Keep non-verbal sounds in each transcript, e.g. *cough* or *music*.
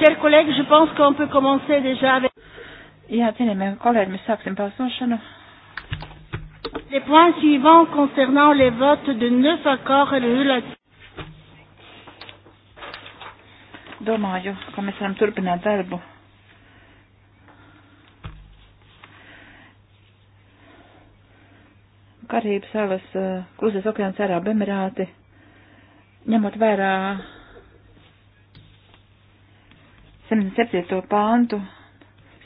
Chers collègues, je pense qu'on peut commencer déjà avec. Jā, cienījamie kolēģi, mēs sāksim balsošanu. Les points suivants concernant les votes de neuf accords relatifs. Domāju, ka mēs varam turpināt darbu. Karības salas, eh, Klusas okeāns, Arābu Emirāti, ņemot vērā 107. pāntu,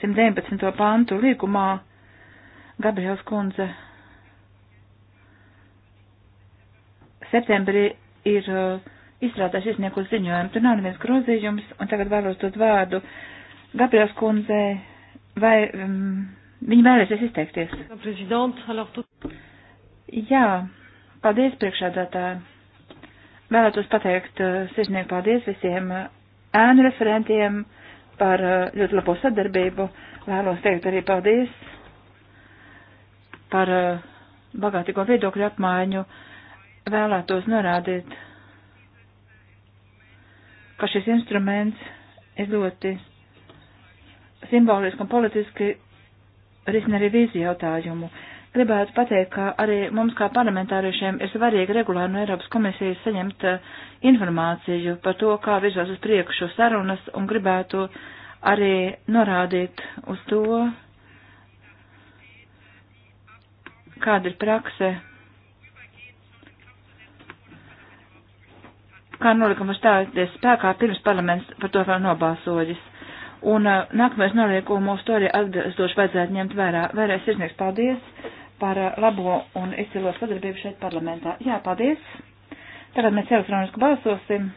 119. pāntu līgumā Gabriels kundze septembrī ir uh, izstrādājis izniekus ziņojumu. Tur nav neviens grozījums, un tagad vēlos dot vārdu Gabriels kundzei, vai um, viņa vēlēsies izteikties. Jā, paldies priekšādātāji. Vēlētos pateikt uh, sirsnieku paldies visiem uh, ēnu referentiem par eh, ļoti labo sadarbību. Vēlos teikt arī paldies par eh, bagātīgo viedokļu apmaiņu. Vēlētos norādīt, ka šis instruments ir ļoti simboliski un politiski risina arī vīzi jautājumu. Gribētu pateikt, ka arī mums kā parlamentāriešiem ir svarīgi regulāri no Eiropas komisijas saņemt eh, informāciju par to, kā virzās uz priekšu sarunas, un gribētu arī norādīt uz to, kāda ir prakse, kā nolikums stāties spēkā pirms parlaments par to vēl nobalsojis. Un eh, nākamais noliekumus to arī atbilstoši vajadzētu ņemt vērā. Vēlreiz sirsnieks paldies! par eh, labo un izcilo sadarbību šeit parlamentā. Jā, paldies. Tagad mēs elektroniski balsosim.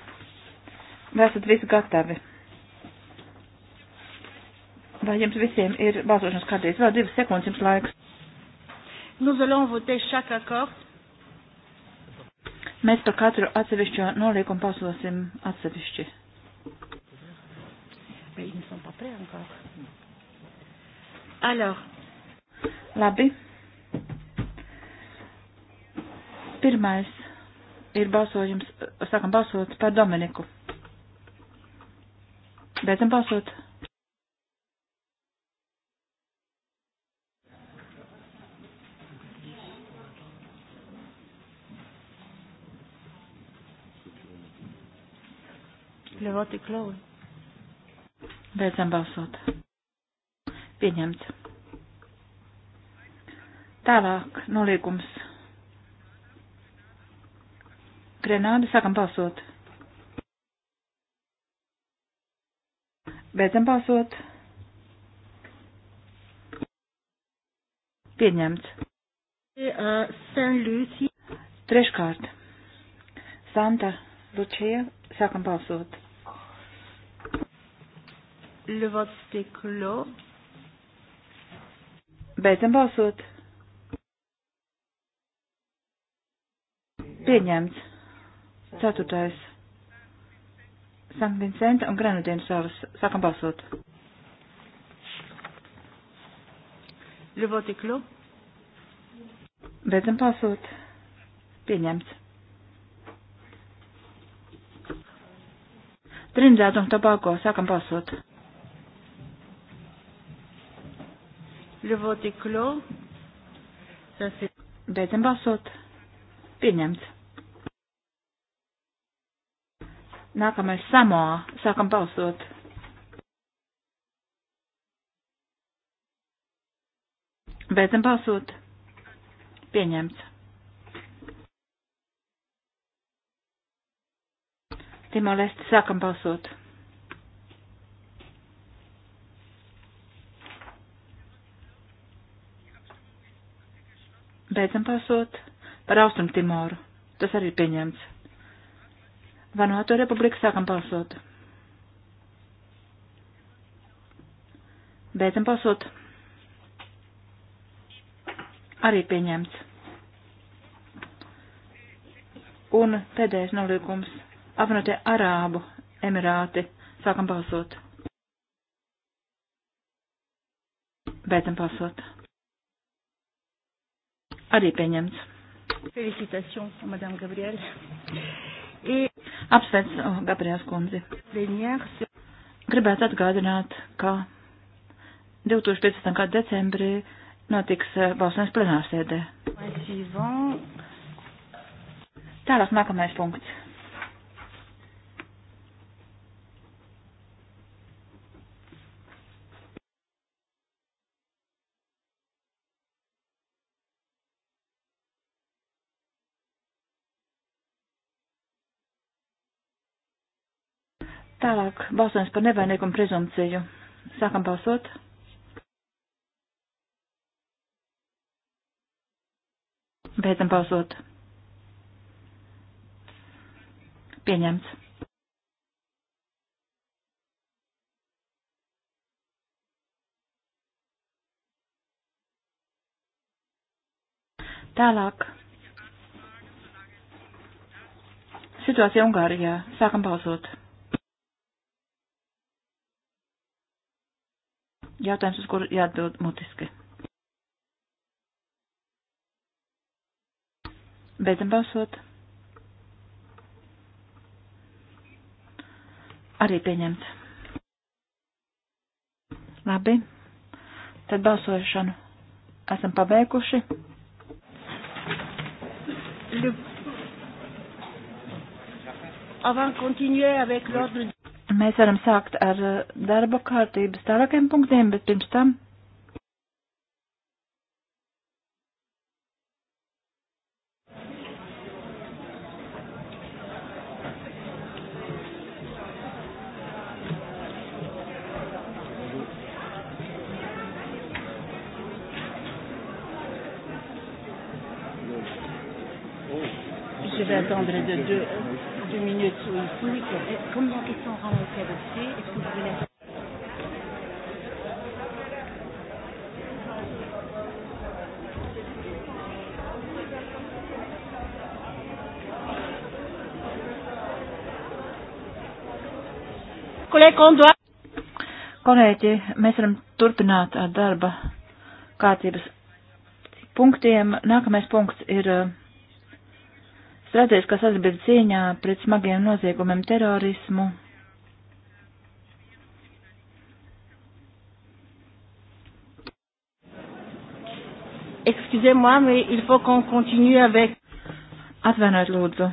Vai esat visi gatavi? Vai jums visiem ir balsošanas kārtības? Vēl divas sekundes jums laiks. Nous allons voter chaque accord. Mēs par katru atsevišķo noliekumu balsosim atsevišķi. Alors. Labi. Pirmais ir balsojums, sākam balsot par Dominiku. Beidzam balsot. Ļoti klauni. Beidzam balsot. Pieņemts. Tālāk noliekums Grenāda, sākam balsot. Beidzam balsot. Pieņemts. Euh, Treškārt. Santa Lučija, sākam balsot. Le vote est clos. Beidzam balsot. Pieņemts. Ceturtais. Sanktvincenta un Grenadienas salas. Sākam balsot. Ļuvotiklu. Beidzam balsot. Pieņemts. Trinidad un Tobago. Sākam balsot. Ļuvotiklu. Beidzam balsot. Pieņemts. Nākamais samo. Sākam balsot. Beidzam balsot. Pieņemts. Timo Lesti, sākam balsot. Beidzam balsot par Austrum Timoru. Tas arī ir pieņemts. Vanuatu republika sākam balsot. Beidzam balsot. Arī pieņemts. Un pēdējais nolīgums - apvienotie Arābu Emirāti. Sākam balsot. Beidzam balsot. Arī pieņemts. Felicitations, Madame Gabriel. Et Apsveic oh, Gabriels kundzi. Gribētu atgādināt, ka 2015. gada decembrī notiks e, balsojums plenārsēdē. Tālāk nākamais punkts. Tālāk balsojums par nevainīgumu prezumciju. Sākam balsot. Beidzam balsot. Pieņemts. Tālāk. Situācija Ungārijā. Sākam balsot. jautājums, uz kuru jāatbild mutiski. Beidzam balsot. Arī pieņemts. Labi. Tad balsošanu esam pabeiguši. Le... Avant de continuer avec l'ordre Mēs varam sākt ar eh, darba kārtības tālākiem punktiem, bet pirms tam kolēģi, mēs varam turpināt ar uh, darba kārtības punktiem. Nākamais punkts ir uh, strateģiskā sadarbība cīņā pret smagiem noziegumiem terorismu. Excusez-moi, mais il faut qu'on continue avec. Atvainojiet, lūdzu,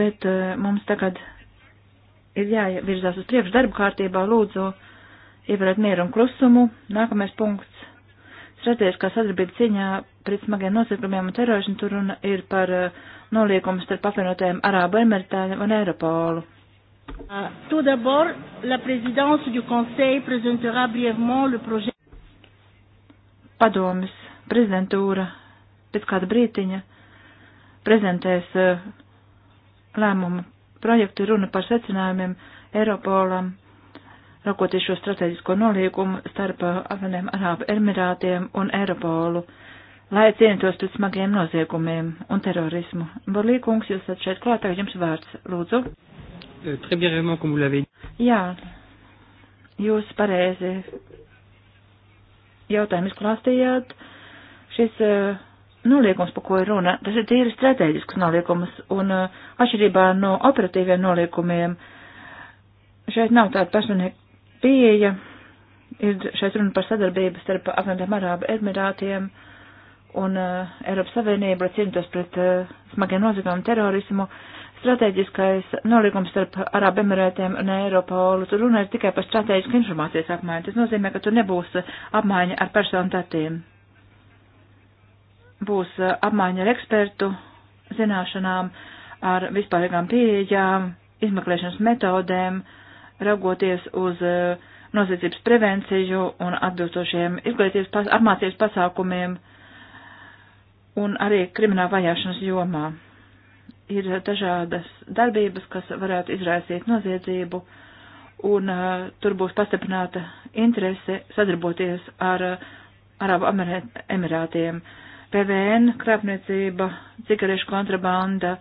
bet uh, mums tagad ir jāvirzās uz priekšu darbu kārtībā, lūdzu. Uh, ievērot mieru un klusumu. Nākamais punkts. Strateģiskā sadarbība cīņā pret smagiem noziegumiem un terorismu tur un ir par uh, noliekumu starp apvienotajiem Arābu Emirātiem un Eiropolu. Uh, tout d'abord, la présidence du Conseil présentera brièvement le projet. Padomis, prezidentūra pēc kāda brītiņa prezentēs uh, lēmumu projektu runa par secinājumiem Eiropolam nākoties šo strateģisko nolīgumu starp uh, Aveniem Arābu Emirātiem un Eiropolu, lai cienītos pret smagiem noziegumiem un terorismu. Borlīkungs, jūs esat šeit klāt, tagad jums vārds, lūdzu. Eh, Jā, jūs pareizi jautājumu izklāstījāt. Šis uh, eh, noliekums, pa ko ir runa, tas ir tīri strateģisks noliekums, un uh, atšķirībā no operatīviem noliekumiem šeit nav tāda personīga pieeja ir šeit runa par sadarbību starp Apvienotiem Arābu Emirātiem un uh, Eiropas Savienību, lai cīnītos pret uh, smagiem noziegumiem terorismu. Strateģiskais nolīgums starp Arābu Emirātiem un Eiropolu, tur runa ir tikai par strateģisku informācijas apmaiņu. Tas nozīmē, ka tur nebūs eh, apmaiņa ar personu datiem. Būs uh, apmaiņa ar ekspertu zināšanām, ar vispārīgām pieejām, izmeklēšanas metodēm. Uh, raugoties uz eh, noziedzības prevenciju un atbilstošiem izglītības pas apmācības pasākumiem un arī krimināla vajāšanas jomā. Ir dažādas darbības, kas varētu izraisīt noziedzību, un uh, tur būs pastiprināta interese sadarboties ar uh, eh, Arabu Emirātiem. PVN, krāpniecība, cigarešu kontrabanda,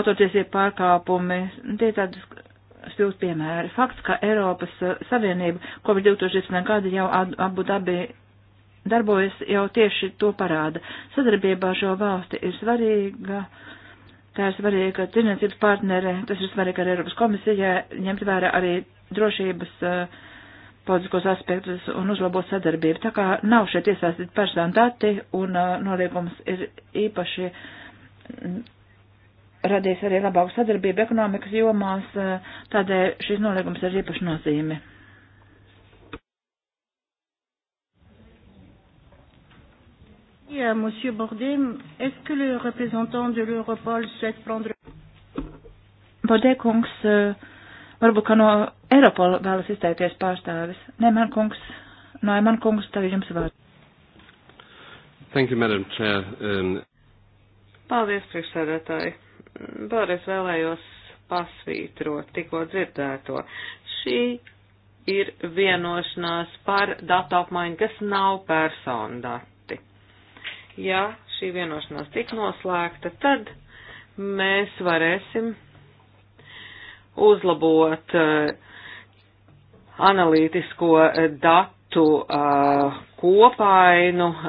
autortiesību pārkāpumi, tie tādas spilgt piemēri. Fakts, ka Eiropas eh, Savienība kopš 2011. gada jau abu dabi darbojas, jau tieši to parāda. Sadarbība ar šo valsti ir svarīga. Tā ir svarīga tirniecības partnere, tas ir svarīgi ar Eiropas komisijai, ņemt vērā arī drošības uh, politiskos aspektus un uzlabot sadarbību. Tā kā nav šeit iesaistīti personu dati un uh, noliegums ir īpaši radīs arī labāku sadarbību ekonomikas jomās, eh, tādēļ šis noliegums ir īpaši nozīme. Monsieur Bordet, est-ce que le représentant de l'Europol souhaite prendre... Bordet kungs, eh, varbūt, ka no Europol vēlas izteikties pārstāvis. Neman kungs, no Eman kungs, tev jums vārds. Thank you, Madam Chair. Um... Paldies, priekšsēdētāji vēlreiz vēlējos pasvītrot tikko dzirdēto. Šī ir vienošanās par datu apmaiņu, kas nav personu dati. Ja šī vienošanās tik noslēgta, tad mēs varēsim uzlabot uh, analītisko eh, datu uh, kopainu uh,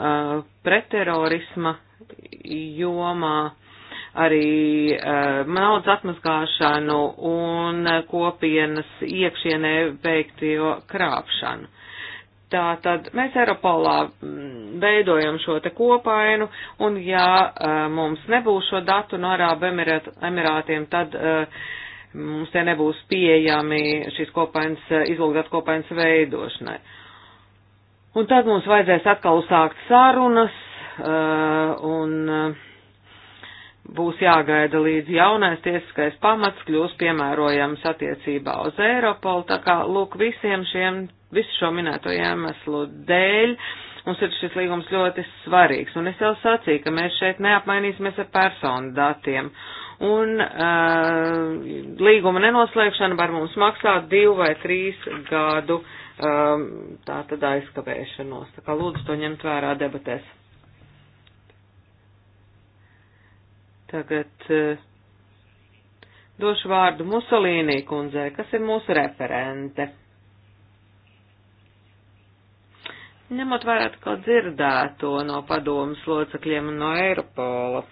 pretterorisma jomā arī uh, eh, naudas atmaskāšanu un eh, kopienas iekšienē veiktīvo krāpšanu. Tātad mēs Eiropolā mm, veidojam šo te kopainu, un ja uh, mums nebūs šo datu no Arābu Emirāt, Emirātiem, tad uh, mums te nebūs pieejami šīs kopainas, izlūgdāt kopainas veidošanai. Un tad mums vajadzēs atkal uzsākt sarunas, uh, un uh, būs jāgaida līdz jaunais tiesiskais pamats kļūs piemērojams attiecībā uz Eiropolu, tā kā, lūk, visiem šiem, visu šo minēto iemeslu dēļ mums ir šis līgums ļoti svarīgs, un es jau sacīju, ka mēs šeit neapmainīsimies ar personu datiem, un uh, līguma nenoslēgšana var mums maksāt divu vai trīs gadu um, tā tad aizkavēšanos, tā kā lūdzu to ņemt vērā debatēs. Tagad eh, došu vārdu Musolīnī kundzei, kas ir mūsu referente. Ņemot vērā atkal dzirdēto no padomas locekļiem un no Eiropola,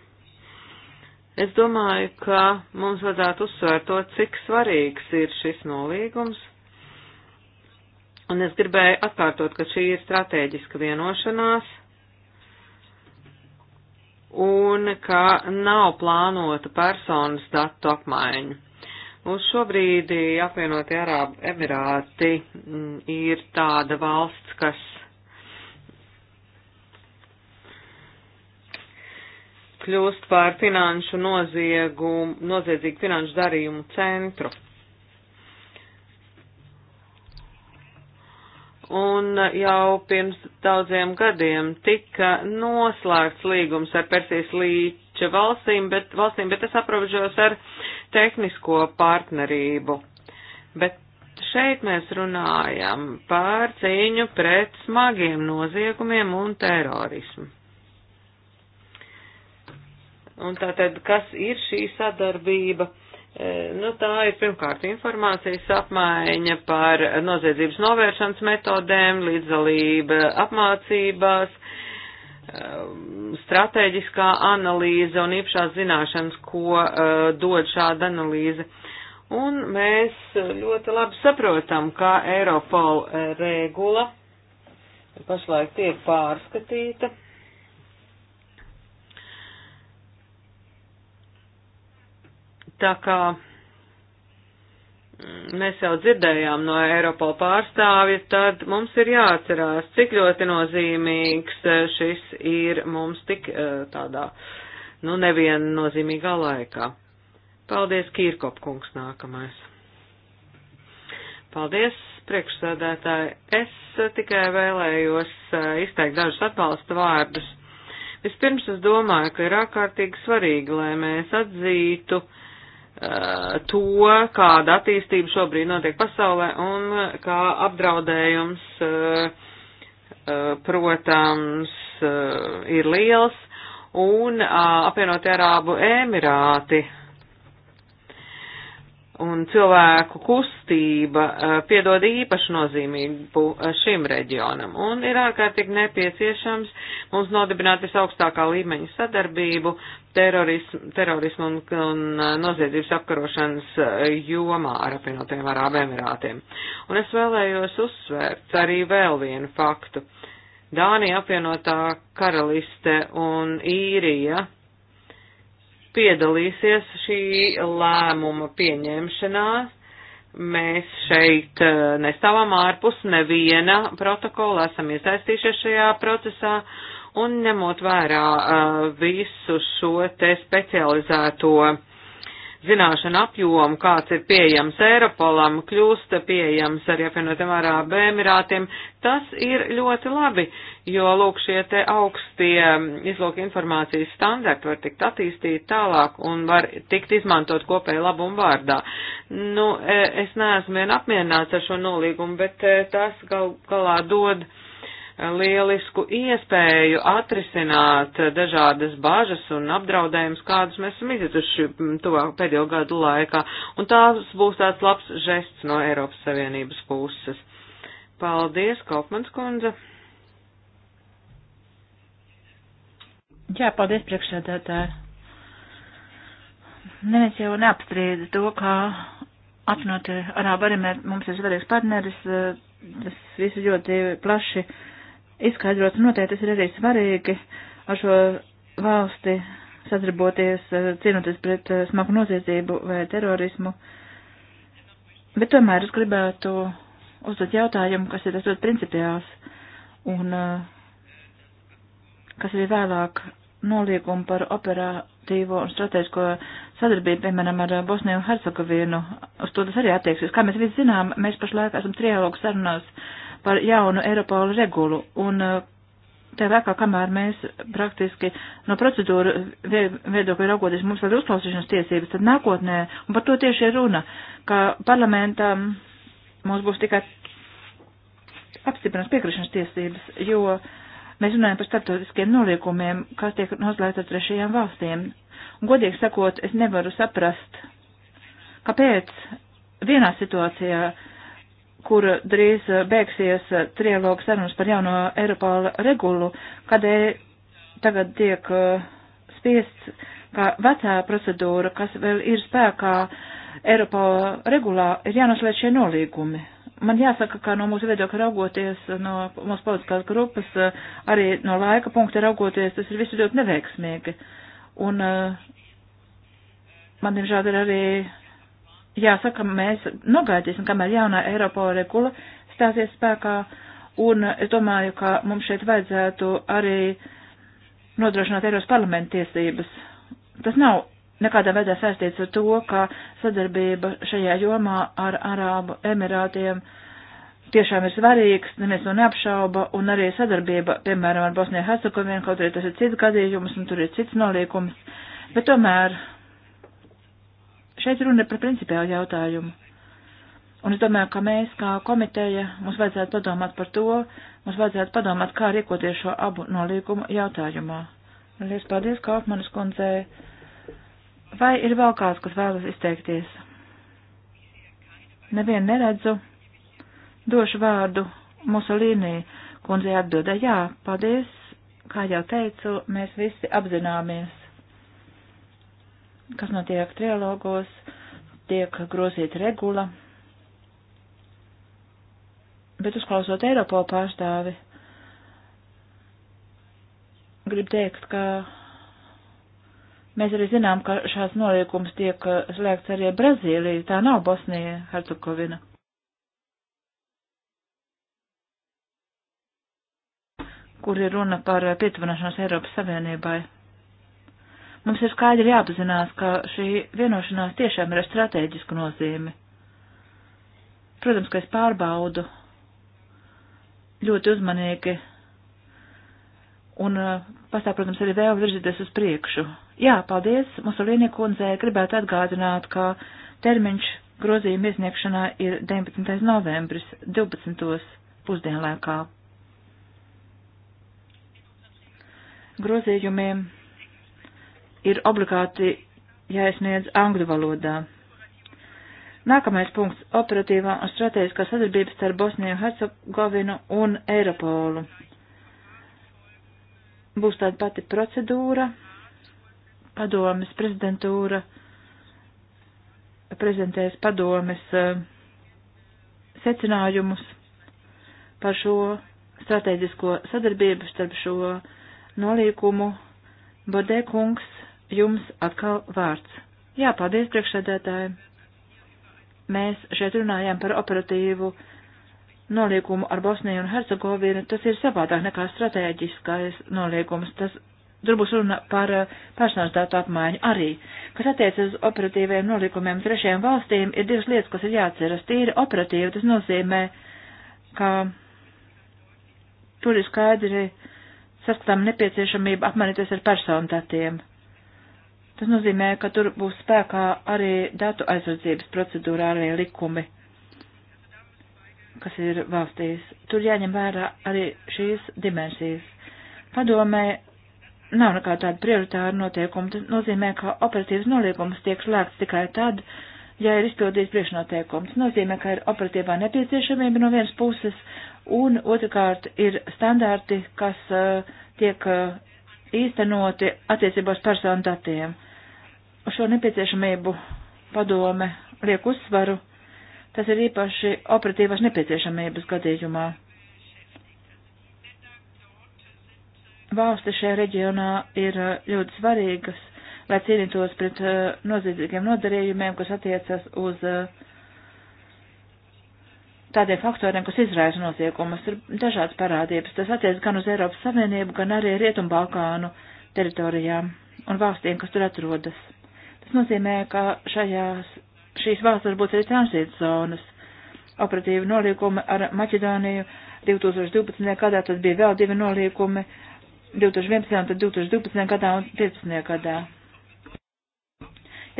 es domāju, ka mums vajadzētu uzsvērt to, cik svarīgs ir šis nolīgums. Un es gribēju atkārtot, ka šī ir strateģiska vienošanās, un ka nav plānota personas datu apmaiņa. Uz šobrīd apvienotie Arābu Emirāti mm, ir tāda valsts, kas kļūst par finanšu noziegumu, noziedzīgu finanšu darījumu centru. un jau pirms daudziem gadiem tika noslēgts līgums ar Persijas līča valstīm, bet, valstīm, bet tas aprobežos ar tehnisko partnerību. Bet šeit mēs runājam par cīņu pret smagiem noziegumiem un terorismu. Un tātad, kas ir šī sadarbība? E, nu, tā ir pirmkārt informācijas apmaiņa par noziedzības novēršanas metodēm, līdzdalība apmācībās, e, stratēģiskā analīze un īpašās zināšanas, ko e, dod šāda analīze. Un mēs ļoti labi saprotam, ka Eiropola regula pašlaik tiek pārskatīta Tā kā mēs jau dzirdējām no Eiropola pārstāvja, tad mums ir jāatcerās, cik ļoti nozīmīgs eh, šis ir mums tik eh, tādā, nu, nevien nozīmīgā laikā. Paldies, Kīrkop kungs nākamais. Paldies, priekšsēdētāji. Es eh, tikai vēlējos izteikt dažus atbalsta vārdus. Vispirms es domāju, ka ir ārkārtīgi svarīgi, lai mēs atzītu, uh, Eh, to, kāda attīstība šobrīd notiek pasaulē un eh, kā apdraudējums, eh, protams, ir liels, un apvienotie Arābu Emirāti un cilvēku kustība eh, piedod īpaši nozīmību eh, šim reģionam, un ir ārkārtīgi nepieciešams mums nodibināt visaugstākā līmeņa sadarbību terorismu, terorismu un, un eh, noziedzības apkarošanas jomā ar apvienotajiem Arābu Emirātiem. Un es vēlējos uzsvērt arī vēl vienu faktu. Dānija apvienotā karaliste un īrija piedalīsies šī lēmuma pieņemšanās. Mēs šeit eh, nestāvam ārpus neviena protokola, esam iesaistījušies šajā procesā un ņemot vērā eh, visu šo te specializēto uh, zināšanu apjomu, kāds ir pieejams Eiropolam, kļūst pieejams arī apvienotiem Arābu Emirātiem, tas ir ļoti labi, jo, lūk, šie te augstie izlūk informācijas standarti var tikt attīstīti tālāk un var tikt izmantot kopēju labumu vārdā. Nu, e, es neesmu vien apmierināts ar šo nolīgumu, bet e, tas gal, galā dod lielisku iespēju atrisināt dažādas bažas un apdraudējumus, kādus mēs esam izjutuši tuvāk pēdējo gadu laikā, un tās būs tāds labs žests no Eiropas Savienības puses. Paldies, Kaufmans kundze! Jā, paldies priekšsēdētāji. Neviens jau neapstrīda to, kā apvienot Arābu Arīmē mums ir svarīgs partneris, eh, tas viss ļoti plaši izskaidrots. Noteikti tas ir arī svarīgi ar šo valsti sadarboties, eh, cīnoties pret eh, smagu noziedzību vai terorismu. Bet tomēr es gribētu uzdot jautājumu, kas ir tas ļoti principiāls un eh, kas arī vēlāk noliegumu par operatīvo un strateģisko sadarbību, piemēram, ar Bosniju un Hercegovinu. Uz to tas arī attieksies. Kā mēs visi zinām, mēs pašlaik esam trialogu sarunās par jaunu Eiropolu regulu. Un uh, tā laikā, kamēr mēs praktiski no procedūra viedokļa raugoties, mums vēl uzklausīšanas tiesības, tad nākotnē, un par to tieši ir runa, ka parlamentam mums būs tikai apstiprinās piekrišanas tiesības, jo mēs runājam par starptautiskiem noliekumiem, kas tiek noslēgts ar trešajām valstīm. Un, godīgi sakot, es nevaru saprast, kāpēc vienā situācijā uh, kur drīz eh, beigsies eh, trialogu sarunas par jauno Eiropāla regulu, kādēļ tagad tiek eh, spiests, ka vecā procedūra, kas vēl ir spēkā Eiropāla regulā, ir jānoslēdz šie nolīgumi. Man jāsaka, ka no mūsu viedokļa raugoties, no mūsu politiskās grupas, arī no laika punkta raugoties, tas ir visu ļoti neveiksmīgi. Un man, diemžēl, ir arī jāsaka, mēs nogaidīsim, kamēr jaunā Eiropola regula stāsies spēkā, un es domāju, ka mums šeit vajadzētu arī nodrošināt Eiropas parlamenta tiesības. Tas nav nekādā veidā saistīts ar to, ka sadarbība šajā jomā ar Arābu Emirātiem tiešām ir svarīgs, neviens to neapšauba, un arī sadarbība, piemēram, ar Bosniju Hercegovinu, kaut arī tas ir cits gadījums, un tur ir cits nolīkums, bet tomēr Šeit runa ir par principiālu jautājumu. Un es domāju, ka mēs, kā komiteja, mums vajadzētu padomāt par to, mums vajadzētu padomāt, kā rīkoties šo abu nolīgumu jautājumā. Lielas paldies, Kaufmanis kundzei. Vai ir vēl kāds, kas vēlas izteikties? Nevienu neredzu. Došu vārdu Musolīnī kundzei atbildē. Jā, paldies. Kā jau teicu, mēs visi apzināmies kas notiek trialogos, tiek grozīta regula, bet uzklausot Eiropo pārstāvi, gribu teikt, ka mēs arī zinām, ka šāds noliekums tiek slēgts arī Brazīlija, tā nav Bosnija, Hercegovina. kur ir runa par pietuvināšanos Eiropas Savienībai. Mums ir skaidri jāapzinās, ka šī vienošanās tiešām ir ar strateģisku nozīmi. Protams, ka es pārbaudu ļoti uzmanīgi un uh, pastāv, protams, arī vēl virzīties uz priekšu. Jā, paldies, Musolīnie kundzē, gribētu atgādināt, ka termiņš grozījuma iesniegšanā ir 19. novembris 12. pusdienlēkā. Grozījumiem ir obligāti jāiesniedz angļu valodā. Nākamais punkts - operatīvā un strateģiskā sadarbības starp Bosniju, Hercegovinu un Eiropolu. Būs tāda pati procedūra, padomes prezidentūra prezentēs padomes e, secinājumus par šo strateģisko sadarbību starp šo nolīkumu. Bodē kungs jums atkal vārds. Jā, paldies priekšsēdētāji. Mēs šeit runājām par operatīvu noliekumu ar Bosniju un Hercegovinu. Tas ir savādāk nekā strateģiskais noliekums. Tas drubus runa par eh, personas datu apmaiņu arī. Kas attiecas uz operatīviem noliekumiem trešajām valstīm, ir divas lietas, kas ir jāatceras. Tīri operatīvi tas nozīmē, ka tur ir skaidri saskatām nepieciešamība apmainīties ar personu datiem. Tas nozīmē, ka tur būs spēkā arī datu aizsardzības procedūrā arī likumi, kas ir valstīs. Tur jāņem vērā arī šīs dimensijas. Padomē nav nekā tāda prioritāra noteikuma. Tas nozīmē, ka operatīvas noliekums tiek slēgts tikai tad, ja ir izpildīts priekšnoteikums. Tas nozīmē, ka ir operatīvā nepieciešamība no vienas puses, un otrkārt ir standarti, kas uh, tiek uh, īstenoti attiecībos personu datiem. Uh, uz šo nepieciešamību padome liek uzsvaru. Tas ir īpaši operatīvās nepieciešamības gadījumā. Valsti šajā reģionā ir uh, ļoti svarīgas, lai cīnītos pret uh, noziedzīgiem nodarījumiem, kas attiecas uz uh, tādiem faktoriem, kas izraisa noziegumus. Ir dažādas parādības. Tas attiec gan uz Eiropas Savienību, gan arī Rietumbalkānu teritorijām un valstīm, kas tur atrodas. Tas nozīmē, ka šajās, šīs valsts var būt arī tranzīta zonas. Operatīva nolīguma ar Maķedoniju 2012. gadā, tad bija vēl divi nolīgumi 2011. un 2012. gadā un 2015. gadā.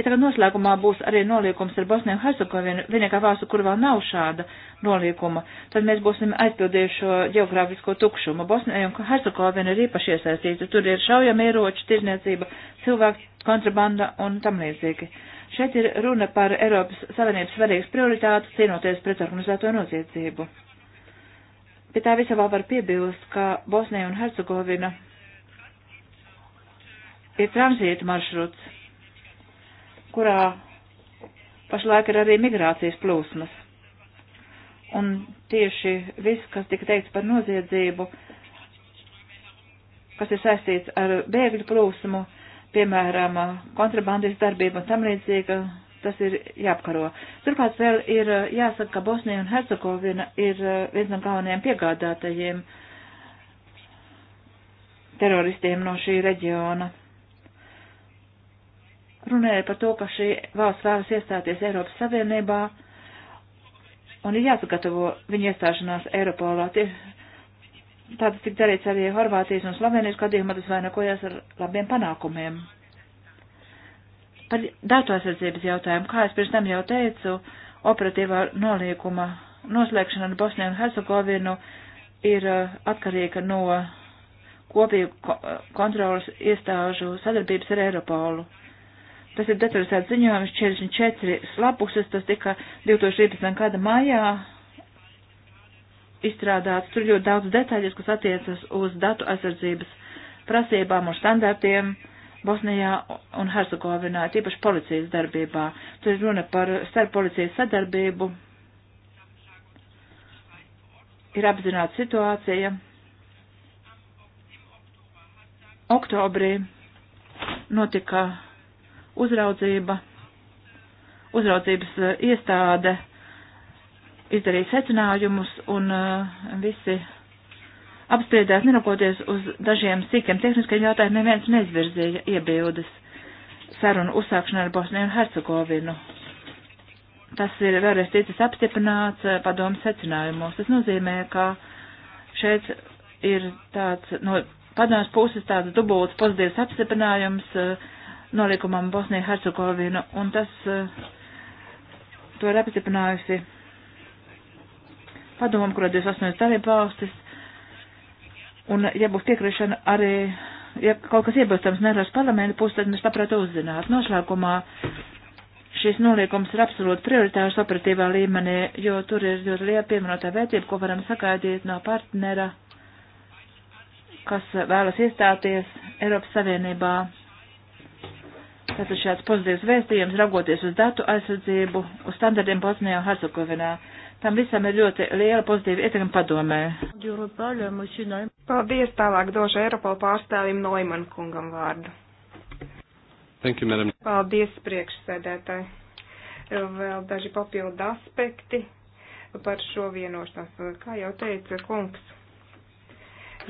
Ja tagad noslēgumā būs arī noliekums ar Bosniju un Hercegovinu, vienīgā valsts, kur vēl nav šāda noliekuma, tad mēs būsim aizpildījuši šo geogrāfisko tukšumu. Bosnija un Hercegovina ir īpaši iesaistīta, tur ir šaujamieroči, tirzniecība, cilvēku kontrabanda un tam līdzīgi. Šeit ir runa par Eiropas Savienības svarīgas prioritātes cīnoties pret organizēto noziedzību. Pie tā visā vēl var piebilst, ka Bosnija un Hercegovina ir tranzīta maršruts kurā pašlaik ir arī migrācijas plūsmas. Un tieši viss, kas tika teikts par noziedzību, kas ir saistīts ar bēgļu plūsmu, piemēram, kontrabandas darbību un tam līdzīga, tas ir jāapkaro. Turklāt vēl ir uh, jāsaka, ka Bosnija un Hercegovina ir uh, viens no galvenajiem piegādātajiem teroristiem no šī reģiona runāja par to, ka šī valsts vēlas iestāties Eiropas Savienībā un ir jāsagatavo viņa iestāšanās Eiropolā. Tādas tik darīts arī Horvātijas un Slovenijas gadījumā, tas vainakojas nu ar labiem panākumiem. Par datu aizsardzības jautājumu, kā es pirms tam jau teicu, operatīvā noliekuma noslēgšana ar Bosniju un Hercegovinu ir uh, atkarīga no kopīgu kontrolas iestāžu sadarbības ar Eiropolu. Tas ir detalizēts ziņojums 44 slapuses, tas tika 2011. gada maijā izstrādāts. Tur ļoti daudz detaļas, kas attiecas uz datu aizsardzības prasībām un standartiem Bosnijā un Hercegovinā, tīpaši policijas darbībā. Tur ir runa par starppolicijas sadarbību. Ir apzināta situācija. Oktobrī notika uzraudzība, uzraudzības eh, iestāde izdarīja secinājumus un eh, visi apspriedās, nerakoties uz dažiem sīkiem tehniskiem jautājumiem, neviens neizvirzīja iebildes sarunu uzsākšanu ar Bosniju un Hercegovinu. Tas ir vēlreiz ticis apstiprināts eh, padomu secinājumos. Tas nozīmē, ka šeit ir tāds no padomas puses tāds dubults pozitīvs apstiprinājums, uh, nolikumam Bosnija Hercegovina, un tas eh, to ir apstiprinājusi padomam, kurā 28 dalība valstis, un ja būs piekrišana arī, ja kaut kas iebilstams neros parlamenta puses, tad mēs labprāt uzzināt. Noslēgumā šis noliekums ir absolūti prioritārs operatīvā līmenī, jo tur ir ļoti liela pieminotā vērtība, ko varam sagaidīt no partnera, kas vēlas iestāties Eiropas Savienībā Tātad šāds pozitīvs vēstījums, raugoties uz datu aizsardzību, uz standartiem Bosnijā un Hercegovinā. Tam visam ir ļoti liela pozitīva ietekme padomē. Paldies, tālāk došu Eiropola pārstāvim Noiman kungam vārdu. Thank you, madam. Paldies, priekšsēdētāji. Vēl daži papildu aspekti par šo vienošanos. Kā jau teica kungs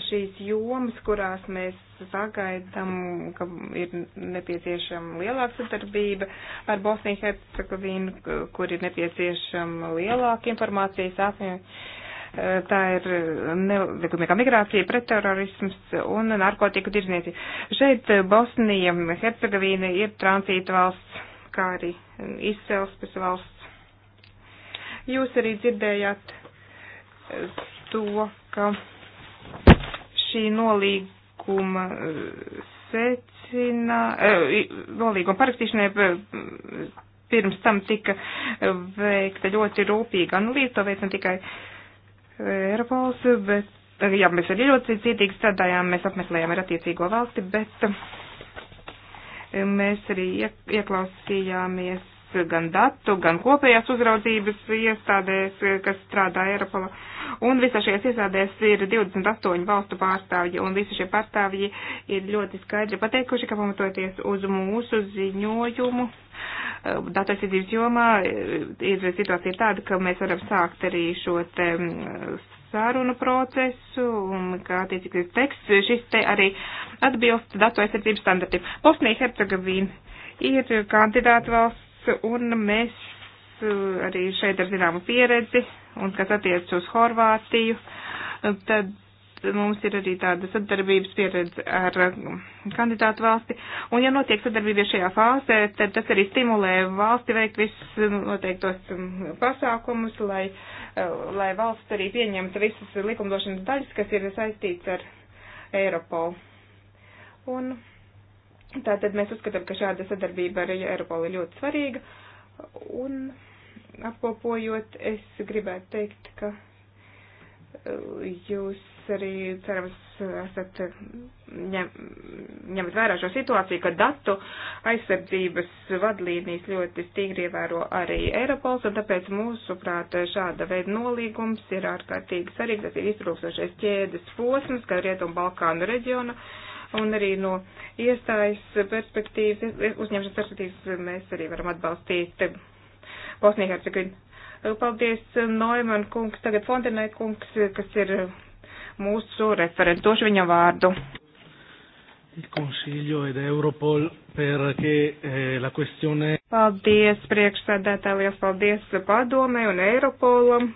šīs jomas, kurās mēs sagaidām, ka ir nepieciešama lielāka sadarbība ar Bosniju Hercegovinu, kur ir nepieciešama lielāka informācijas apmaiņa. E, tā ir nelikumīga migrācija, pretterorisms un narkotiku tirzniecība. Šeit Bosnija, Hercegovina ir tranzīta valsts, kā arī izcelsmes valsts. Jūs arī dzirdējāt e, to, ka šī nolīguma eh, secina, eh, nolīguma parakstīšanai eh, pirms tam tika veikta ļoti rūpīga analīze, to veic ne tikai Eiropols, bet, jā, mēs arī ļoti cītīgi strādājām, mēs apmeklējām ar attiecīgo valsti, bet mēs arī ieklausījāmies gan datu, gan kopējās uzraudzības iestādēs, eh, kas strādā Eiropolā. Un visā šajās iestādēs ir 28 valstu pārstāvji, un visi šie pārstāvji ir ļoti skaidri pateikuši, ka pamatoties uz mūsu ziņojumu eh, datu aizsardzības jomā eh, ir situācija tāda, ka mēs varam sākt arī šo te mm, sārunu procesu un, kā attiecīgi teksts, šis te arī atbilst datu aizsardzības standartiem. Bosnija Hercegovina ir kandidāta valsts un mēs eh, arī šeit ar zināmu pieredzi, un kas attiec uz Horvātiju, tad mums ir arī tāda sadarbības pieredze ar eh, kandidātu valsti. Un, ja notiek sadarbība šajā fāzē, tad tas arī stimulē valsti veikt visus noteiktos mm, pasākumus, lai, eh, lai valsts arī pieņemtu visas likumdošanas daļas, kas ir saistīts ar Eiropolu. Un Tātad mēs uzskatām, ka šāda sadarbība ar Eiropolu ir ļoti svarīga. Un apkopojot, es gribētu teikt, ka uh, jūs arī, cerams, esat uh, ņem, ņemat vērā šo situāciju, ka datu aizsardzības vadlīnijas ļoti stingri ievēro arī Eiropols, un tāpēc mūsuprāt šāda veida nolīgums ir ārkārtīgi svarīgs, tas ir iztrūkstošais ķēdes posms, kā Rietumu Balkānu reģionu. Uh, un arī no iestājas perspektīvas, uzņemšanas perspektīvas mēs arī varam atbalstīt Bosniju Hercegovinu. Paldies, Noiman kungs, tagad Fontenai kungs, kas ir mūsu referentošu viņam vārdu. Il Consiglio ed Europol perché eh, la questione. Paldies priekšsēdētāj, liels paldies padomē un Europolam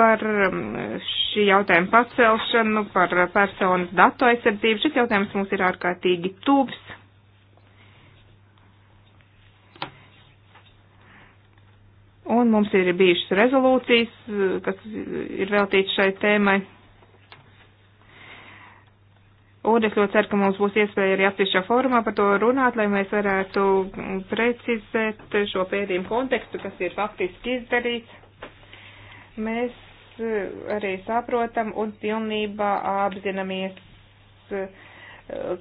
par um, šī jautājuma pacelšanu, par personas datu aizsardzību. Šis jautājums mums ir ārkārtīgi tūps. Un mums ir bijušas rezolūcijas, kas ir veltīts šai tēmai. Un es ļoti ceru, ka mums būs iespēja arī atsevišķā formā par to runāt, lai mēs varētu precizēt šo pētījumu kontekstu, kas ir faktiski izdarīts. Mēs arī saprotam un pilnībā apzināmies, eh,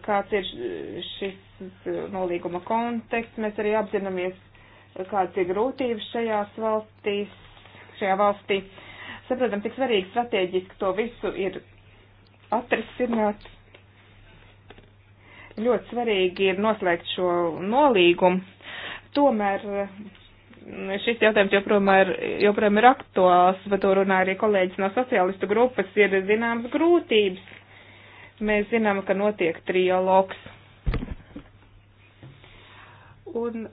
kāds ir šis eh, nolīguma konteksts. Mēs arī apzināmies, eh, kāds ir grūtības šajās valstīs, šajā valstī. Saprotam, cik svarīgi strateģiski to visu ir atrisināt. Ļoti svarīgi ir noslēgt šo nolīgumu. Tomēr šis jautājums joprojām ir, joprojām ir aktuāls, bet to runā arī kolēģis no sociālistu grupas, ir zināmas grūtības. Mēs zinām, ka notiek trialogs. Un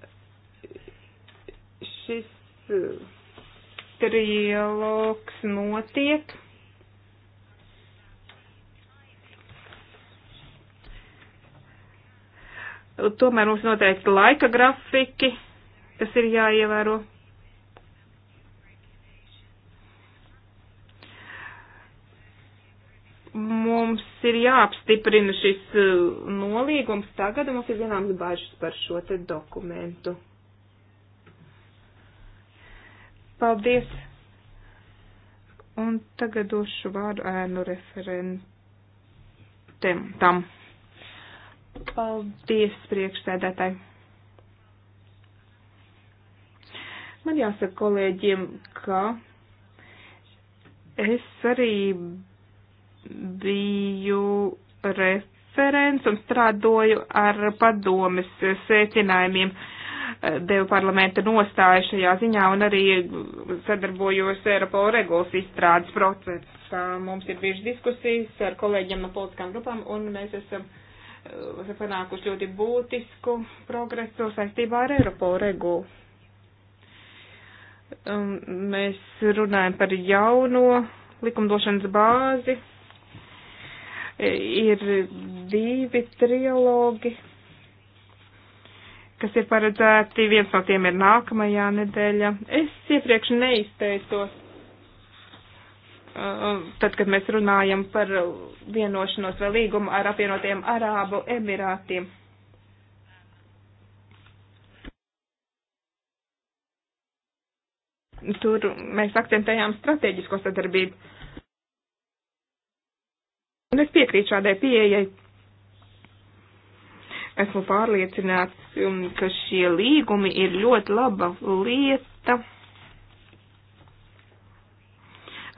šis eh, trialogs notiek. Tomēr mums noteikti laika grafiki kas ir jāievēro. Mums ir jāapstiprina šis uh, nolīgums tagad, un mums ir zināms bažas par šo te dokumentu. Paldies! Un tagad došu vārdu ēnu referentam. Paldies, priekšsēdētāji! Man jāsaka kolēģiem, ka es arī biju referents un strādoju ar padomes sēķinājumiem eh, devu parlamenta nostāju šajā ziņā un arī sadarbojos Eiropola regulas izstrādes procesā. Mums ir bijušas diskusijas ar kolēģiem no politiskām grupām un mēs esam eh, panākuši ļoti būtisku progresu saistībā ar Eiropola regulu. Um, mēs runājam par jauno likumdošanas bāzi. Ir divi trilogi, kas ir paredzēti. Viens no tiem ir nākamajā nedēļa. Es iepriekš neizteicos, uh, um, tad, kad mēs runājam par vienošanos vai līgumu ar apvienotiem Arābu Emirātiem. tur mēs akcentējām strateģisko sadarbību. Un es piekrītu šādai pieejai. Esmu pārliecināts, um, ka šie līgumi ir ļoti laba lieta.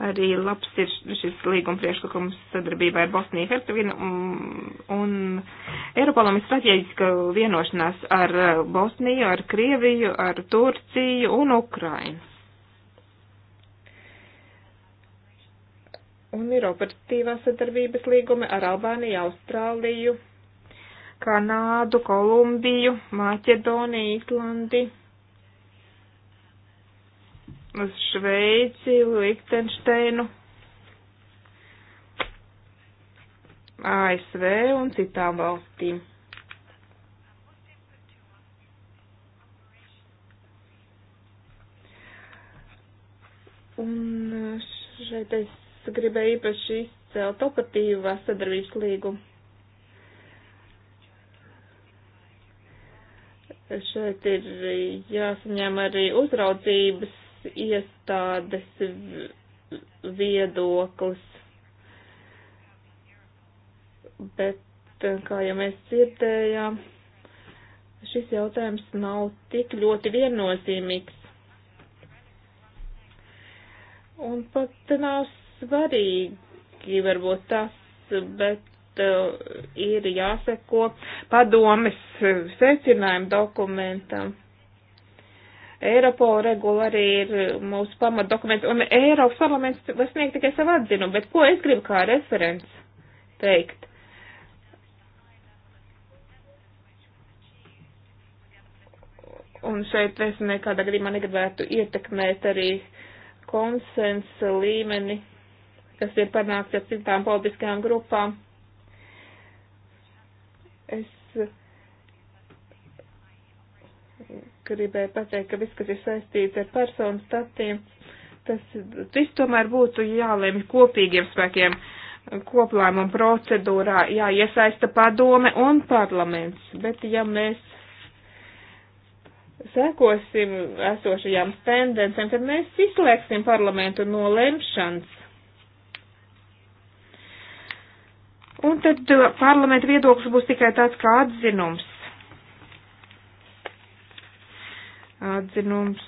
Arī labs ir šis līguma priekšlikums sadarbībā ar Bosniju Hercegovinu um, un Eiropalam ir strateģiska vienošanās ar uh, Bosniju, ar Krieviju, ar Turciju un Ukrainu un ir operatīvās sadarbības līgumi ar Albāniju, Austrāliju, Kanādu, Kolumbiju, Maķedoniju, Islandi, Šveici, Liktenšteinu, ASV un citām valstīm. Un uh, šeit es gribēju īpaši izcelt operatīvās sadarbības līgumu. Šeit ir jāsaņem arī uzraudzības iestādes viedoklis. Bet, kā jau mēs dzirdējām, šis jautājums nav tik ļoti viennozīmīgs. Un pat nav svarīgi varbūt tas, bet uh, ir jāseko padomes secinājumu dokumentam. Eiropola regula arī ir mūsu pamatdokuments, un Eiropas parlaments var sniegt tikai savu atzinu, bet ko es gribu kā referents teikt? Un šeit es nekādā gadījumā negribētu ietekmēt arī konsensa līmeni kas ir panākts ar citām politiskajām grupām. Es eh, gribēju pateikt, ka viss, kas ir saistīts ar personu statiem, tas viss tomēr būtu jālemj kopīgiem spēkiem, koplēmuma procedūrā, jāiesaista padome un parlaments. Bet ja mēs sekosim esošajām tendencēm, tad mēs izslēgsim parlamentu no lemšanas Un tad uh, parlamenta viedoklis būs tikai tāds kā atzinums. Atzinums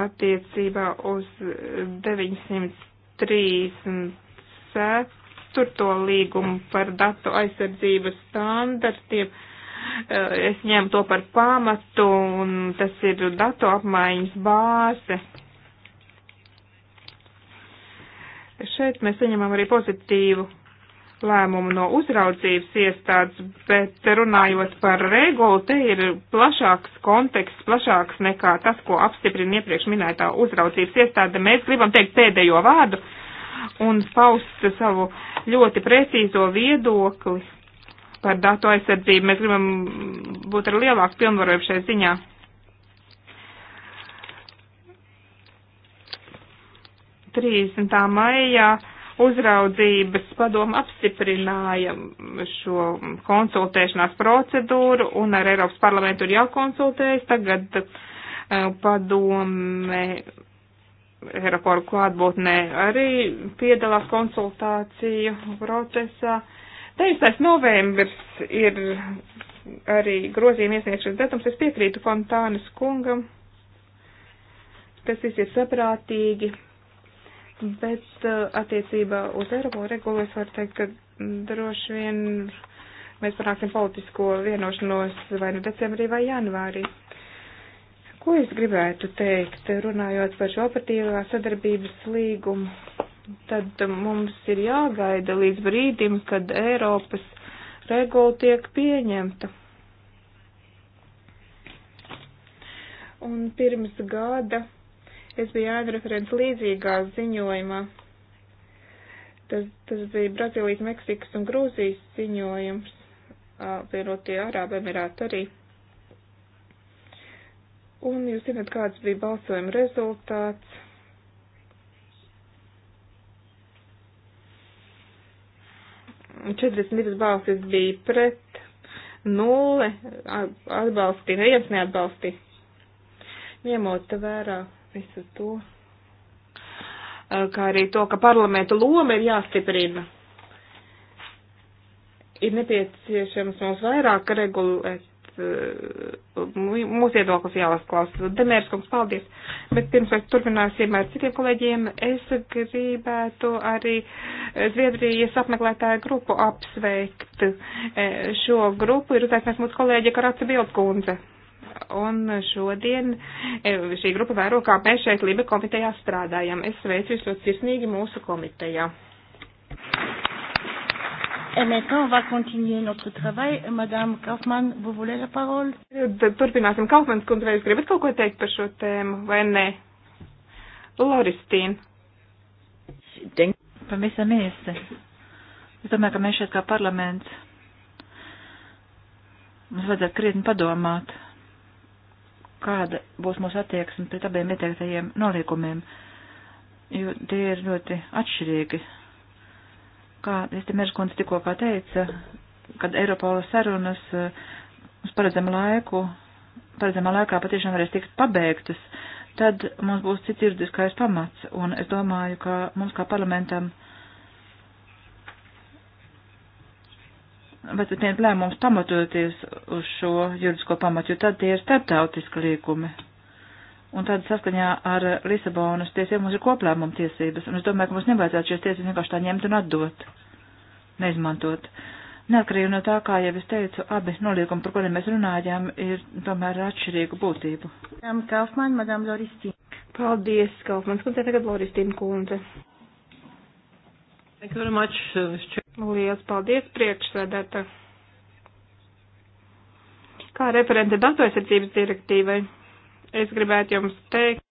attiecībā uz 934. līgumu par datu aizsardzības standartiem. Uh, es ņēmu to par pamatu, un tas ir datu apmaiņas bāze Šeit mēs saņemam arī pozitīvu lēmumu no uzraudzības iestādes, bet runājot par regulu, te ir plašāks konteksts, plašāks nekā tas, ko apstiprina iepriekš minētā uzraudzības iestāde. Mēs gribam teikt pēdējo vārdu un paust savu ļoti precīzo viedokli par datu aizsardzību. Mēs gribam būt ar lielāku pilnvarojumu šai ziņā. 30. maijā uzraudzības padoma apstiprināja šo konsultēšanās procedūru un ar Eiropas parlamentu ir jākonsultējas. Tagad eh, padome Eiroporu klātbūtnē arī piedalās konsultāciju procesā. 9. novembris ir arī grozījuma iesniegšanas datums. Es piekrītu Fontānas kungam. Tas viss ir saprātīgi Bet uh, attiecībā uz Eiropu regulu es varu teikt, ka mm, droši vien mēs panāksim politisko vienošanos vai nu decembrī vai janvārī. Ko es gribētu teikt, runājot par šo operatīvā sadarbības līgumu? Tad mums ir jāgaida līdz brīdim, kad Eiropas regula tiek pieņemta. Un pirms gada Es biju ēdreferents līdzīgā ziņojumā. Tas, tas bija Brazīlijas, Meksikas un Grūzijas ziņojums, apvienotie Arābu Emirāti arī. Un jūs zināt, kāds bija balsojuma rezultāts. Un 42 balsis bija pret, nulle atbalstīja, neviens neatbalstīja. Ņemot vērā visu to, kā arī to, ka parlamenta loma ir jāstiprina. Ir nepieciešams mums vairāk regulēt eh, mūsu viedoklis jāuzklausa. Demērs kungs, paldies. Bet pirms mēs turpināsim ar citiem kolēģiem, es gribētu arī Zviedrijas apmeklētāju grupu apsveikt. Eh, šo grupu ir uzaicinājis mūsu kolēģi Karaca Bildkundze un šodien e, šī grupa vēro, kā mēs šeit Libe komitejā strādājam. Es sveicu jūs ļoti sirsnīgi mūsu komitejā. Et maintenant, on va continuer notre travail. Madame Kaufmann, vous voulez la parole? Turpināsim. Kaufmanns kundze, vai jūs gribat kaut ko teikt par šo tēmu, vai nē? Loristīn. Pavisam īsi. Es domāju, ka mēs šeit kā parlaments mums vajadzētu krietni padomāt kāda būs mūsu attieksme pret abiem ieteiktajiem noliekumiem, jo tie ir ļoti atšķirīgi. Kā Estimērs kundze tikko kā teica, kad Eiropola sarunas eh, uz paredzamu laiku, paredzamā laikā patiešām varēs tikt pabeigtas, tad mums būs cits juridiskais pamats, un es domāju, ka mums kā parlamentam vajadzētu pieņemt lēmumus pamatoties uz šo juridisko pamatu, jo tad tie ir starptautiski līgumi. Un tad saskaņā ar Lisabonas tiesiem mums ir koplēmuma tiesības, un es domāju, ka mums nevajadzētu šīs tiesības vienkārši tā ņemt un atdot, neizmantot. Neatkarīgi no tā, kā jau es teicu, abi nolīgumi, par kuriem mēs runājām, ir tomēr ar atšķirīgu būtību. Kaufmann, Madame Loristīna. Paldies, Kaufmanns kundze, tagad Loristīna kundze. Much, uh, Lielas paldies, priekšsēdētāji. Kā referente datu aizsardzības direktīvai, es gribētu jums teikt,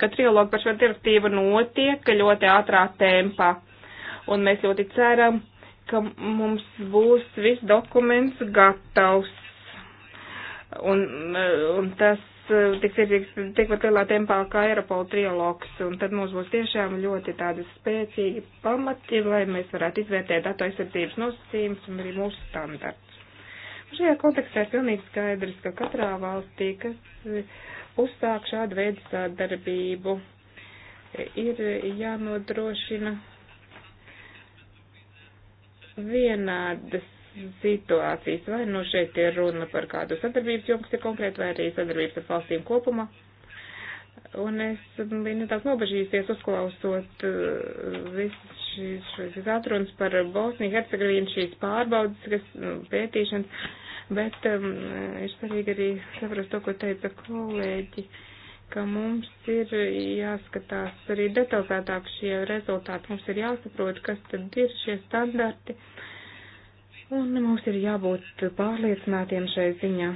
ka trilogi par šo direktīvu notiek ļoti ātrā tempā. Un mēs ļoti ceram, ka mums būs viss dokuments gatavs. Un, uh, un tas tiks iedzīgs tikpat lielā tempā kā Eiropola trialogs, un tad mums būs tiešām ļoti tādi spēcīgi pamati, lai mēs varētu izvērtēt datu aizsardzības nosacījumus un arī mūsu standarts. Šajā kontekstā ir pilnīgi skaidrs, ka katrā valstī, kas eh, uzsāk šādu veidu sadarbību, ir jānodrošina vienādas situācijas. Vai nu šeit ir runa par kādu sadarbības jomu, kas ir konkrēti, vai arī sadarbības ar valstīm kopumā. Un es biju nedaudz nobežījusies uzklausot uh, visas šīs, šīs atrunas par Bosniju, Hercegovinu, šīs pārbaudas, kas nu, pētīšanas, bet um, ir svarīgi arī saprast to, ko teica kolēģi, ka mums ir jāskatās arī detalizētāk šie rezultāti, mums ir jāsaprot, kas tad ir šie standarti. Uh, Un mums ir jābūt pārliecinātiem šai ziņā.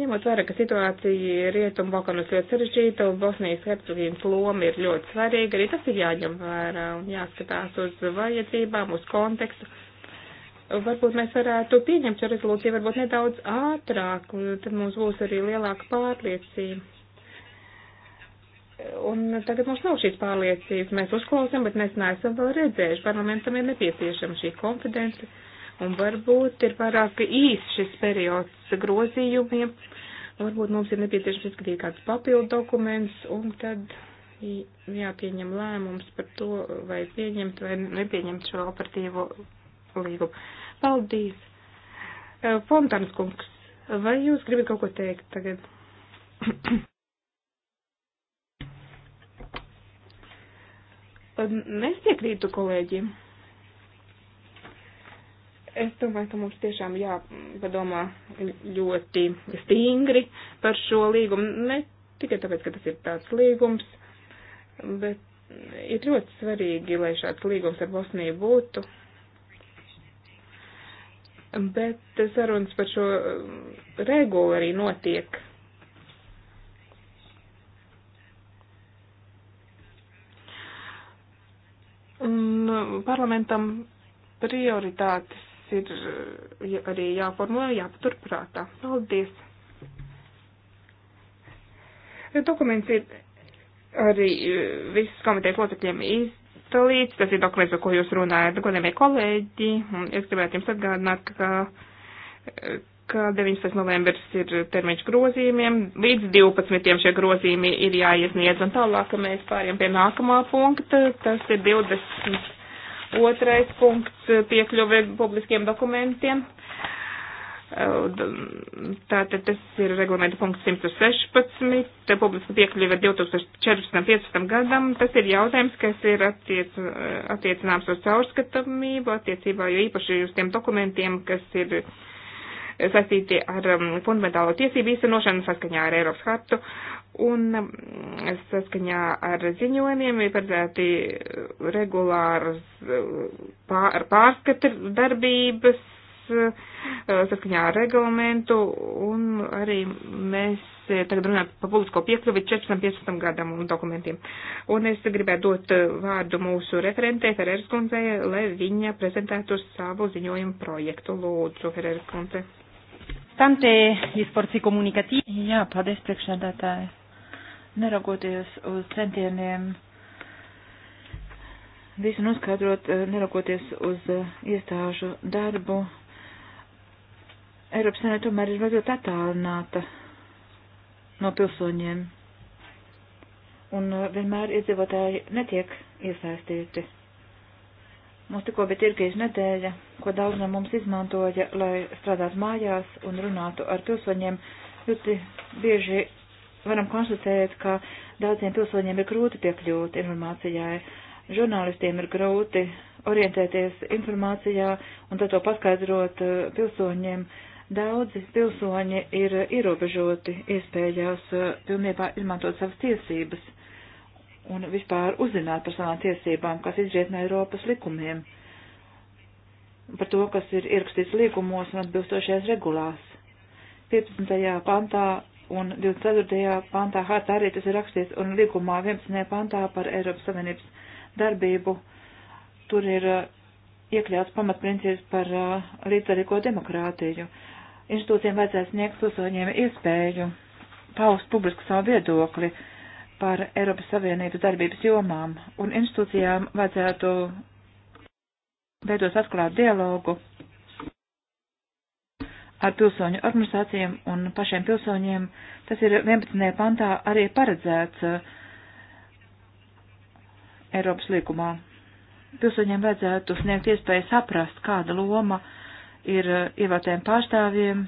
Ņemot vērā, ka situācija Rietumu Balkanos ļoti sarežģīta un Bosnijas Hercegovinas loma ir ļoti svarīga, arī tas ir jāņem vērā un jāskatās uz vajadzībām, uz kontekstu. Varbūt mēs varētu pieņemt šo rezolūciju varbūt nedaudz ātrāk, un tad mums būs arī lielāka pārliecība. Un tagad mums nav šīs pārliecības. Mēs uzklausām, bet mēs neesam vēl redzējuši. Parlamentam ir nepieciešama šī konfidence. Un varbūt ir pārāk īs šis periods grozījumiem. Varbūt mums ir nepieciešams izskatīt kāds papildu dokuments. Un tad jāpieņem lēmums par to, vai pieņemt vai nepieņemt šo operatīvo līgumu. Paldies! Fontāns kungs, vai jūs gribat kaut ko teikt tagad? *coughs* Es piekrītu kolēģiem. Es domāju, ka mums tiešām jāpadomā ļoti stingri par šo līgumu. Ne tikai tāpēc, ka tas ir tāds līgums, bet ir ļoti svarīgi, lai šāds līgums ar Bosniju būtu. Bet sarunas par šo regulu arī notiek Un uh, parlamentam prioritātes ir uh, arī jāformulē, jāpaturprātā. Paldies! Dokuments ir arī uh, visas komitejas locekļiem izdalīts. Tas ir dokuments, par ko jūs runājat, godamie kolēģi. Un es gribētu jums atgādināt, ka ka 19. novembris ir termiņš grozījumiem, līdz 12. šie grozījumi ir jāiesniedz, un tālāk mēs pāriem pie nākamā punkta, tas ir 22. punkts piekļuve publiskiem dokumentiem. Tātad tas ir reglamenta punkts 116, publiska piekļuve 2014-15 gadam. Tas ir jautājums, kas ir attiec, attiecināms uz caurskatāmību, attiecībā jo īpaši uz tiem dokumentiem, kas ir uh, saistīti ar um, fundamentālo tiesību īstenošanu saskaņā ar Eiropas hartu un um, saskaņā ar ziņojumiem ir paredzēti uh, regulāras uh, pār, pārskata darbības uh, saskaņā ar reglamentu un arī mēs eh, tagad runāt par publisko piekļuvi 14-15 gadam un dokumentiem. Un es gribētu dot eh, vārdu mūsu referentē Ferēras kundzei, lai viņa prezentētu savu ziņojumu projektu. Lūdzu, Ferēras kundze. Tante izporci e komunikatīvi. Jā, paldies priekšsēdētāji. Neraugoties uz centieniem visu noskaidrot, eh, neraugoties uz eh, iestāžu darbu, Eiropas Savienība tomēr ir ļoti attālināta no pilsoņiem. Un eh, vienmēr iedzīvotāji netiek iesaistīti. Mums tikko bija Tirkijas nedēļa, ko daudz no mums izmantoja, lai strādātu mājās un runātu ar pilsoņiem. Ļoti bieži varam konstatēt, ka daudziem pilsoņiem ir grūti piekļūt informācijai. Žurnālistiem ir grūti orientēties informācijā un tad to paskaidrot uh, pilsoņiem. Daudzi pilsoņi ir ierobežoti iespējās uh, pilnībā izmantot savas tiesības un vispār uzzināt par savām tiesībām, kas izriet no Eiropas likumiem, par to, kas ir ierakstīts līgumos un atbilstošajās regulās. 15. pantā un 24. pantā harta arī tas ir rakstīts, un līgumā 11. pantā par Eiropas Savienības darbību tur ir uh, iekļauts pamatprincips par uh, līdzdarīgo demokrātiju. Institūcijiem vajadzēs sniegt pilsoņiem iespēju paust publiski savu viedokli, uh, par Eiropas Savienības darbības jomām, un institūcijām vajadzētu beidzot atklāt dialogu ar pilsoņu organizācijām un pašiem pilsoņiem. Tas ir 11. pantā arī paredzēts uh, Eiropas līkumā. Pilsoņiem vajadzētu sniegt iespēju saprast, kāda loma ir uh, ievēlētiem pārstāvjiem.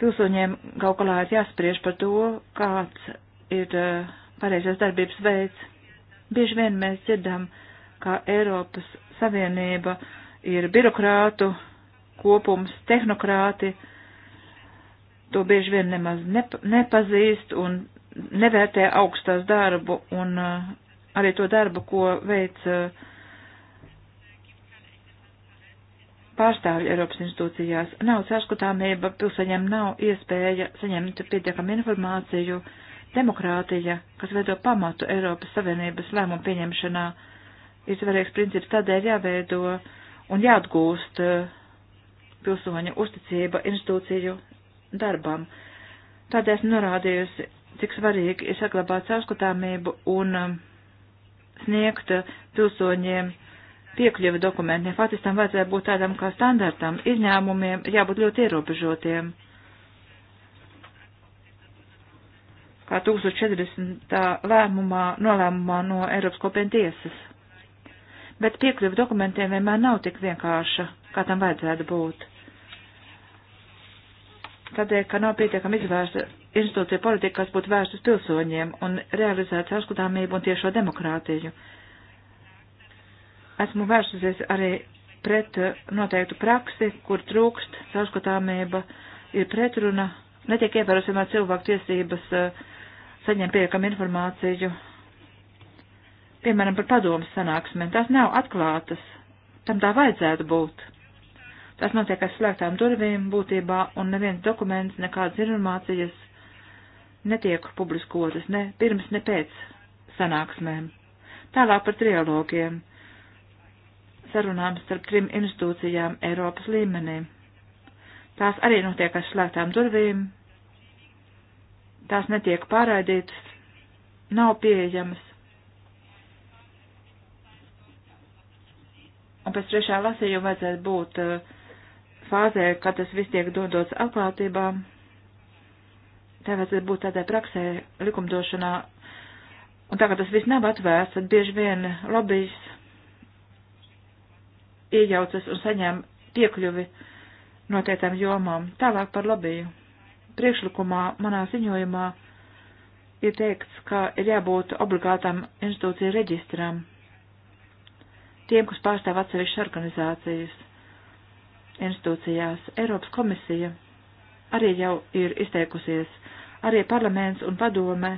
Pilsoņiem galvā ir jāspriež par to, kāds ir pareizais darbības veids. Bieži vien mēs dzirdam, ka Eiropas Savienība ir birokrātu kopums, tehnokrāti, to bieži vien nemaz nepazīst un nevērtē augstās darbu un arī to darbu, ko veic pārstāvju Eiropas institūcijās. Nav sārskatāmība, pilsēņiem nav iespēja saņemt pietiekam informāciju, uh, Demokrātija, kas veido pamatu Eiropas Savienības lēmumu pieņemšanā, ir svarīgs princips tādēļ jāveido un jāatgūst eh, pilsoņa uzticība institūciju darbam. Tādēļ esmu norādījusi, cik svarīgi ir saglabāt caurskatāmību un eh, sniegt pilsoņiem piekļuvi dokumentiem. Faktiski tam vajadzēja būt tādam kā standartam. Izņēmumiem jābūt ļoti ierobežotiem kā 1040. lēmumā, nolēmumā no Eiropas kopienas tiesas. Bet piekļuva dokumentiem vienmēr nav tik vienkārša, kā tam vajadzētu būt. Tādēļ, ka nav pietiekami izvērsta institūcija politika, kas būtu vērsta uz pilsoņiem un realizēta caurskatāmību un tiešo demokrātiju. Esmu vērsusies arī pret noteiktu praksi, kur trūkst caurskatāmība, ir pretruna, netiek ievērosimā cilvēku tiesības uh, saņem pietiekam informāciju, piemēram, par padomas sanāksmēm. Tās nav atklātas, tam tā vajadzētu būt. Tas notiek ar slēgtām durvīm būtībā, un neviens dokuments, nekādas informācijas netiek publiskotas ne pirms, ne pēc sanāksmēm. Tālāk par trialogiem, sarunām starp trim institūcijām Eiropas līmenī. Tās arī notiek ar slēgtām durvīm, tās netiek pārraidītas, nav pieejamas. Un pēc trešā lasījuma vajadzētu būt eh, fāzē, kad tas viss tiek dodots atklātībā. Tā vajadzētu būt tādai praksē, likumdošanā. Un tā kā tas viss nav atvērts, tad bieži vien lobbyis iejaucas un saņem piekļuvi noteiktām jomām. Tālāk par lobiju priekšlikumā, manā ziņojumā, ir teikts, ka ir jābūt obligātam institūciju reģistram tiem, kas pārstāv atsevišķas organizācijas institūcijās. Eiropas komisija arī jau ir izteikusies, arī parlaments un padome.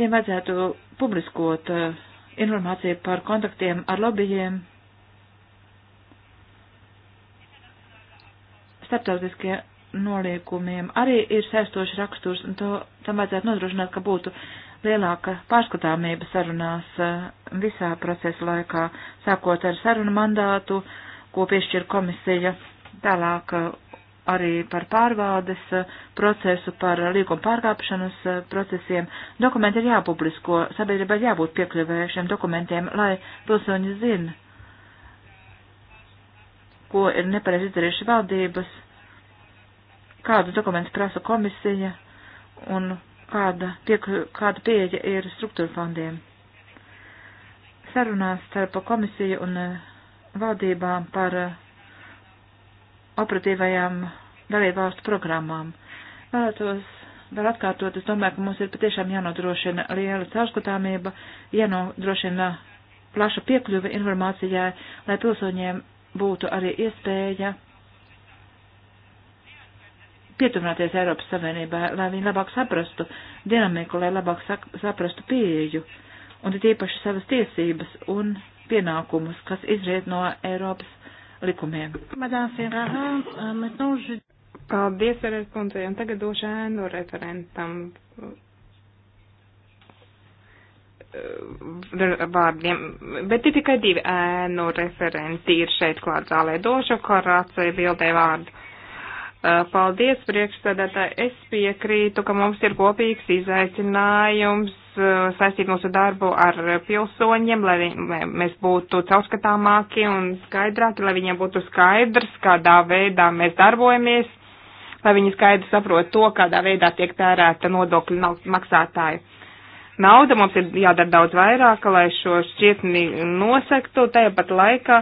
Tiem vajadzētu publiskot uh, informāciju par kontaktiem ar lobbyiem starptautiskie noliekumiem arī ir saistošs raksturs, un to, tam vajadzētu nodrošināt, ka būtu lielāka pārskatāmība sarunās eh, visā procesa laikā, sākot ar sarunu mandātu, ko piešķir komisija, tālāk eh, arī par pārvaldes eh, procesu, par līguma pārkāpšanas procesiem. Dokumenti ir jāpublisko, sabiedrībai jābūt piekļuvē šiem dokumentiem, lai pilsoņi zina, ko ir nepareizi izdarījuši valdības, kādus dokumentus prasa komisija un kāda, pie, kāda pieeja ir struktūra fondiem. Sarunās starp komisiju un eh, valdībām par eh, operatīvajām dalībvalstu programmām. Vēlētos vēl atkārtot, es domāju, ka mums ir patiešām jānodrošina liela caurskatāmība, jānodrošina plaša piekļuve informācijai, lai pilsoņiem būtu arī iespēja pietuvināties Eiropas Savienībai, lai viņi labāk saprastu dinamiku, lai labāk saprastu pieeju un ir īpaši savas tiesības un pienākumus, kas izriet no Eiropas likumiem. Euh, Paldies, Eres kundzei, un tagad došu ēnu referentam Eh, vārdiem, bet ir tikai divi ēnu referenti ir šeit klāt zālē. Došu Karācei eh, bildē vārdu. Eh, paldies, priekšsēdētāji. Es piekrītu, ka mums ir kopīgs izaicinājums saistīt mūsu darbu ar pilsoņiem, lai mēs būtu caurskatāmāki un skaidrāki, lai viņiem būtu skaidrs, kādā veidā mēs darbojamies, lai viņi skaidri saprot to, kādā veidā tiek tērēta nodokļu maksātāju nauda, mums ir jādara daudz vairāk, lai šo šķietni nosektu. Tajā pat laikā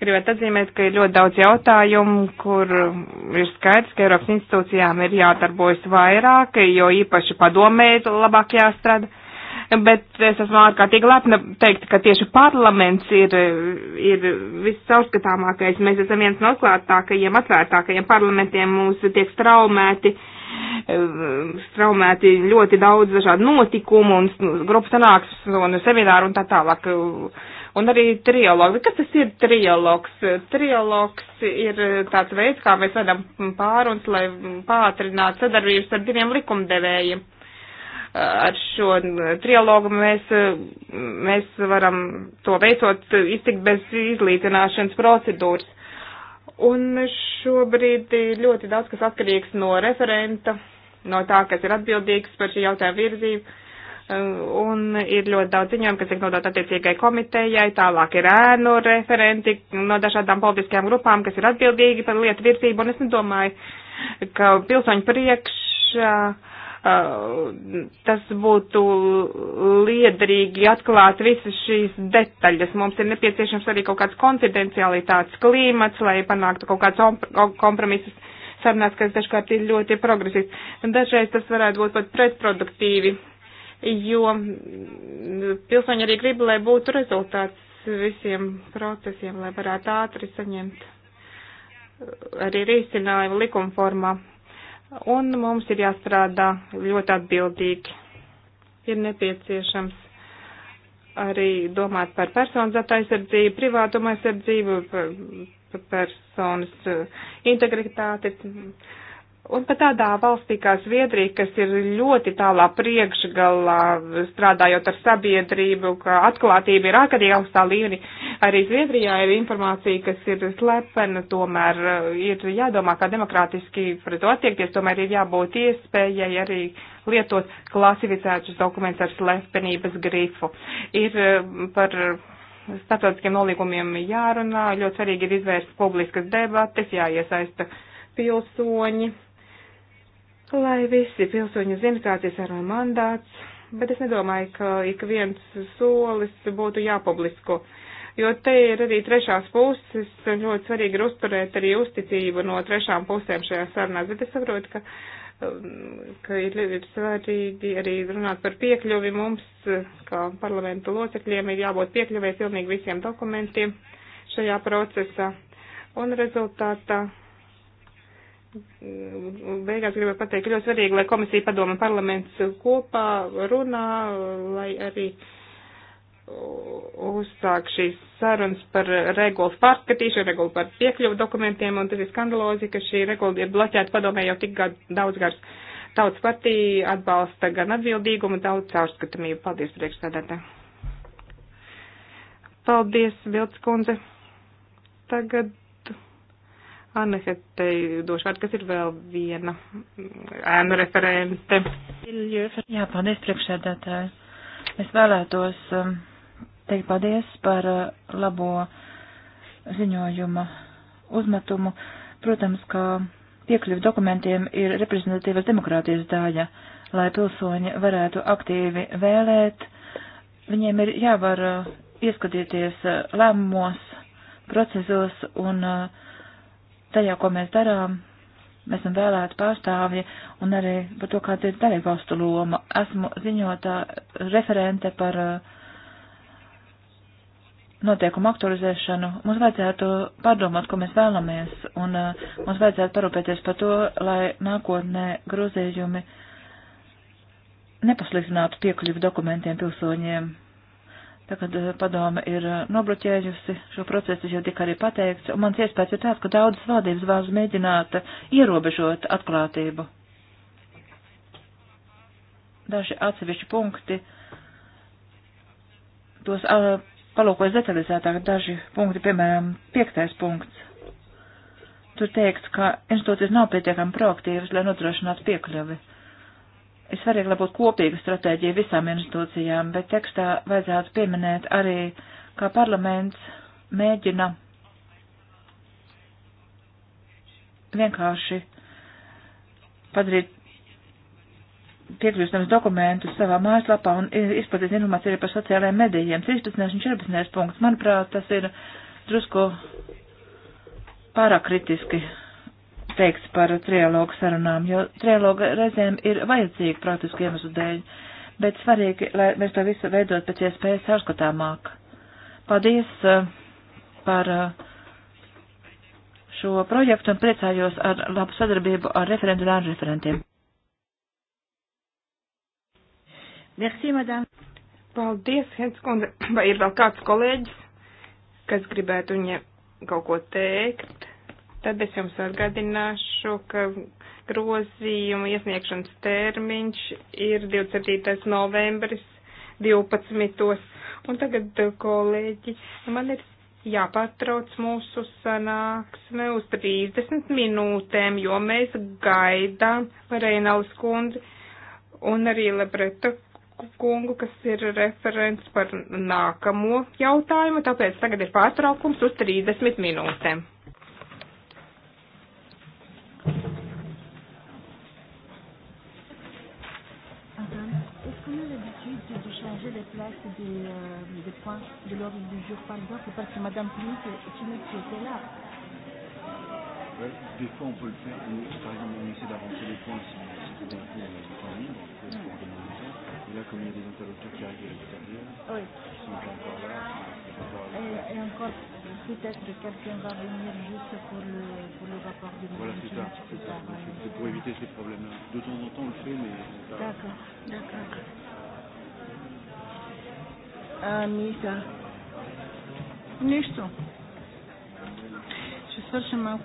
gribētu atzīmēt, ka ir ļoti daudz jautājumu, kur ir skaidrs, ka Eiropas institūcijām ir jādarbojas vairāk, jo īpaši padomē ir labāk jāstrādā bet es esmu ārkārtīgi lepna teikt, ka tieši parlaments ir, ir viscaurskatāmākais. Mēs esam viens no atklātākajiem, atvērtākajiem parlamentiem, mūs tiek straumēti straumēti ļoti daudz dažādu notikumu un grupu sanāksmes un semināru un tā tālāk. Un arī trialogi. Kas tas ir trialogs? Trialogs ir tāds veids, kā mēs vedam pārunas, lai pātrinātu sadarbības ar diviem likumdevējiem. Ar šo trialogu mēs, mēs varam to veicot, iztikt bez izlīdzināšanas procedūras Un šobrīd ļoti daudz kas atkarīgs no referenta, no tā, kas ir atbildīgs par šī jautājuma virzību. Un ir ļoti daudz ziņojumu, kas tiek nodot attiecīgai komitejai, tālāk ir ēnu referenti no dažādām politiskajām grupām, kas ir atbildīgi par lietu virzību. Un es nedomāju, ka pilsoņu priekšā. Uh, Uh, tas būtu liederīgi atklāt visas šīs detaļas. Mums ir nepieciešams arī kaut kāds konfidencialitātes klīmats, lai panāktu kaut kāds kompromisus sarunās, kas dažkārt ir ļoti progresīvs. Dažreiz tas varētu būt pat pretproduktīvi, jo pilsoņi arī grib, lai būtu rezultāts visiem procesiem, lai varētu ātri saņemt arī risinājumu likumformā. formā un mums ir jāstrādā ļoti atbildīgi. Ir nepieciešams arī domāt par personas aizsardzību, privātuma aizsardzību, par personas eh, integritāti. Un pat tādā valstī kā Zviedrija, kas ir ļoti tālā priekšgalā, strādājot ar sabiedrību, ka atklātība ir ārkārtīgi augstā līmenī, arī Zviedrijā ir informācija, kas ir slepena, tomēr uh, ir jādomā, kā demokrātiski pret to attiekties, tomēr ir jābūt iespējai arī lietot klasificētus dokumentus ar slepenības grifu. Ir uh, par starptautiskiem nolīgumiem jārunā, ļoti svarīgi ir izvērst publiskas debates, jāiesaista pilsoņi lai visi pilsoņi zina, kāds ir saruna mandāts, bet es nedomāju, ka ik viens solis būtu jāpublisko, jo te ir arī trešās puses, un ļoti svarīgi ir uzturēt arī uzticību no trešām pusēm šajā sarunā, bet es saprotu, ka, um, ka ir, ir svarīgi arī runāt par piekļuvi mums, kā parlamenta locekļiem, ir jābūt piekļuvē pilnīgi visiem dokumentiem šajā procesā, un rezultātā beigās gribēju pateikt, ļoti svarīgi, lai komisija padoma parlaments kopā runā, lai arī uzsāk šīs sarunas par regulas pārskatīšanu, regulu par piekļuvu dokumentiem, un tas ir skandalozi, ka šī regula ir bloķēta padomē jau tik gad, daudz gars. Tautas partija atbalsta gan atbildīgumu, daudz caurskatamību. Paldies, priekšstādātā. Paldies, Vilts kundze. Tagad Annehetei došu vārdu, kas ir vēl viena mm, ēnu referente. Jā, paldies priekšsēdētāji. Es vēlētos um, teikt paldies par uh, labo ziņojuma uzmetumu. Protams, ka piekļuvi dokumentiem ir reprezentatīvas demokrātijas daļa, lai pilsoņi varētu aktīvi vēlēt. Viņiem ir jāvar uh, ieskatīties uh, lēmumos, procesos un uh, tajā, ko mēs darām, mēs esam vēlēti pārstāvji un arī par to, kāda ir dalībvalstu loma. Esmu ziņotā referente par uh, notiekumu aktualizēšanu. Mums vajadzētu pārdomāt, ko mēs vēlamies, un uh, mums vajadzētu parūpēties par to, lai nākotnē grozījumi nepasliktinātu piekļuvi dokumentiem pilsoņiem. Tagad eh, padome ir eh, nobloķējusi šo procesu, jau tika arī pateikts, un mans iespējas ir tāds, ka daudzas valdības vēlas mēģināt eh, ierobežot atklātību. Daži atsevišķi punkti, tos palūkojas detalizētāk, daži punkti, piemēram, piektais punkts. Tur teikts, ka institūcijas nav pietiekami proaktīvas, lai nodrošinātu piekļuvi ir svarīgi, lai būtu kopīga stratēģija visām institūcijām, bet tekstā vajadzētu pieminēt arī, kā parlaments mēģina vienkārši padarīt piekļūstams dokumentus savā mājaslapā un izplatīt informāciju arī par sociālajiem medijiem. 13. un 14. punkts, manuprāt, tas ir drusku pārāk kritiski teikts par trialogu sarunām, jo trialoga reizēm ir vajadzīga praktiski iemeslu dēļ, bet svarīgi, lai mēs to visu veidot pēc iespējas ārskatāmāk. Paldies eh, par eh, šo projektu un priecājos ar labu sadarbību ar referentu un ar referentiem. Merci, madame. Paldies, Henskunde. *clears throat* Vai ir vēl kāds kolēģis, kas gribētu viņai kaut ko teikt? Tad es jums atgādināšu, ka grozījuma iesniegšanas termiņš ir 27. novembris 12. Un tagad, kolēģi, man ir jāpārtrauc mūsu sanāksme uz 30 minūtēm, jo mēs gaidām Reinaus kundzi un arī Lebreta kungu, kas ir referents par nākamo jautājumu, tāpēc tagad ir pārtraukums uz 30 minūtēm. changer les places des, euh, des points de l'ordre du jour, par exemple, parce que Madame Plinc est une autre qui était là. Ouais, des fois, on peut le faire. On, par exemple, on essaie d'avancer les points si, si tout d'un coup on a du temps libre, on peut hmm. organiser ça. Et là, comme il y a des interlocuteurs qui arrivent de l'extérieur, oui. qui sont pas encore là, et, et encore, peut-être quelqu'un va venir juste pour le, pour le rapport de Voilà, c'est ça. Euh, c'est pour éviter ces problèmes-là. De temps en temps, on le fait, mais. D'accord, d'accord. Amiga. Nisto. Ще свършим малко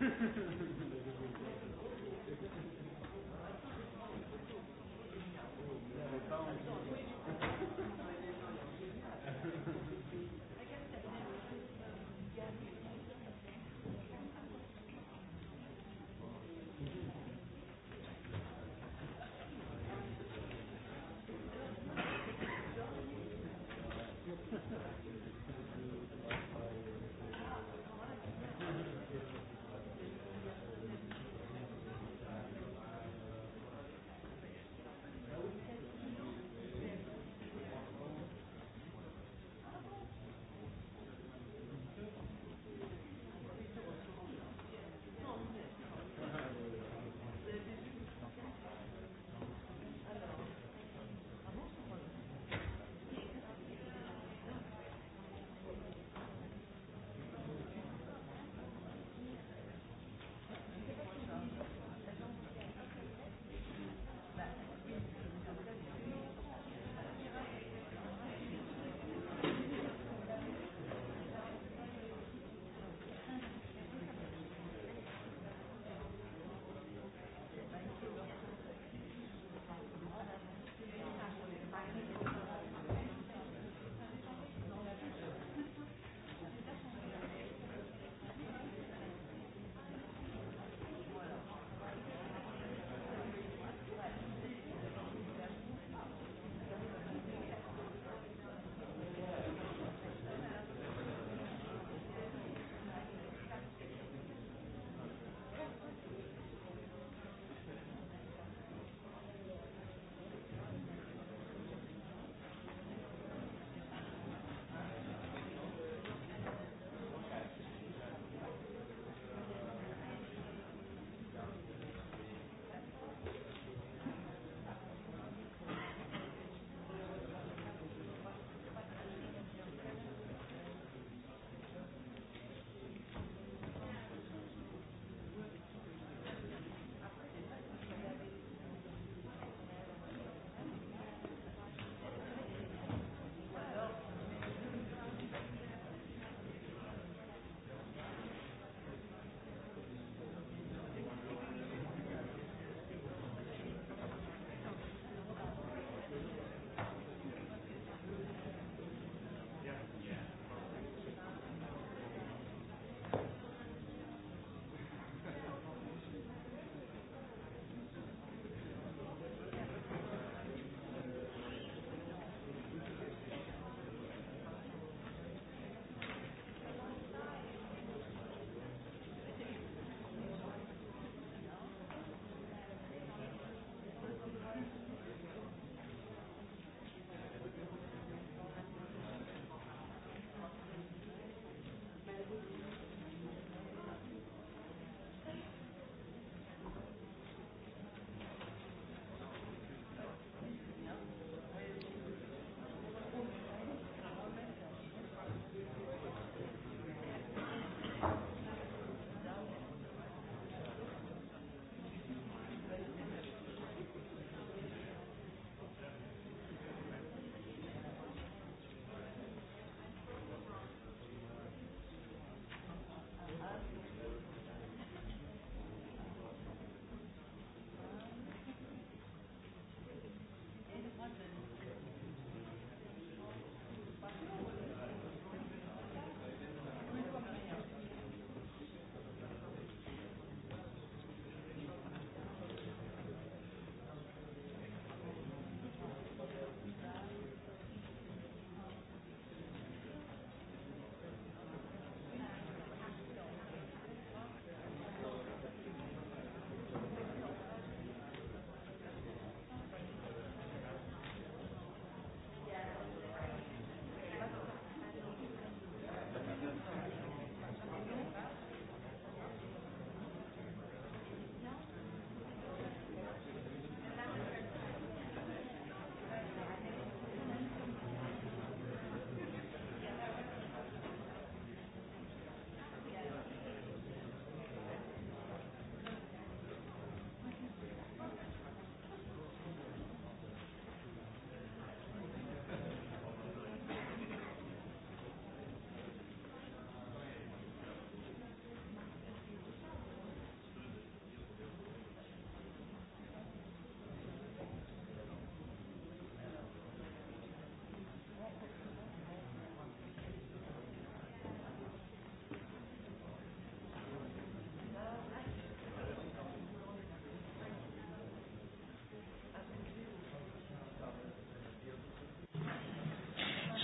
Thank *laughs* you.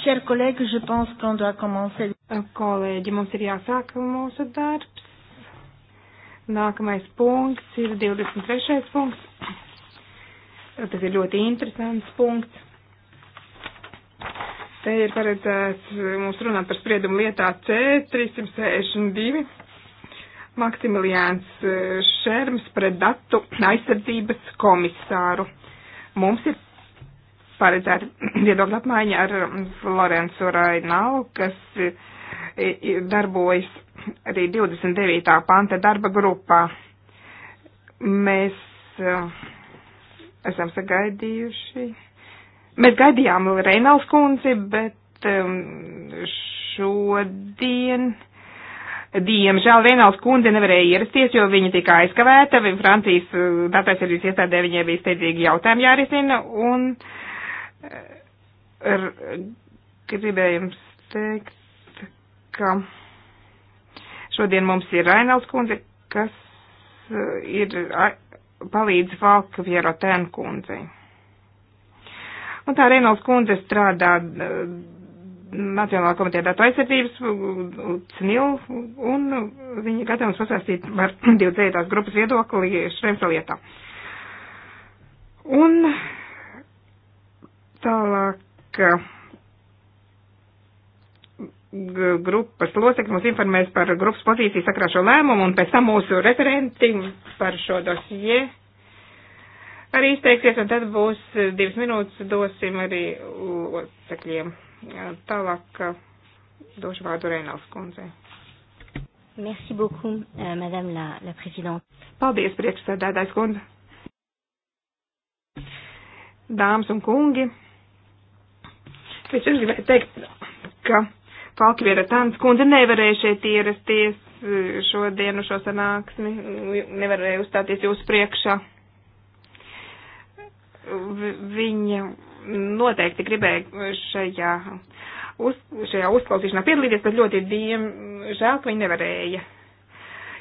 Chers collègues, je pense qu'on doit commencer. Euh, kolēģi, mums ir jāsāk mūsu darbs. Nākamais punkts ir 23. punkts. Tas ir ļoti interesants punkts. Te ir paredzēts mums runāt par spriedumu lietā C362. Maksimiliāns eh, Šerms pret datu aizsardzības komisāru. Mums ir paredzēta viedokļa apmaiņa ar Florencu Rainau, kas darbojas arī 29. panta darba grupā. Mēs e, esam sagaidījuši. Mēs gaidījām Reinaus kundzi, bet e, šodien. Diemžēl Reinaus kundze nevarēja ierasties, jo viņa tika aizkavēta. Francijas e, datorsardzības iestādē viņai bija steidzīgi jautājumi jārisina, un uh, gribēju jums teikt, ka šodien mums ir Rainals kundze, kas eh, ir palīdz Valka Vierotēna kundzei. Un tā Reynolds kundze strādā eh, Nacionālā komiteja datu aizsardzības CNIL, un viņi gatavs pasāstīt par *clears throat* divdzējotās grupas viedokli Šremsa lietā. Un tālāk ka grupas locekļi mums informēs par grupas pozīciju sakrā šo lēmumu, un pēc tam mūsu referenti par šo dosie arī izteiksies, un tad būs divas minūtes dosim arī locekļiem. Tālāk došu vārdu Reināls kundzei. Merci beaucoup, euh, Madame la, la Présidente. Paldies, priekšsēdētājs kundze. Dāmas un kungi. Vispirms gribēju teikt, ka Falkviera Tāns kundze nevarēja šeit ierasties eh, šodien uz šo sanāksmi, nevarēja uzstāties jūsu priekšā. Viņa noteikti gribēja šajā, uz, šajā uzklausīšanā piedalīties, bet ļoti diemžēl, ka viņa nevarēja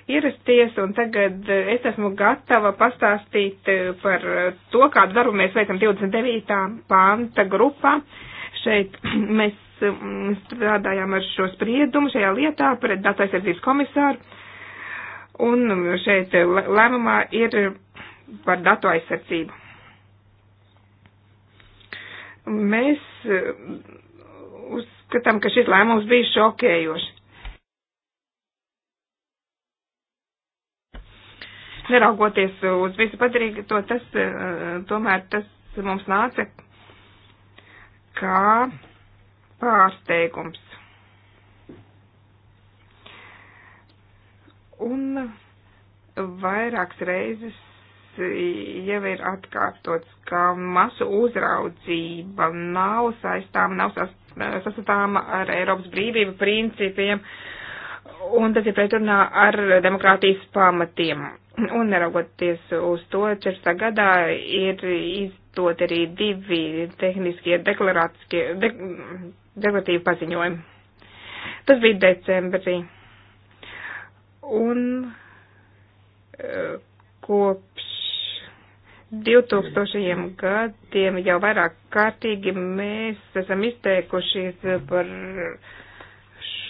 ierasties, un tagad es esmu gatava pastāstīt eh, par to, kādu darbu mēs veicam 29. panta grupā. Uh, Šeit *clears throat* mēs mm, strādājām ar šo spriedumu šajā lietā pret datu aizsardzības komisāru. Un šeit lēmumā ir par datu aizsardzību. Mēs mm, uzskatām, ka šis lēmums bija šokējošs. Neraugoties uz visu padarīto, tas mm, tomēr tas mums nāca kā pārsteigums. Un vairākas reizes jau ir atkārtots, ka masu uzraudzība nav saistāma, nav sastāma ar Eiropas brīvību principiem, uh, un tas ir pretrunā ar demokrātijas pamatiem. Un neraugoties uz to, 40. gadā ir izdot arī divi tehniskie de, deklaratīvi paziņojumi. Tas bija decembrī. Un eh, kopš 2000 gadiem jau vairāk kārtīgi mēs esam izteikušies par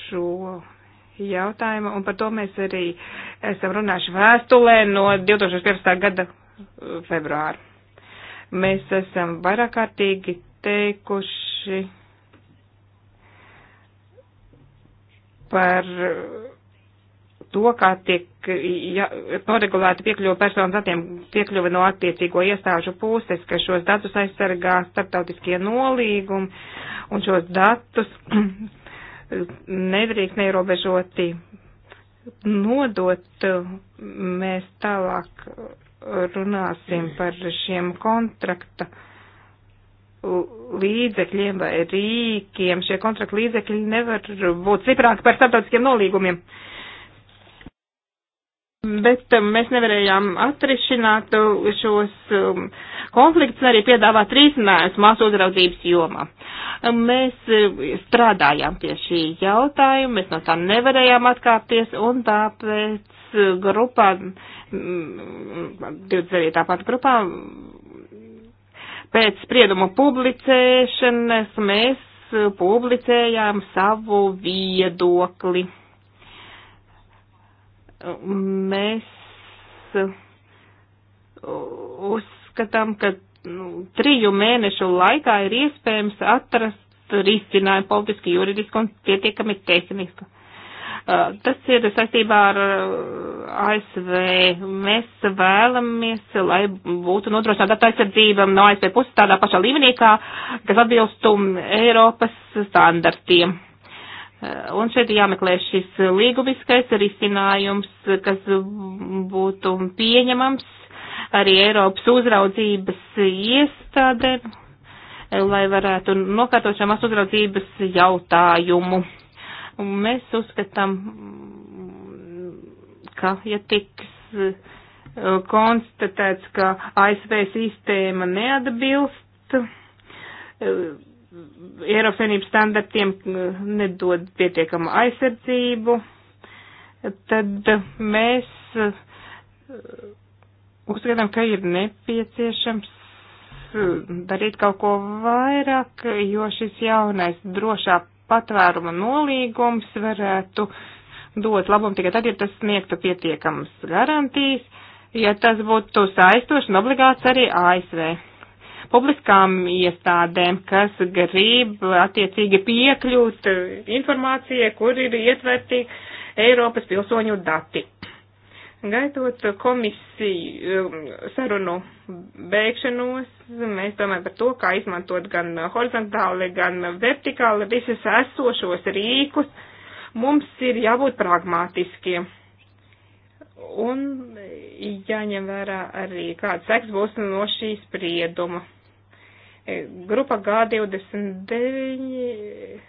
šo jautājuma, un par to mēs arī esam runājuši vēstulē no 2015. gada uh, februāra. Mēs esam vairāk kārtīgi teikuši par uh, to, kā tiek ja, noregulēta piekļuva personas datiem, piekļuva no attiecīgo iestāžu puses, ka šos datus aizsargā starptautiskie nolīgumi un šos datus *clears throat* nedrīkst neierobežoti nodot. Mēs tālāk runāsim par šiem kontrakta līdzekļiem vai rīkiem. Šie kontrakta līdzekļi nevar būt stiprāki par starptautiskiem nolīgumiem. Bet um, mēs nevarējām atrisināt uh, šos um, konflikts arī piedāvā trīsinājumus māsu uzraudzības jomā. Mēs e, strādājām pie šī jautājuma, mēs no tā nevarējām atkāpties, un tāpēc e, grupā, 29. pānta grupā, pēc spriedumu publicēšanas mēs e, publicējām savu viedokli. Mēs uz uzskatām, ka nu, triju mēnešu laikā ir iespējams atrast risinājumu politiski, juridiski un pietiekami tehniski. Uh, tas ir saistībā ar uh, ASV. Mēs vēlamies, lai būtu nodrošināta datu aizsardzība no ASV puses tādā pašā līmenī, kā, kas atbilstu Eiropas standartiem. Uh, un šeit jāmeklē šis līgumiskais risinājums, kas būtu pieņemams arī Eiropas uzraudzības iestādē, lai varētu nokārtot šo masu uzraudzības jautājumu. Mēs uzskatām, ka, ja tiks uh, konstatēts, ka ASV sistēma neatbilst uh, Eiropas Savienības standartiem, uh, nedod pietiekamu aizsardzību, tad mēs uzskatām, ka ir nepieciešams eh, darīt kaut ko vairāk, jo šis jaunais drošā patvēruma nolīgums varētu dot labumu tikai tad, ja tas sniegtu pietiekamas garantijas, ja tas būtu saistoši un obligāts arī ASV publiskām iestādēm, kas grib attiecīgi piekļūt eh, informācijai, kur ir ietverti Eiropas pilsoņu dati. Gaidot komisiju um, sarunu beigšanos, mēs domājam par to, kā izmantot gan horizontāli, gan vertikāli visus esošos rīkus. Mums ir jābūt pragmātiskiem. Un jāņem vērā arī, kāds seks būs no šīs sprieduma e, grupa G29 e,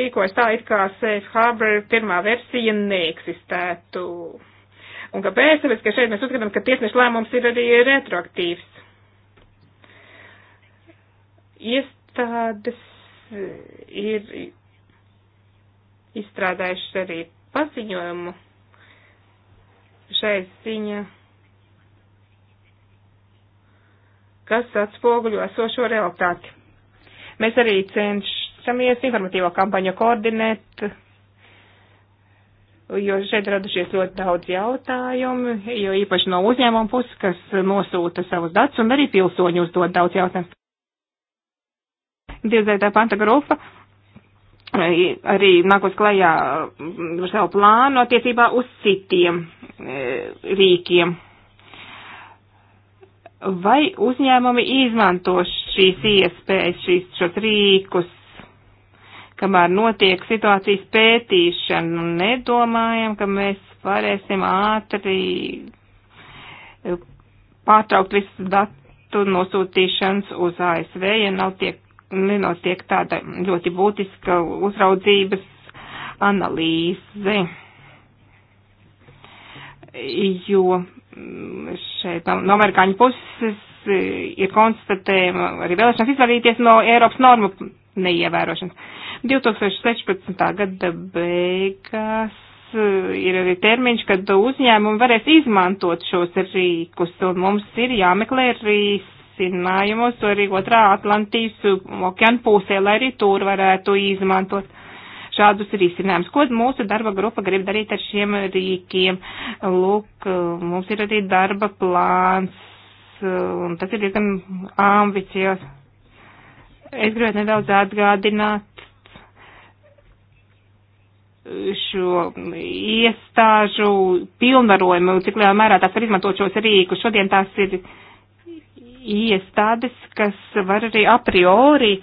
rīkojas tā, it kā Safe Harbor pirmā versija neeksistētu. Un kāpēc? Tāpēc, ka šeit mēs uzskatām, ka tiesneša lēmums ir arī retroaktīvs. Iestādes eh, ir izstrādājušas arī paziņojumu šai ziņā, kas atspoguļo esošo realitāti. Mēs arī cenšamies informatīvo kampaņu koordinēt jo šeit radušies ļoti daudz jautājumu, jo īpaši no uzņēmuma puses, kas nosūta savus datus, un arī pilsoņi uzdod daudz jautājumu. Diezētā panta grupa e, arī nākos klajā ar mm, savu plānu attiecībā uz citiem e, rīkiem. Vai uzņēmumi izmanto šīs iespējas, šīs, šos rīkus, kamēr notiek situācijas pētīšana, un nedomājam, ka mēs varēsim ātri e, pārtraukt visu datu nosūtīšanas uz ASV, ja nav tiek, nenotiek tāda ļoti būtiska uzraudzības analīze. Jo mm, šeit no, no amerikāņu puses e, ir konstatējama arī vēlēšanās izvairīties no Eiropas normu neievērošanas. 2016. gada beigās e, ir arī termiņš, kad uzņēmumi varēs izmantot šos rīkus, un mums ir jāmeklē risinājumos, to arī otrā Atlantijas okeāna pusē, lai arī tur varētu izmantot šādus risinājumus. Ko mūsu darba grupa grib darīt ar šiem rīkiem? Lūk, e, mums ir arī darba plāns, e, un tas ir diezgan ambiciozs. Es gribētu nedaudz atgādināt šo iestāžu pilnvarojumu, cik lielā mērā tās var izmantot šos rīkus. Šodien tās ir iestādes, kas var arī a priori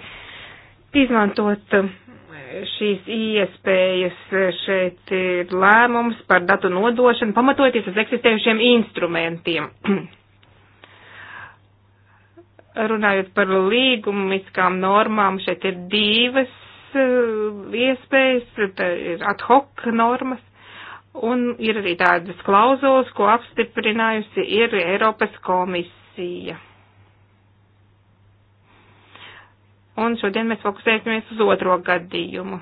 izmantot šīs iespējas. Šeit ir lēmums par datu nodošanu, pamatojoties uz eksistējušiem instrumentiem. Runājot par līgumiskām normām, šeit ir divas Eh, iespējas, ir ad hoc normas, un ir arī tādas klauzulas, ko apstiprinājusi ir Eiropas komisija. Un šodien mēs fokusēsimies uz otro gadījumu.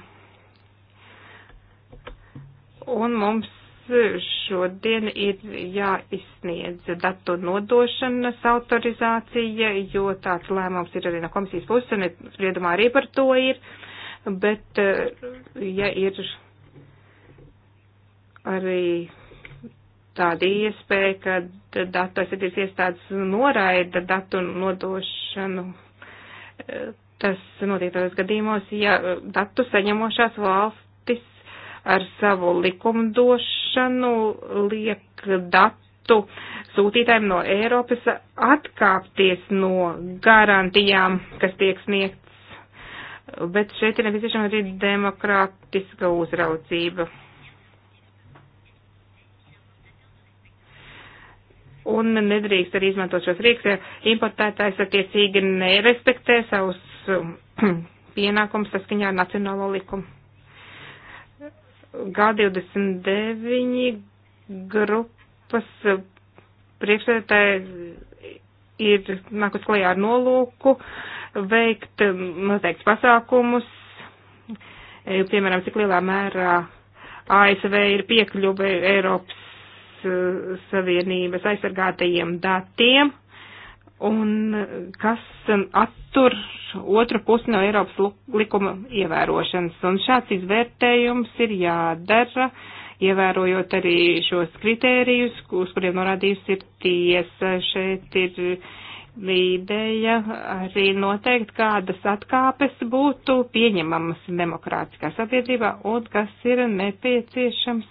Un mums šodien ir jāizsniedz datu nodošanas autorizācija, jo tāds lēmums ir arī no komisijas puses, un spriedumā arī par to ir. Uh, bet eh, ja ir arī tāda iespēja, ka datu aizsardzības iestādes noraida datu nodošanu. Eh, tas notiek tādos gadījumos, ja eh, datu saņemošās valstis ar savu likumdošanu liek datu sūtītājiem no Eiropas atkāpties no garantijām, kas tiek sniegts bet šeit ir nepieciešama arī demokrātiska uzraudzība. Un nedrīkst arī izmantot šos rīks, ja importētājs attiecīgi nerespektē savus um, *clears throat* pienākumus saskaņā ar nacionālo likumu. G29 grupas priekšsēdētāja ir nākus klajā ar nolūku veikt noteikts pasākumus, e, piemēram, cik lielā mērā ASV ir piekļuve Eiropas e, Savienības aizsargātajiem datiem un kas attur otru pusi no Eiropas likuma ievērošanas. Un šāds izvērtējums ir jādara uh, ievērojot arī šos kritērijus, uz kuriem norādījusi ir tiesa. Šeit ir ideja arī noteikt, kādas atkāpes būtu pieņemamas demokrātiskā sabiedrībā un kas ir nepieciešams,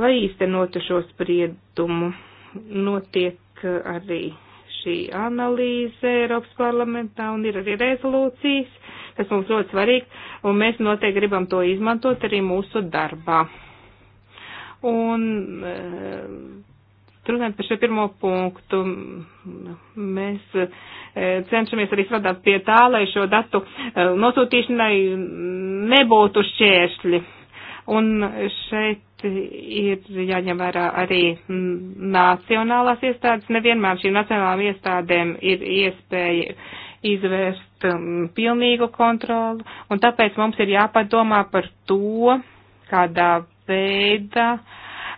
lai īstenotu šo spriedumu. Notiek arī šī analīze Eiropas parlamentā un ir arī rezolūcijas, kas mums ļoti svarīgi, un mēs noteikti gribam to izmantot arī mūsu darbā. Un e, runājot par šo pirmo punktu, mēs e, cenšamies arī strādāt pie tā, lai šo datu e, nosūtīšanai nebūtu šķēršļi. Un šeit ir jāņem vērā arī nacionālās iestādes. Nevienmēr šīm nacionālām iestādēm ir iespēja izvērst um, pilnīgu kontroli, un tāpēc mums ir jāpadomā par to, kādā veida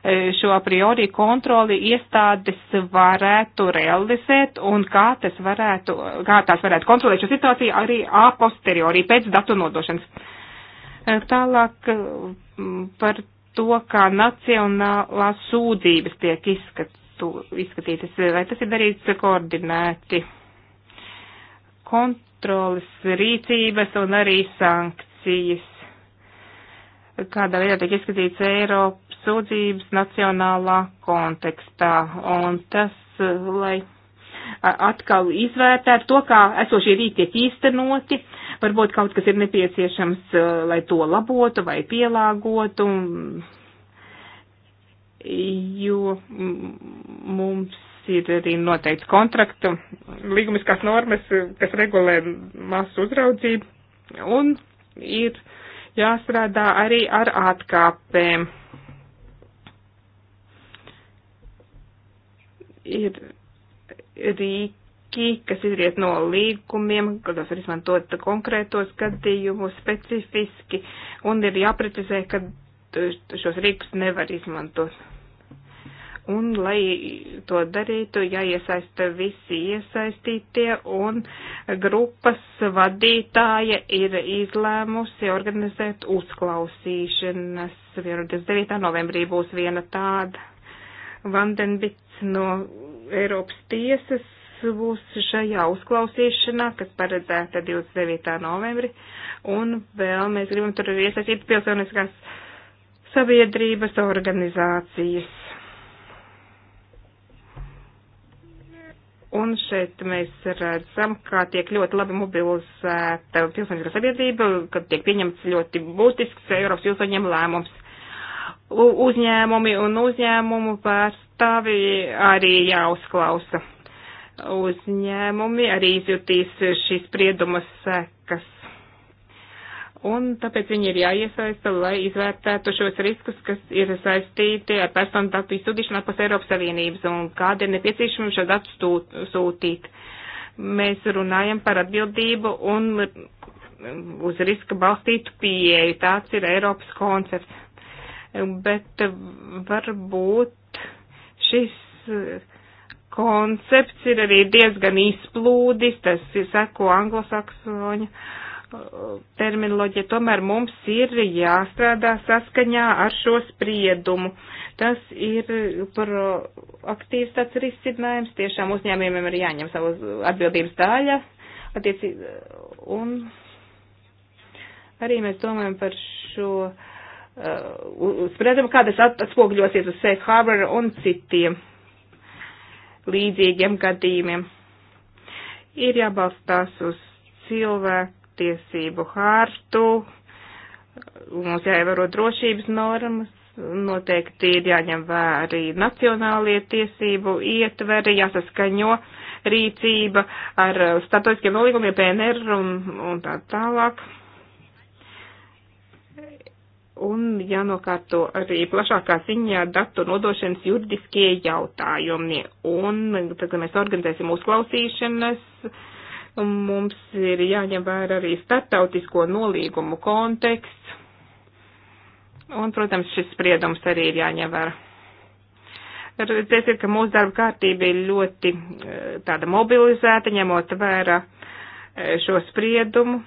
e, šo a priori kontroli iestādes varētu realizēt un kā, tas varētu, kā tās varētu kontrolēt šo situāciju arī a posteriori pēc datu nodošanas. E, tālāk e, par to, kā nacionālās sūdzības tiek izskatu, izskatītas, vai tas ir darīts koordinēti. Kontrolas rīcības un arī sankcijas kādā veidā tiek izskatīts Eiropas sūdzības nacionālā kontekstā. Un tas, lai atkal izvērtētu to, kā esošie rīki tiek īstenoti, varbūt kaut kas ir nepieciešams, lai to labotu vai pielāgotu, jo mums ir arī noteikts kontraktu līgumiskās normas, kas regulē masu uzraudzību, un ir uh, jāstrādā arī ar atkāpēm. Ir rīki, kas izriet no līgumiem, kādos var izmantot konkrētos gadījumus specifiski, un ir jāprecizē, ka šos rīkus nevar izmantot. Un, lai to darītu, jāiesaista visi iesaistītie, un grupas vadītāja ir izlēmusi organizēt uzklausīšanas. 29. novembrī būs viena tāda. Vandenbits no Eiropas tiesas būs šajā uzklausīšanā, kas paredzēta 29. novembri, un vēl mēs gribam tur iesaistīt pilsoniskās sabiedrības organizācijas Un šeit mēs redzam, kā tiek ļoti labi mobilizēta pilsoniskā sabiedrība, kad tiek pieņemts ļoti būtisks Eiropas pilsoņiem lēmums. U uzņēmumi un uzņēmumu pārstāvi arī jāuzklausa. Uzņēmumi arī izjutīs šīs spriedumas sekas un tāpēc viņi ir jāiesaista, lai izvērtētu šos riskus, kas ir saistīti ar personu datu izsūtīšanu ārpus Eiropas Savienības un kāda ir nepieciešama šo datu sūtīt. Mēs runājam par atbildību un uz riska balstītu pieeju. Tāds ir Eiropas koncepts. Bet varbūt šis koncepts ir arī diezgan izplūdis, tas ir seko anglosaksoņu terminoloģija, tomēr mums ir jāstrādā saskaņā ar šo spriedumu. Tas ir proaktīvs uh, tāds risinājums, tiešām uzņēmējiem ir jāņem savas atbildības daļa, attiecī, uh, un arī mēs domājam par šo uh, spriedumu, kā tas atspogļosies uz Safe Harbor un citiem līdzīgiem gadījumiem. Ir jābalstās uz cilvēku pamatiesību hārtu, mums jāievēro drošības normas, noteikti ir jāņem vērā arī nacionālie tiesību ietveri, jāsaskaņo rīcība ar starptautiskiem nolīgumiem PNR un, un tā tālāk. Un jānokārto arī plašākā ziņā datu nodošanas juridiskie jautājumi. Un tad, kad mēs organizēsim uzklausīšanas, uh, Mums ir jāņem vērā arī starptautisko nolīgumu konteksts. Un, protams, šis spriedums arī ir jāņem vērā. Redzēsiet, ka mūsu darba kārtība ir ļoti eh, tāda mobilizēta, ņemot vērā eh, šo spriedumu.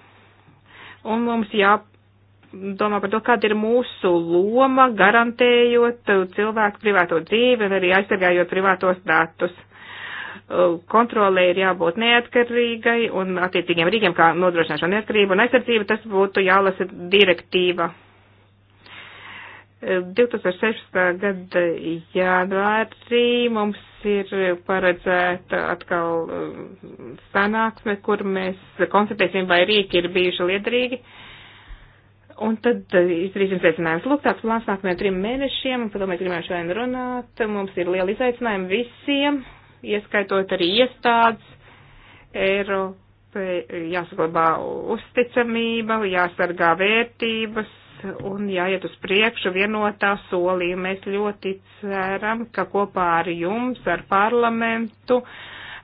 Un mums jādomā par to, kāda ir mūsu loma, garantējot cilvēku privāto dzīvi un arī aizsargājot privātos datus. Eh, kontrolē ir jābūt neatkarīgai un attiecīgiem rīkiem, kā nodrošināšana neatkarība un aizsardzība, tas būtu jālasa direktīva. 2016. Eh, gada janvārī mums ir paredzēta atkal eh, sanāksme, kur mēs konstatēsim, vai rīki ir bijuši liederīgi. Un tad izdarīsim secinājumus. Lūk, tāds plāns nākamajiem trim mēnešiem, un par to mēs gribējām šodien runāt. Mums ir liela izaicinājuma visiem ieskaitot arī iestādes, Eiropai jāsaglabā uzticamība, jāsargā vērtības un jāiet uz priekšu vienotā solī. Mēs ļoti ceram, ka kopā ar jums, ar parlamentu,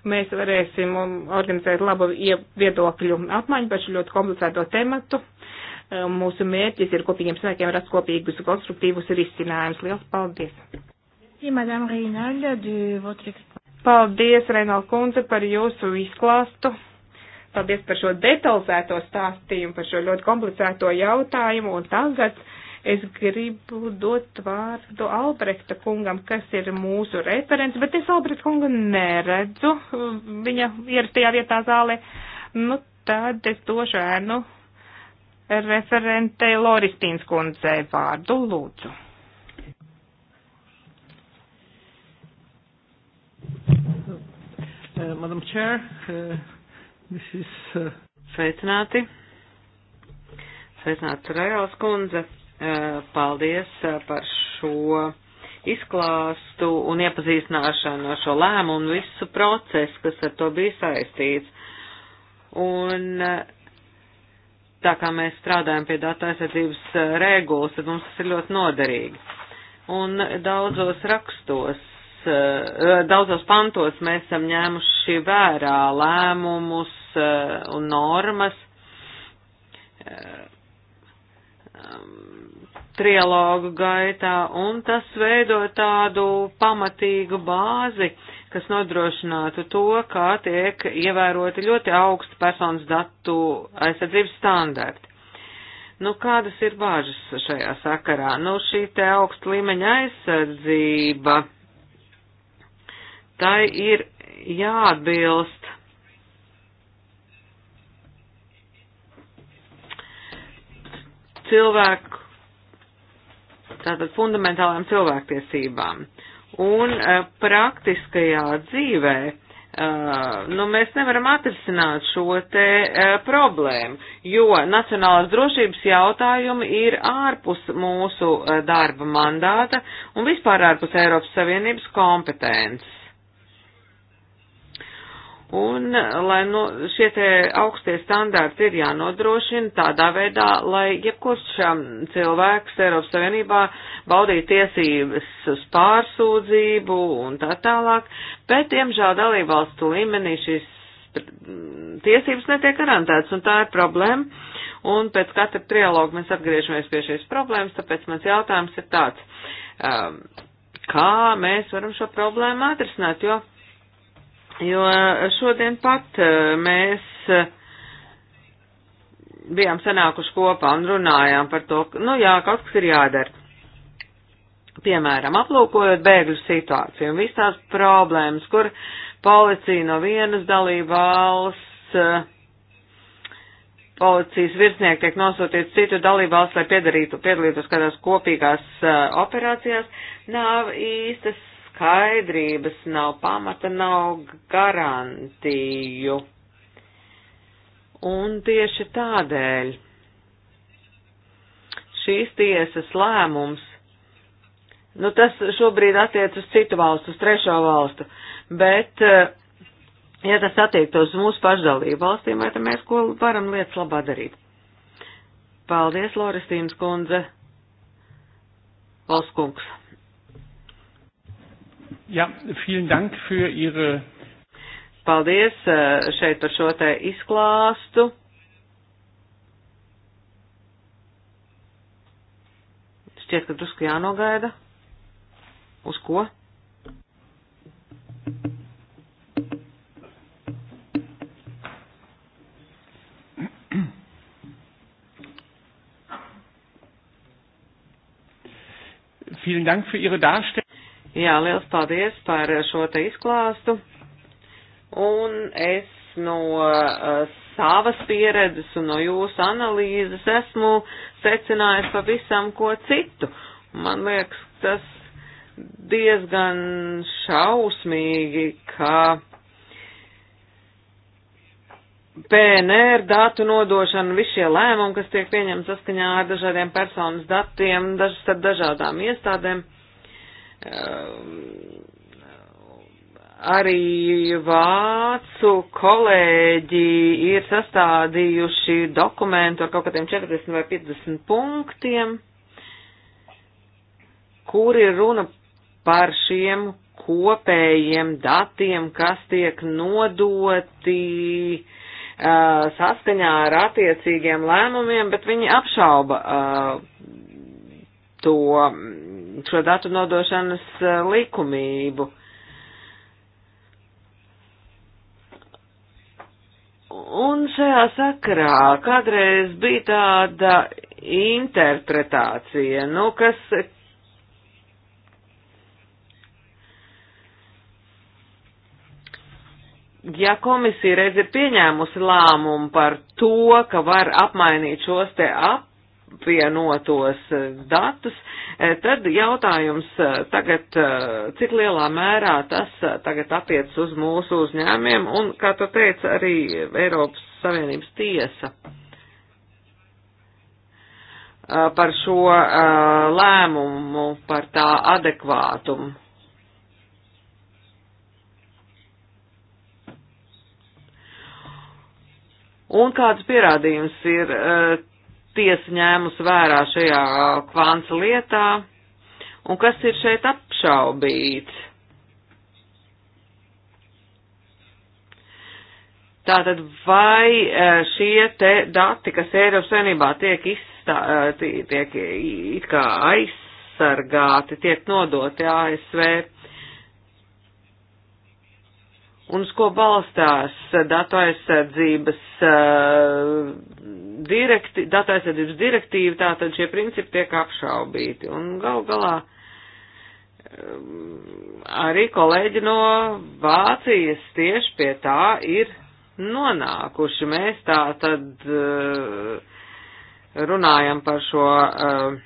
mēs varēsim organizēt labu viedokļu apmaiņu par šo ļoti komplicēto tematu. Mūsu mērķis ir kopīgiem spēkiem rast kopīgus konstruktīvus risinājumus. Liels paldies! Paldies, Reinal kundze, par jūsu izklāstu. Paldies par šo detalizēto stāstījumu, par šo ļoti komplicēto jautājumu. Un tagad es gribu dot vārdu Albrekta kungam, kas ir mūsu referents, bet es Albrekta kungu neredzu viņa ierastajā vietā zālē. Nu, tad es došu ēnu referentei Loristīnas kundzei vārdu lūdzu. Uh, Madam Chair, uh, this is. Uh... Sveicināti. Sveicināti, Rajāls kundze. Uh, paldies uh, par šo izklāstu un iepazīstināšanu ar šo lēmumu un visu procesu, kas ar to bija saistīts. Un uh, tā kā mēs strādājam pie datu aizsardzības uh, regulas, tad mums tas ir ļoti noderīgi. Un daudzos rakstos Eh, daudzos pantos mēs esam ņēmuši vērā lēmumus eh, un normas. Eh, trialogu gaitā, un tas veido tādu pamatīgu bāzi, kas nodrošinātu to, kā tiek ievēroti ļoti augsti personas datu aizsardzības standarti. Nu, kādas ir bāžas šajā sakarā? Nu, šī te augsta līmeņa aizsardzība tai ir jāatbilst cilvēku, tātad fundamentālām cilvēktiesībām. Un uh, praktiskajā dzīvē Uh, nu, mēs nevaram atrisināt šo te uh, problēmu, jo nacionālās drošības jautājumi ir ārpus mūsu uh, darba mandāta un vispār ārpus Eiropas Savienības kompetences. Un, eh, lai no, nu, šie te augstie standārti ir jānodrošina tādā veidā, lai jebkurš um, cilvēks Eiropas Savienībā baudītu tiesības uz pārsūdzību un tā tālāk, bet, diemžēl, dalībvalstu līmenī šis mm, tiesības netiek garantētas, un tā ir problēma. Un pēc katra trialoga mēs atgriežamies pie šīs problēmas, tāpēc mans jautājums ir tāds, um, kā mēs varam šo problēmu atrisināt, jo Jo šodien pat eh, mēs eh, bijām sanākuši kopā un runājām par to, ka, nu jā, kaut kas ir jādara. Piemēram, aplūkojot bēgļu situāciju un visas tās problēmas, kur policija no vienas dalība valsts, eh, policijas virsnieki tiek nosūtīti citu dalību valsts, lai piedarītu, piedalītos kādās kopīgās operācijās, nav īstas skaidrības, nav pamata, nav garantiju. Un tieši tādēļ šīs tiesas lēmums, nu tas šobrīd attiec uz citu valstu, uz trešo valstu, bet, eh, ja tas attiektos uz mūsu pašdalību valstīm, vai tad mēs ko varam lietas labā darīt? Paldies, Loristīnas kundze, Valskungs. Ja, vielen Dank für Ihre. Paldies eh, šeit par šo te izklāstu. Šķiet, ka drusku jānogaida. Uz ko? Vielen Dank für Ihre Darstellung. Jā, liels paldies par šo te izklāstu. Un es no uh, savas pieredzes un no jūsu analīzes esmu secinājis pavisam ko citu. Man liekas, tas diezgan šausmīgi, ka PNR datu nodošana, visi šie lēmumi, kas tiek pieņemti saskaņā ar dažādiem personas datiem, dažas ar dažādām iestādēm, uh, Um, arī vācu kolēģi ir sastādījuši dokumentu ar kaut kādiem 40 vai 50 punktiem, kur ir runa par šiem kopējiem datiem, kas tiek nodoti uh, saskaņā ar attiecīgiem lēmumiem, bet viņi apšauba uh, to šo datu nodošanas eh, likumību. Un šajā sakarā kādreiz bija tāda interpretācija, nu, kas ja komisija reiz ir pieņēmusi lēmumu par to, ka var apmainīt šos te ap apvienotos eh, datus, eh, tad jautājums eh, tagad, cik lielā mērā tas tagad attiec uz mūsu uzņēmiem un, kā tu teici, arī Eiropas Savienības tiesa par šo lēmumu, par tā adekvātumu. Un kāds pierādījums ir tiesa ņēmus vērā šajā kvanta lietā un kas ir šeit apšaubīts. Tātad vai e, šie te dati, kas Eiropas Savienībā tiek, izstā, e, tiek it kā aizsargāti, tiek nodoti ASV? un uz ko balstās datu aizsardzības, uh, direkti, datu aizsardzības direktīva, tātad šie principi tiek apšaubīti. Un gal galā um, arī kolēģi no Vācijas tieši pie tā ir nonākuši. Mēs tātad uh, runājam par šo uh,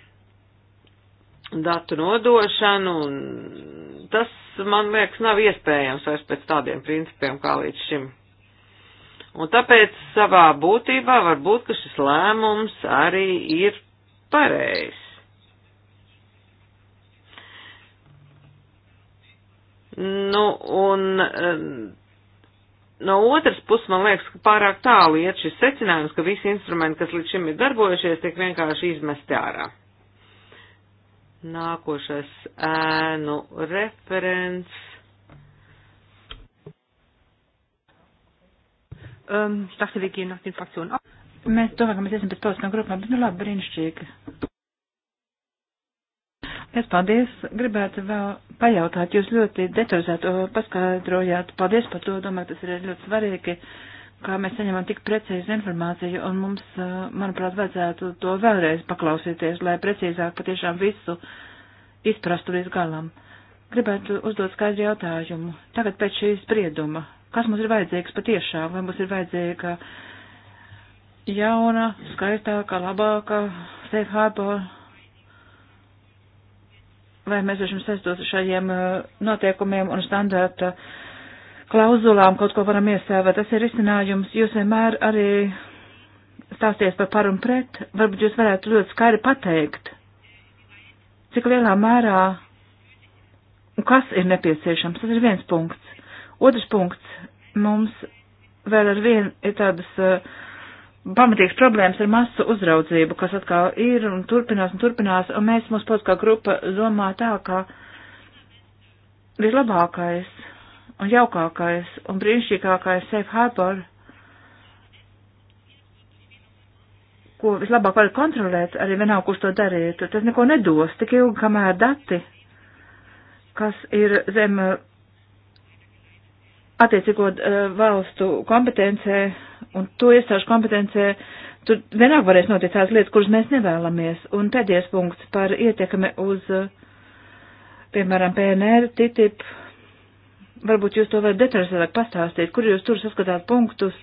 datu nodošanu un tas, man liekas, nav iespējams vairs pēc tādiem principiem kā līdz šim. Un tāpēc savā būtībā var būt, ka šis lēmums arī ir pareizs. Nu, un eh, no otras puses, man liekas, ka pārāk tālu iet šis secinājums, ka visi instrumenti, kas līdz šim ir darbojušies, tiek vienkārši izmesti ārā. Nākošais ēnu referents. Um, ich dachte, wir gehen nach den Fraktionen ab. Mēs domājam, ka mēs esam pēc pausām grupām, bet nu labi, brīnišķīgi. Es paldies, gribētu vēl pajautāt, jūs ļoti detalizēto paskaidrojāt, paldies par to, domāju, tas ir ļoti svarīgi. Uh, kā mēs saņemam tik precīzi informāciju, un mums, manuprāt, vajadzētu to vēlreiz paklausīties, lai precīzāk patiešām visu izprastu līdz galam. Gribētu uzdot skaidru jautājumu. Tagad pēc šī sprieduma, kas mums ir vajadzīgs patiešām, vai mums ir vajadzīga jauna, skaistāka, labāka, safe harbor, vai mēs esam saistot šajiem noteikumiem un standarta uh, klauzulām kaut ko varam iesēvēt. Tas ir izcinājums. Jūs vienmēr arī stāsties par par un pret. Varbūt jūs varētu ļoti skaidri pateikt, cik lielā mērā un kas ir nepieciešams. Tas ir viens punkts. Otrs punkts mums vēl ar vienu ir tādas uh, pamatīgas problēmas ar masu uzraudzību, kas atkal ir un turpinās un turpinās, un mēs mūsu politiskā grupa domā tā, ka vislabākais un jaukākais un brīnišķīgākais safe harbor, ko vislabāk var kontrolēt, arī vienalga, kurš to darītu, tas neko nedos, tik ilgi, kamēr dati, kas ir zem eh, attiecīgo eh, valstu kompetencē un to iestāžu kompetencē, tur vienalga varēs notikt tās lietas, kuras mēs nevēlamies. Un pēdējais punkts par ietekmi uz, eh, piemēram, PNR, TTIP varbūt jūs to varat detalizētāk pastāstīt, kur jūs tur saskatāt punktus,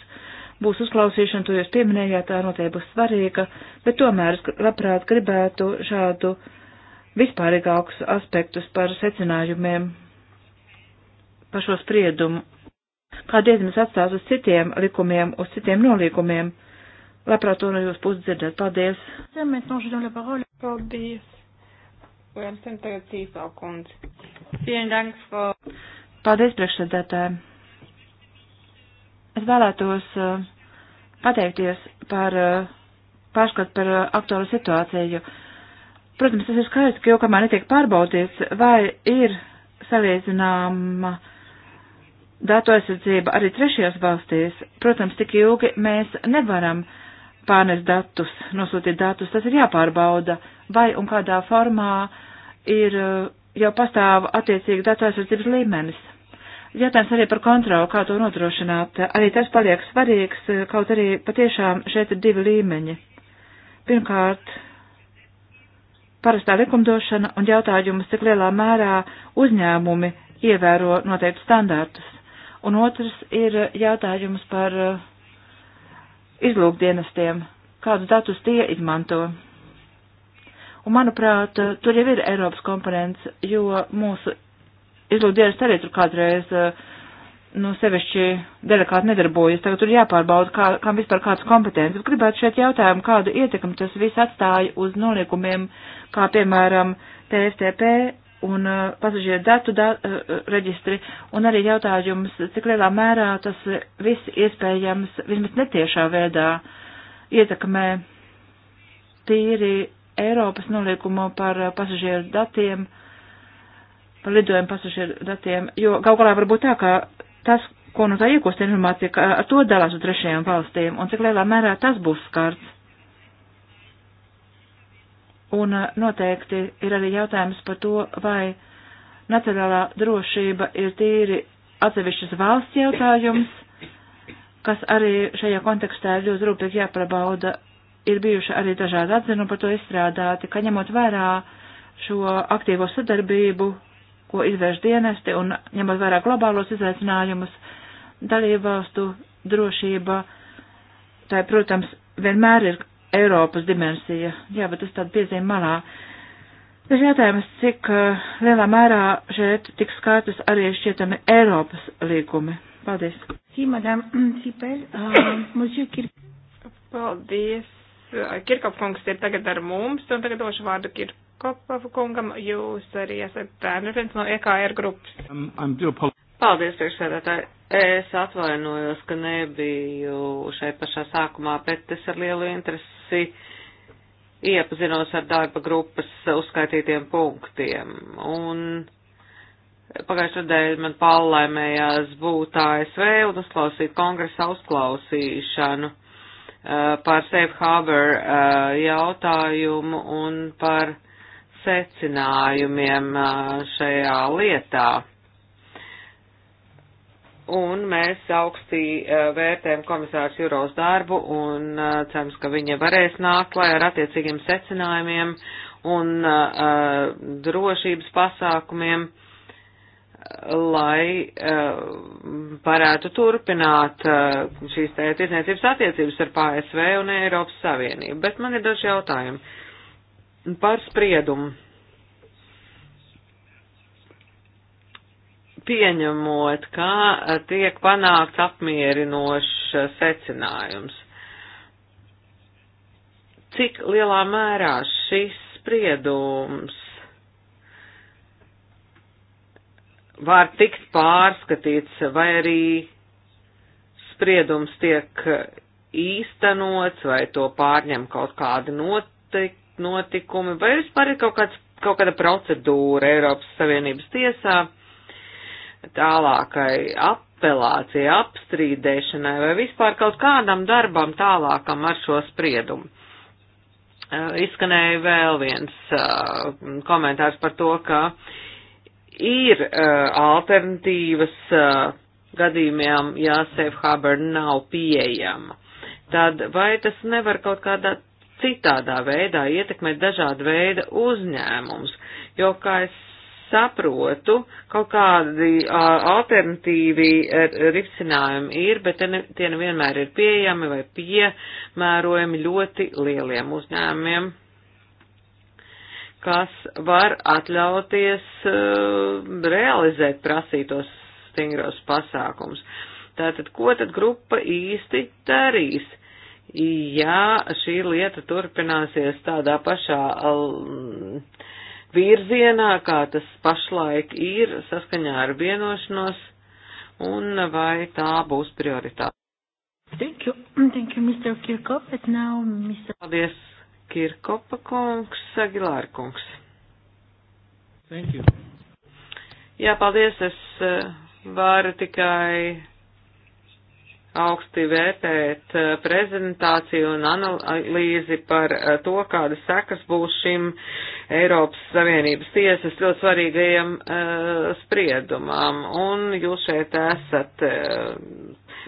būs uzklausīšana, to jūs pieminējāt, tā noteikti būs svarīga, bet tomēr es labprāt gribētu šādu vispārīgākus aspektus par secinājumiem, par šo spriedumu. Kāda iezīmes atstās uz citiem likumiem, uz citiem nolīkumiem? Labprāt to no jūs puses dzirdēt. Paldies! Paldies! Varam tagad cīsā kundzi. Vielen Dank, Frau. Paldies priekšsēdētājiem. Es vēlētos eh, pateikties par eh, pārskatu par eh, aktuālu situāciju. Protams, tas ir skaidrs, ka jau kamēr netiek pārbaudīts, vai ir salīdzināma datu aizsardzība arī trešajās valstīs, protams, tik ilgi mēs nevaram pārnest datus, nosūtīt datus, tas ir jāpārbauda, vai un kādā formā ir jau pastāv attiecīgi datu aizsardzības līmenis. Jautājums arī par kontroli, kā to nodrošināt. Arī tas paliek svarīgs, kaut arī patiešām šeit ir divi līmeņi. Pirmkārt, parastā likumdošana un jautājums, cik lielā mērā uzņēmumi ievēro noteiktu standārtus. Un otrs ir jautājums par uh, izlūkdienestiem, kādus datus tie izmanto. Un, manuprāt, uh, tur jau ir Eiropas komponents, jo mūsu izlūkdienas arī tur kādreiz, eh, nu, sevišķi delikāti nedarbojas. Tagad tur jāpārbauda, kā, kam vispār kādas kompetences. Gribētu šeit jautājumu, kādu ietekmi tas viss atstāja uz noliekumiem, kā piemēram TFTP un uh, pasažieru datu da, uh, reģistri, un arī jautājums, cik lielā mērā tas viss iespējams, vismaz netiešā veidā, ietekmē tīri Eiropas noliekumu par pasažieru datiem. Uh, par lidojumu pasažieru datiem, jo kaut kādā var būt tā, ka tas, ko no tā iegūst informācija, ka ar to dalās uz trešajām valstīm, un cik lielā mērā tas būs skarts. Un eh, noteikti ir arī jautājums par to, vai nacionālā drošība ir tīri atsevišķas valsts jautājums, kas arī šajā kontekstā ir ļoti rūpīgi jāprabauda. Ir bijuši arī dažādi atzinumi par to izstrādāti, ka ņemot vērā šo aktīvo sadarbību ko izvērš dienesti un ņemot vērā globālos izaicinājumus, dalībvalstu drošība, tā, protams, vienmēr ir Eiropas dimensija. Jā, bet tas tāda piezīme malā. Tas jautājums, cik uh, lielā mērā šeit tiks skārtas arī šķietami Eiropas līgumi. Paldies. Sī, madam, Sīpēl, eh, mums jau ir. Paldies. Kirkapkungs ir tagad ar mums, un tagad došu vārdu Kirkapkungam. Kopavu kungam. Jūs arī esat referents no EKR grupas. Um, Paldies, priekšsēdētāji. Es atvainojos, ka nebiju šeit pašā sākumā, bet es ar lielu interesi iepazinos ar darba grupas uzskaitītiem punktiem. Un pagājušajā nedēļā man pārlaimējās būt ASV un uzklausīt kongresa uzklausīšanu uh, par safe harbor uh, jautājumu un par secinājumiem šajā lietā. Un mēs augstī vērtējam komisārs Juros darbu un cerams, ka viņa varēs nākt klajā ar attiecīgiem secinājumiem un drošības pasākumiem lai uh, varētu turpināt uh, šīs tiesniecības attiecības ar PSV un Eiropas Savienību. Bet man ir daži jautājumi par spriedumu. Pieņemot, ka tiek panākts apmierinošs secinājums. Cik lielā mērā šis spriedums var tikt pārskatīts, vai arī spriedums tiek īstenots, vai to pārņem kaut kādi notik, notikumi, vai vispār ir kaut, kāds, kaut kāda procedūra Eiropas Savienības tiesā tālākai apelācijai, apstrīdēšanai, vai vispār kaut kādam darbam tālākam ar šo spriedumu. Izskanēja vēl viens komentārs par to, ka ir alternatīvas gadījumiem, ja safe harbor nav pieejama tad vai tas nevar kaut kādā citādā veidā ietekmēt dažāda veida uzņēmumus, jo, kā es saprotu, kaut kādi a, alternatīvi risinājumi ir, bet ne, tie nevienmēr ir pieejami vai piemērojami ļoti lieliem uzņēmumiem, kas var atļauties a, realizēt prasītos stingros pasākums. Tātad, ko tad grupa īsti darīs? ja šī lieta turpināsies tādā pašā virzienā, kā tas pašlaik ir, saskaņā ar vienošanos, un vai tā būs prioritāte. Thank you. Thank you, Mr. Kirkop, and now Mr. Paldies, Kirkopa kungs, Agilāra kungs. Thank you. Jā, paldies, es eh, varu tikai augsti vērtēt eh, prezentāciju un analīzi par eh, to, kādas sekas būs šim Eiropas Savienības tiesas ļoti svarīgajam eh, spriedumam. Un jūs šeit esat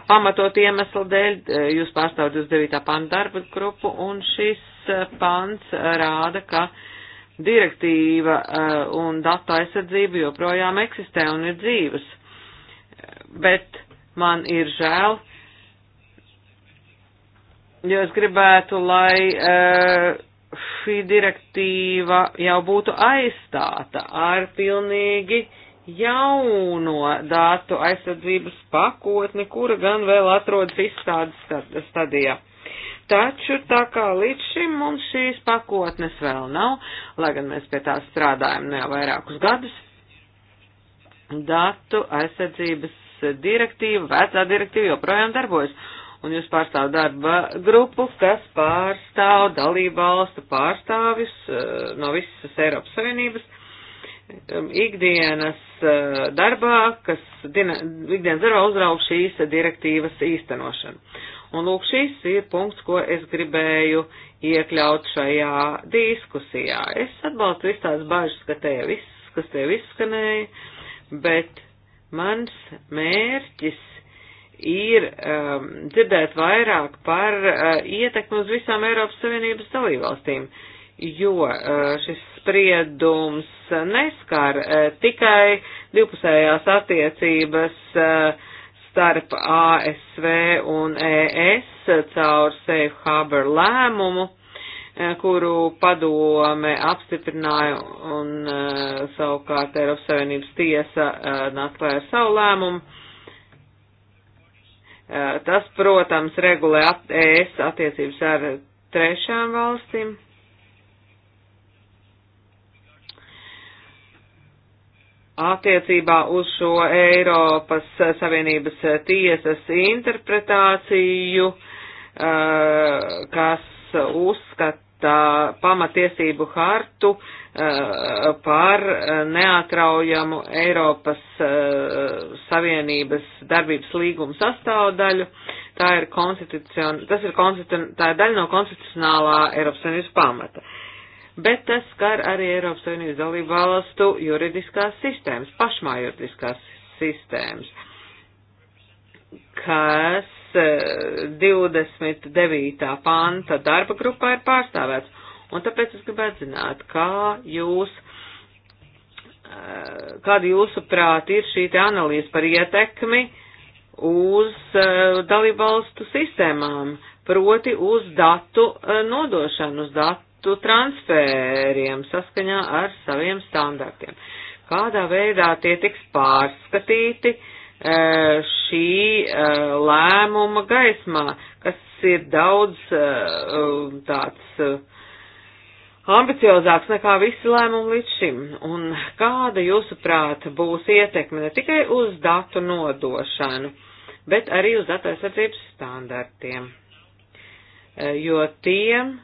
pamatot iemeslu dēļ, jūs pārstāvat 29. pantu darba grupu, un šis pants rāda, ka direktīva un datu aizsardzība joprojām eksistē un ir dzīves. Bet man ir žēl, jo es gribētu, lai eh, šī direktīva jau būtu aizstāta ar pilnīgi jauno datu aizsardzības pakotni, kura gan vēl atrodas izstādes stadijā. Taču tā kā līdz šim mums šīs pakotnes vēl nav, lai gan mēs pie tā strādājam ne nu jau vairākus gadus, datu aizsardzības direktīva, vecā direktīva joprojām darbojas un jūs pārstāv darba grupu, kas pārstāv dalību valstu pārstāvis eh, no visas Eiropas Savienības um, ikdienas eh, darbā, kas dina, ikdienas darbā uzraug šīs direktīvas īstenošanu. Un lūk, šis ir punkts, ko es gribēju iekļaut šajā diskusijā. Es atbalstu visu tās bažas, ka te viss, kas te izskanēja, bet mans mērķis ir um, dzirdēt vairāk par uh, ietekmi uz visām Eiropas Savienības dalībvalstīm, jo uh, šis spriedums neskar uh, tikai divpusējās attiecības uh, starp ASV un ES caur Safe Harbor lēmumu, uh, kuru padome apstiprināja un uh, savukārt Eiropas Savienības tiesa uh, atklāja savu lēmumu Eh, tas, protams, regulē ES attiecības ar trešām valstīm. Attiecībā uz šo Eiropas Savienības tiesas interpretāciju, eh, kas uzskat, tā pamatiesību hartu uh, par eh, neatraujamu Eiropas uh, Savienības darbības līgumu sastāvdaļu. Tā ir, konstitucion... tas ir, konstitucion... tā ir daļa no konstitucionālā Eiropas Savienības pamata. Bet tas skar arī Eiropas Savienības dalību valstu juridiskās sistēmas, pašmā juridiskās sistēmas, kas 29. panta darba grupā ir pārstāvēts. Un tāpēc es gribētu zināt, kā jūs, eh, kāda jūsuprāt ir šī te analīze par ietekmi uz eh, dalību valstu sistēmām, proti uz datu eh, nodošanu, uz datu transfēriem saskaņā ar saviem standartiem. Kādā veidā tie tiks pārskatīti šī uh, lēmuma gaismā, kas ir daudz uh, tāds uh, ambiciozāks nekā visi lēmumi līdz šim, un kāda jūsuprāt būs ietekme ne tikai uz datu nodošanu, bet arī uz datu aizsardzības standartiem, jo tiem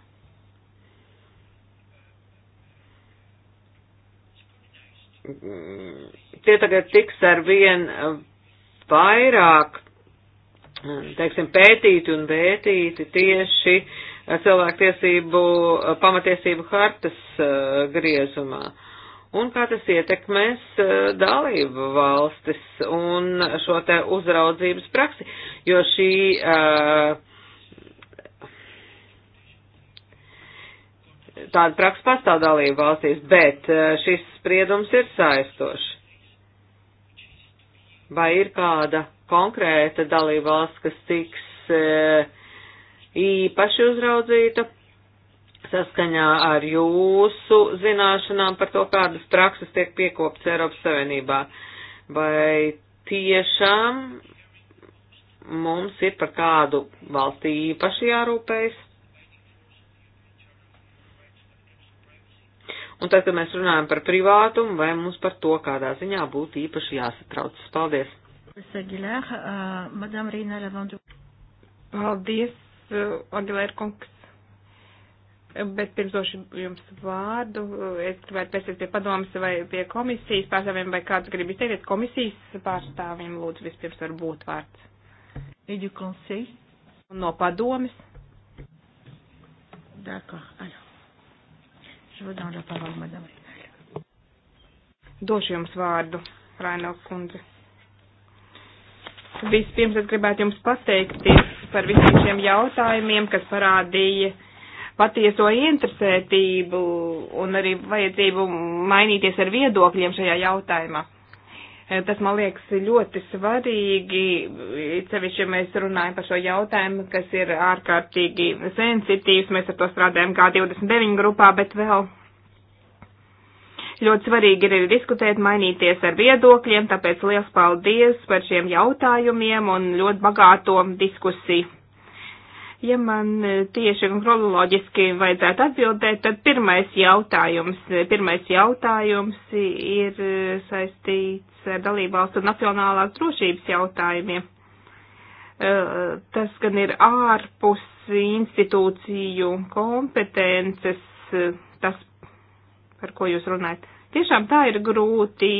tie tagad tiks ar vien vairāk, mm, teiksim, pētīti un pētīti tieši eh, cilvēktiesību, eh, pamatiesību hartas eh, griezumā. Un kā tas ietekmēs dalību valstis un šo te uzraudzības praksi, jo šī uh, tāda praksa pastāv dalību valstīs, bet šis spriedums ir saistošs vai ir kāda konkrēta dalībvalsts, kas tiks e, īpaši uzraudzīta saskaņā ar jūsu zināšanām par to, kādas prakses tiek piekoptas Eiropas Savienībā. Vai tiešām mums ir par kādu valstī īpaši jārūpējas? Un tad, kad mēs runājam par privātumu, vai mums par to kādā ziņā būtu īpaši jāsatrauc. Paldies! Uh, Paldies, uh, Agilēra kungs! Bet pirms došu jums vārdu, uh, es gribētu pēcies pie padomas vai pie komisijas pārstāvjiem, vai kāds grib izteikties komisijas pārstāvjiem, lūdzu, vispirms var būt vārds. No padomas. D'accord, alors vous donne la parole, madame Reinal. Došu jums vārdu, Rainal kundze. Vispirms es gribētu jums pateikties par visiem šiem jautājumiem, kas parādīja patieso interesētību un arī vajadzību mainīties ar viedokļiem šajā jautājumā. E, tas, man liekas, ļoti svarīgi, cevišķi, ja mēs runājam par šo jautājumu, kas ir ārkārtīgi sensitīvs. Mēs ar to strādājam kā 29 grupā, bet vēl ļoti svarīgi ir arī diskutēt, mainīties ar viedokļiem, tāpēc liels paldies par šiem jautājumiem un ļoti bagāto diskusiju. Ja man e, tieši kronoloģiski vajadzētu atbildēt, tad pirmais jautājums, e, pirmais jautājums ir e, saistīts ar dalībvalstu nacionālās drošības jautājumiem. Tas gan ir ārpus institūciju kompetences, tas, par ko jūs runājat. Tiešām tā ir grūti,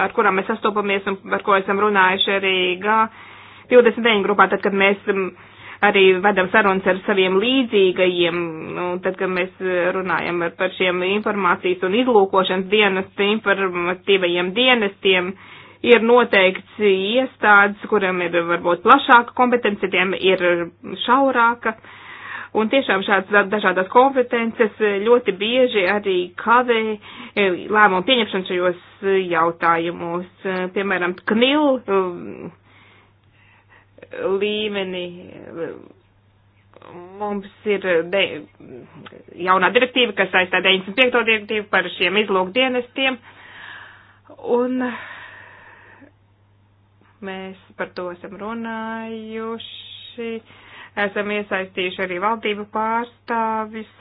ar kurām mēs sastopamies un par ko esam runājuši arī G29 grupā, tad, kad mēs arī vedam sarunas ar saviem līdzīgajiem. Nu, tad, kad mēs runājam par šiem informācijas un izlūkošanas dienas informatīvajiem dienestiem, ir noteikts iestādes, kuram ir varbūt plašāka kompetence, tiem ir šaurāka. Un tiešām šādas dažādas kompetences ļoti bieži arī kavē e, lēmumu pieņemšanu šajos e, jautājumos. E, piemēram, KNIL līmenī mums ir de, jaunā direktīva, kas saistā 95. direktīvu par šiem izlūkdienestiem, un mēs par to esam runājuši, esam iesaistījuši arī valdību pārstāvis,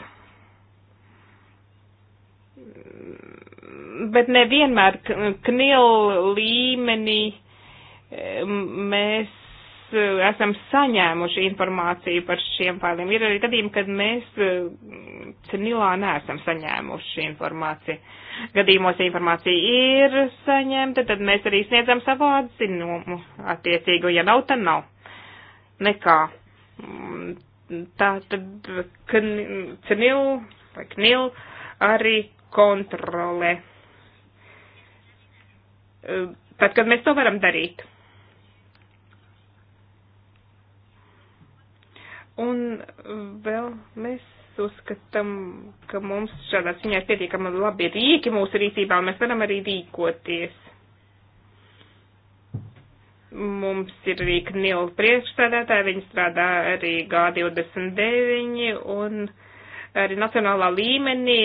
bet nevienmēr knil līmenī mēs Eh, esam saņēmuši informāciju par šiem failiem. Ir arī gadījumi, kad mēs eh, Cenilā neesam saņēmuši informāciju. Gadījumos informācija ir saņemta, tad mēs arī sniedzam savu atzinumu attiecīgu, ja nav, tad nav. Nekā. Mm, tā tad Cenil vai Knil arī kontrolē. Eh, tad, kad mēs to varam darīt Un vēl mēs uzskatām, ka mums šādās ziņās pietiekami labi rīki mūsu rīcībā, un mēs varam arī rīkoties. Mums ir arī Knila priekšstādātāja, viņa strādā arī G29, un arī nacionālā līmenī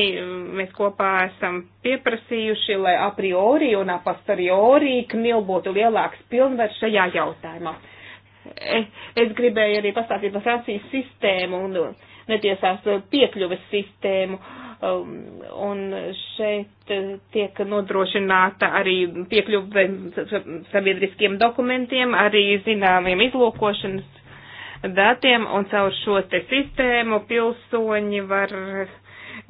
mēs kopā esam pieprasījuši, lai a priori un a posteriori Knil būtu lielāks pilnvars šajā jautājumā es gribēju arī pastāstīt par Francijas sistēmu un netiesās piekļuves sistēmu. Um, un šeit uh, tiek nodrošināta arī piekļuve sabiedriskiem dokumentiem, arī zināmiem izlūkošanas datiem, un caur šo te sistēmu pilsoņi var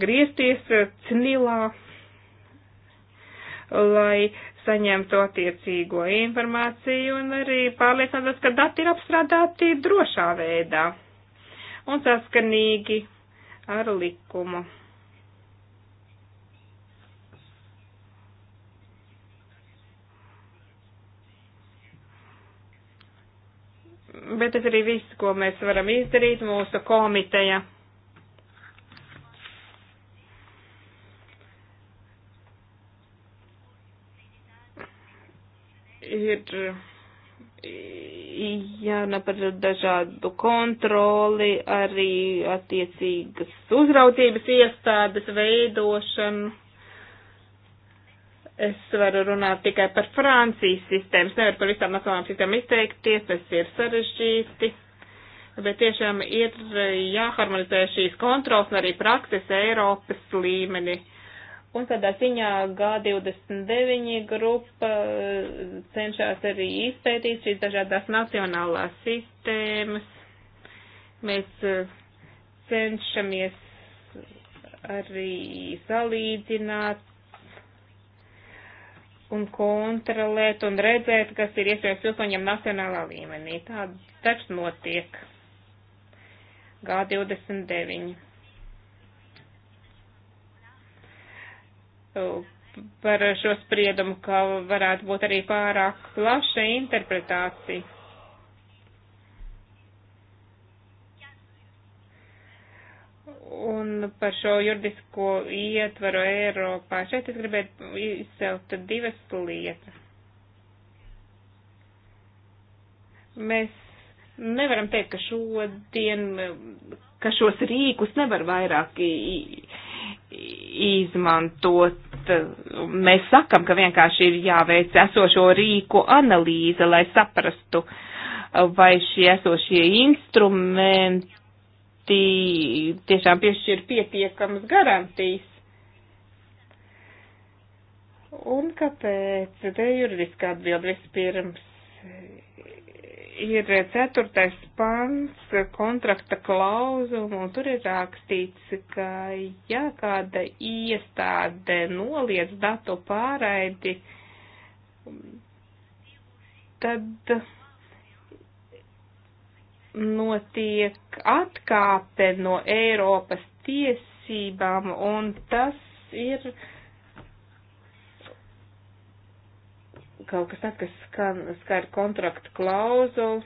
griezties uh, CNILā, lai saņemtu attiecīgo informāciju un arī pārliecinātos, ka dati ir apstrādāti drošā veidā un saskanīgi ar likumu. Bet tas arī viss, ko mēs varam izdarīt mūsu komiteja. ir jārunā par dažādu kontroli, arī attiecīgas uzraudzības iestādes veidošanu. Es varu runāt tikai par Francijas sistēmu, es nevaru par visām nacionālām sistēmām izteikties, tas ir sarežģīti, bet tiešām ir jāharmonizē šīs kontrols un arī prakses Eiropas līmenī. Uh, Un tādā ziņā G29 grupa eh, cenšas arī izpētīt šīs dažādās nacionālās sistēmas. Mēs eh, cenšamies arī salīdzināt un kontrolēt un redzēt, kas ir iespējams pilsoņiem nacionālā līmenī. Tāda taču notiek. G29. par šo spriedumu, ka varētu būt arī pārāk plaša interpretācija. Un par šo juridisko ietvaru Eiropā. Šeit es gribētu izcelt divas lietas. Mēs nevaram teikt, ka šodien, ka šos rīkus nevar vairāk izmantot. Mēs sakam, ka vienkārši ir jāveic esošo rīku analīze, lai saprastu, vai šie esošie instrumenti tiešām piešķir pietiekamas garantijas. Un kāpēc? Te juridiskā atbild vispirms ir ceturtais pants kontrakta klauzuma, un tur ir rakstīts, ka ja kāda iestāde noliedz datu pārraidi, tad notiek atkāpe no Eiropas tiesībām, un tas ir uh, kaut kas tāds, kas skan, skar kontraktu klauzulu.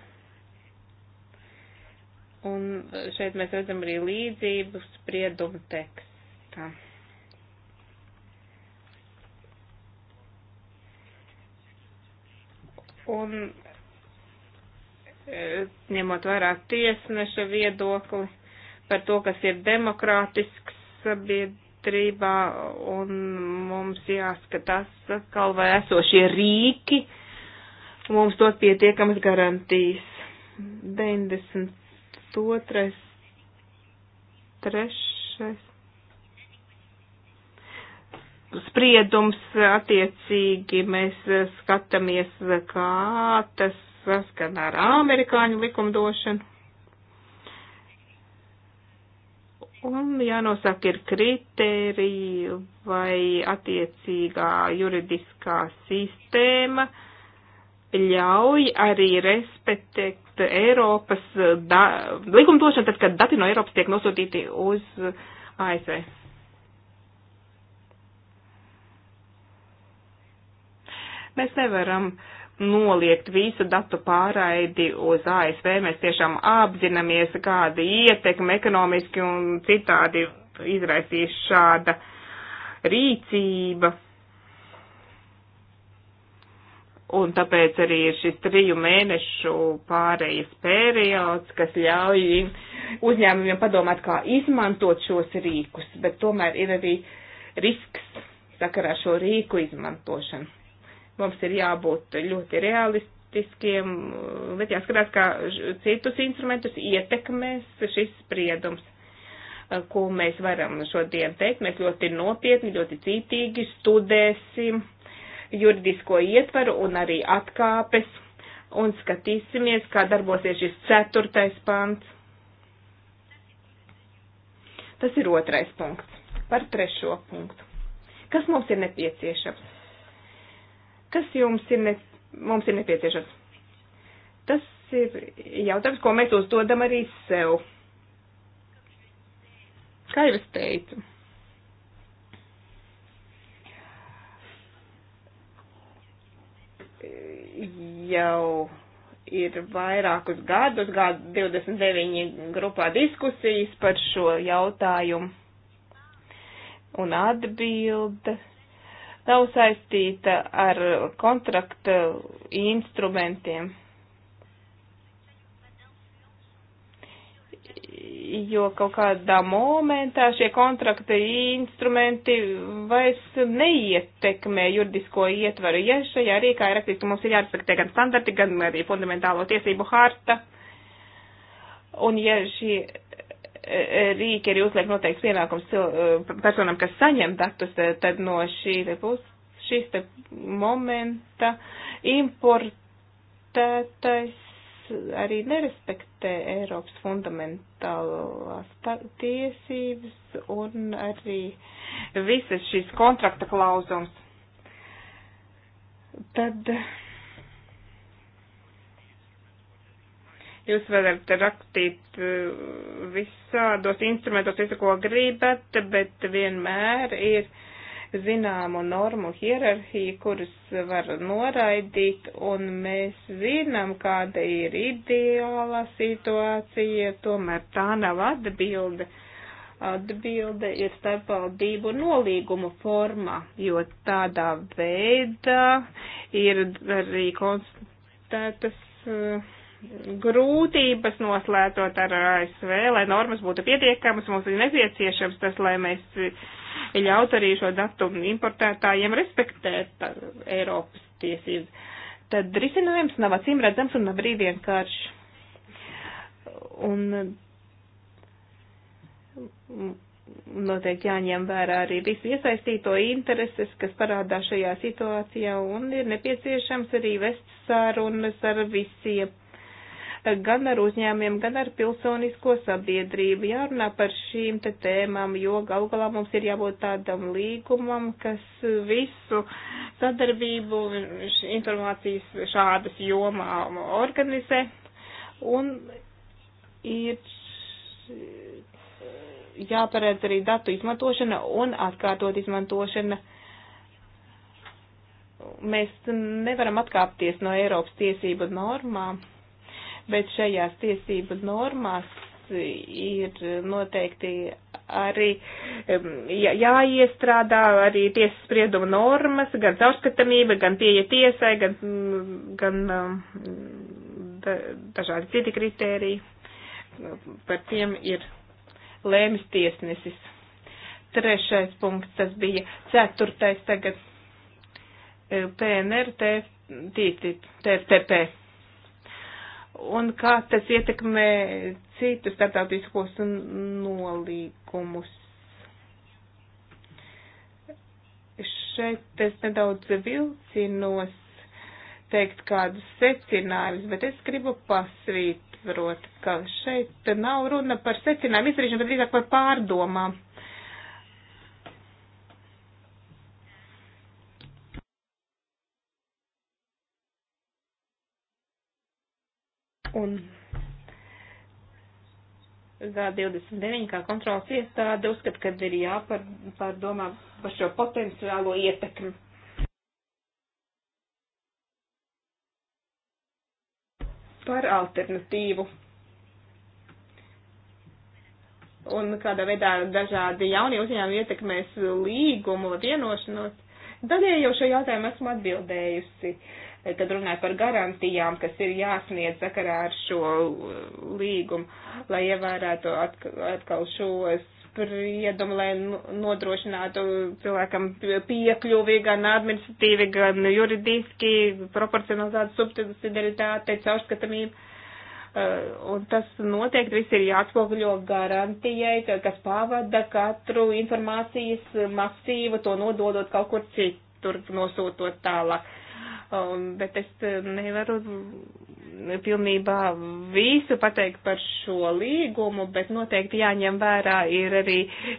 Un šeit mēs redzam arī līdzību spriedumu tekstā. Un e, ņemot vērā tiesneša viedokli par to, kas ir demokrātisks sabiedrība elektrībā, un mums jāskatās atkal, vai esošie rīki mums dot pietiekamas garantijas. 92. 3. Spriedums attiecīgi mēs skatāmies, kā tas saskan ar amerikāņu likumdošanu. Un jānosaka ir kriteriji vai attiecīgā juridiskā sistēma ļauj arī respektēt Eiropas da, likumdošanu, tad, kad dati no Eiropas tiek nosūtīti uz ASV. Mēs nevaram uh, noliegt visu datu pārraidi uz ASV. Mēs tiešām apzināmies, kāda ietekme ekonomiski un citādi izraisīs šāda rīcība. Un tāpēc arī ir šis triju mēnešu pārejas periods, kas ļauj uzņēmumiem padomāt, kā izmantot šos rīkus, bet tomēr ir arī risks sakarā šo rīku izmantošanu. Mums ir jābūt ļoti realistiskiem, bet jāskatās, kā citus instrumentus ietekmēs šis spriedums ko mēs varam šodien teikt. Mēs ļoti nopietni, ļoti cītīgi studēsim juridisko ietvaru un arī atkāpes un skatīsimies, kā darbosies šis ceturtais pants. Tas ir otrais punkts. Par trešo punktu. Kas mums ir nepieciešams? kas jums ir, ne, mums ir nepieciešams? Tas ir jautājums, ko mēs uzdodam arī sev. Kā jau es teicu, jau ir vairākus gadus, gadu 29 grupā diskusijas par šo jautājumu un atbildes nav saistīta ar kontrakta instrumentiem. Jo kaut kādā momentā šie kontrakta instrumenti vairs neietekmē juridisko ietvaru. Ja šajā rīkā ir rakstīts, ka mums ir jārespektē gan standarti, gan arī fundamentālo tiesību harta, un ja šie E, e, rīki arī uzliek noteikts pienākums e, personam, kas saņem datus, tad no šī te pus, šīs te momenta importētais arī nerespektē Eiropas fundamentālās tiesības un arī visas šīs kontrakta klauzums. Tad Jūs varat rakstīt eh, visādos instrumentos visu, ko gribat, bet vienmēr ir zināmu normu hierarhija, kuras var noraidīt, un mēs zinām, kāda ir ideāla situācija, tomēr tā nav atbilde. Atbilde ir starpvaldību nolīgumu formā, jo tādā veidā ir arī konstatētas. Uh, grūtības noslēdzot ar ASV, lai normas būtu pietiekamas, mums ir nepieciešams tas, lai mēs ļautu arī šo datu importētājiem respektēt uh, Eiropas tiesības. Tad risinājums nav acīm redzams un nav arī vienkāršs. Un mm, noteikti jāņem vērā arī visu iesaistīto intereses, kas parādās šajā situācijā, un ir nepieciešams arī vest sārunas ar visiem gan ar uzņēmiem, gan ar pilsonisko sabiedrību. Jārunā par šīm te tēmām, jo galu galā mums ir jābūt tādam līgumam, kas visu sadarbību informācijas šādas jomā organizē. Un ir jāparedz arī datu izmantošana un atkārtot izmantošana. Mēs nevaram atkāpties no Eiropas tiesību normām bet šajās tiesību normās ir noteikti arī jā, jāiestrādā arī tiesas sprieduma normas, gan caurskatamība, gan pieeja tiesai, gan, gan da, dažādi citi kritēriji. Par tiem ir lēmis tiesnesis. Trešais punkts, tas bija ceturtais tagad PNR, TTP un kā tas ietekmē citus starptautiskos nolīgumus. Šeit es nedaudz vilcinos teikt kādus secinājumus, bet es gribu pasvītrot, ka šeit nav runa par secinājumu izdarīšanu, bet drīzāk par pārdomām. un G29 kā kontrolas iestāde uzskata, ka ir jāpārdomā par šo potenciālo ietekmi. Par alternatīvu. Un kādā veidā dažādi jaunie uzņēmumi ietekmēs līgumu vai vienošanos. Daļēji jau šo jautājumu esmu atbildējusi. Uh, kad runāja par garantijām, kas ir jāsniedz sakarā ar šo līgumu, lai ievērētu atkal šo spriedumu, lai nodrošinātu cilvēkam piekļuvi gan administratīvi, gan juridiski, proporcionalitāte, subsidiaritāte, caurskatamība. Uh, un tas noteikti viss ir jāatspoguļo garantijai, kas pavada katru informācijas masīvu, to nododot kaut kur citur, nosūtot tālāk bet es nevaru pilnībā visu pateikt par šo līgumu, bet noteikti jāņem vērā ir arī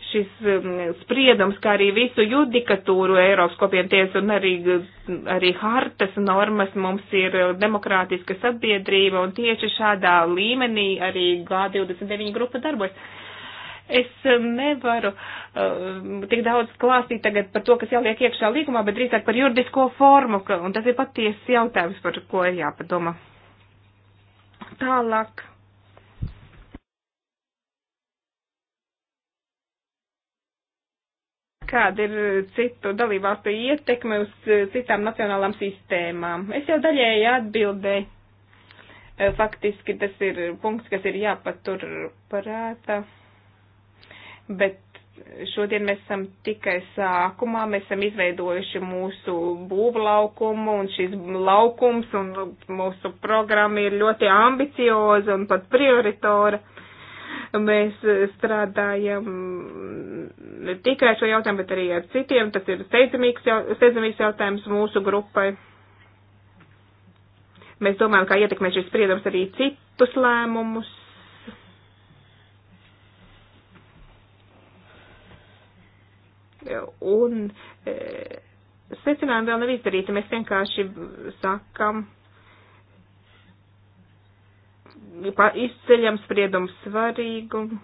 šis um, spriedums, kā arī visu judikatūru Eiropas kopienu tiesu un arī, arī hartas normas mums ir demokrātiska sabiedrība un tieši šādā līmenī arī G29 grupa darbojas Es eh, nevaru uh, tik daudz klāstīt tagad par to, kas jāliek iekšā līgumā, bet drīzāk par juridisko formu, ka, un tas ir patiesi jautājums, par ko ir jāpadomā. Tālāk. Kāda ir eh, citu dalībvalstu ietekme uz citām nacionālām sistēmām? Es jau daļēji atbildēju. Faktiski tas ir punkts, kas ir jāpatur prātā bet šodien mēs esam tikai sākumā, mēs esam izveidojuši mūsu būvlaukumu, un šis laukums un mūsu programma ir ļoti ambicioza un pat prioritora. Mēs strādājam ne tikai šo jautājumu, bet arī ar citiem. Tas ir steidzamīgs jautājums mūsu grupai. Mēs domājam, kā ietekmē šis spriedums arī citus lēmumus Un e, secinājumi vēl nav izdarīti, mēs vienkārši sakam, izceļam spriedumu svarīgumu.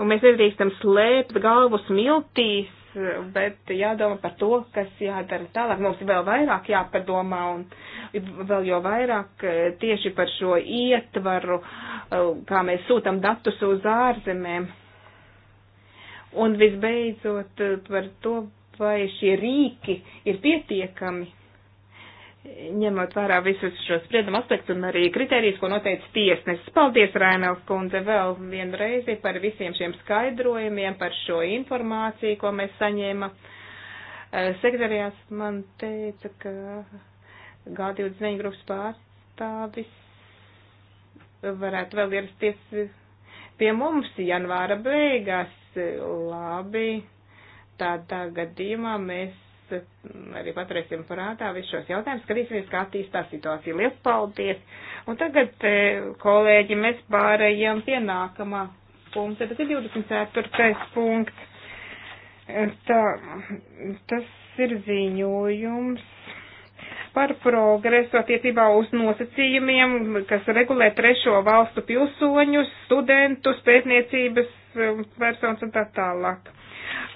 Un mēs nedrīkstam slēpt galvu smiltīs, bet jādomā par to, kas jādara tālāk. Mums ir vēl vairāk jāpadomā un vēl jau vairāk e, tieši par šo ietvaru, e, kā mēs sūtam datus uz ārzemēm Un visbeidzot eh, par to, vai šie rīki ir pietiekami, ņemot vērā visus šos spriedumu aspektus un arī kriterijus, ko noteica tiesnesis. Paldies, Rainels kundze, vēl vienreizi par visiem šiem skaidrojumiem, par šo informāciju, ko mēs saņēmām. Eh, sekretariāts man teica, ka G29 grupas pārstāvis varētu vēl ierasties pie mums janvāra beigās labi. Tādā gadījumā mēs arī paturēsim prātā visus šos jautājumus, skatīsimies, kā attīstās situācija. Lielas paldies! Un tagad, eh, kolēģi, mēs pārējām pie nākamā punkta. Tas ir 24. punkts. Eh, tā, tas ir ziņojums par progresu attiecībā uz nosacījumiem, kas regulē trešo valstu pilsoņus, studentus, pētniecības Eh, personas un tā tālāk.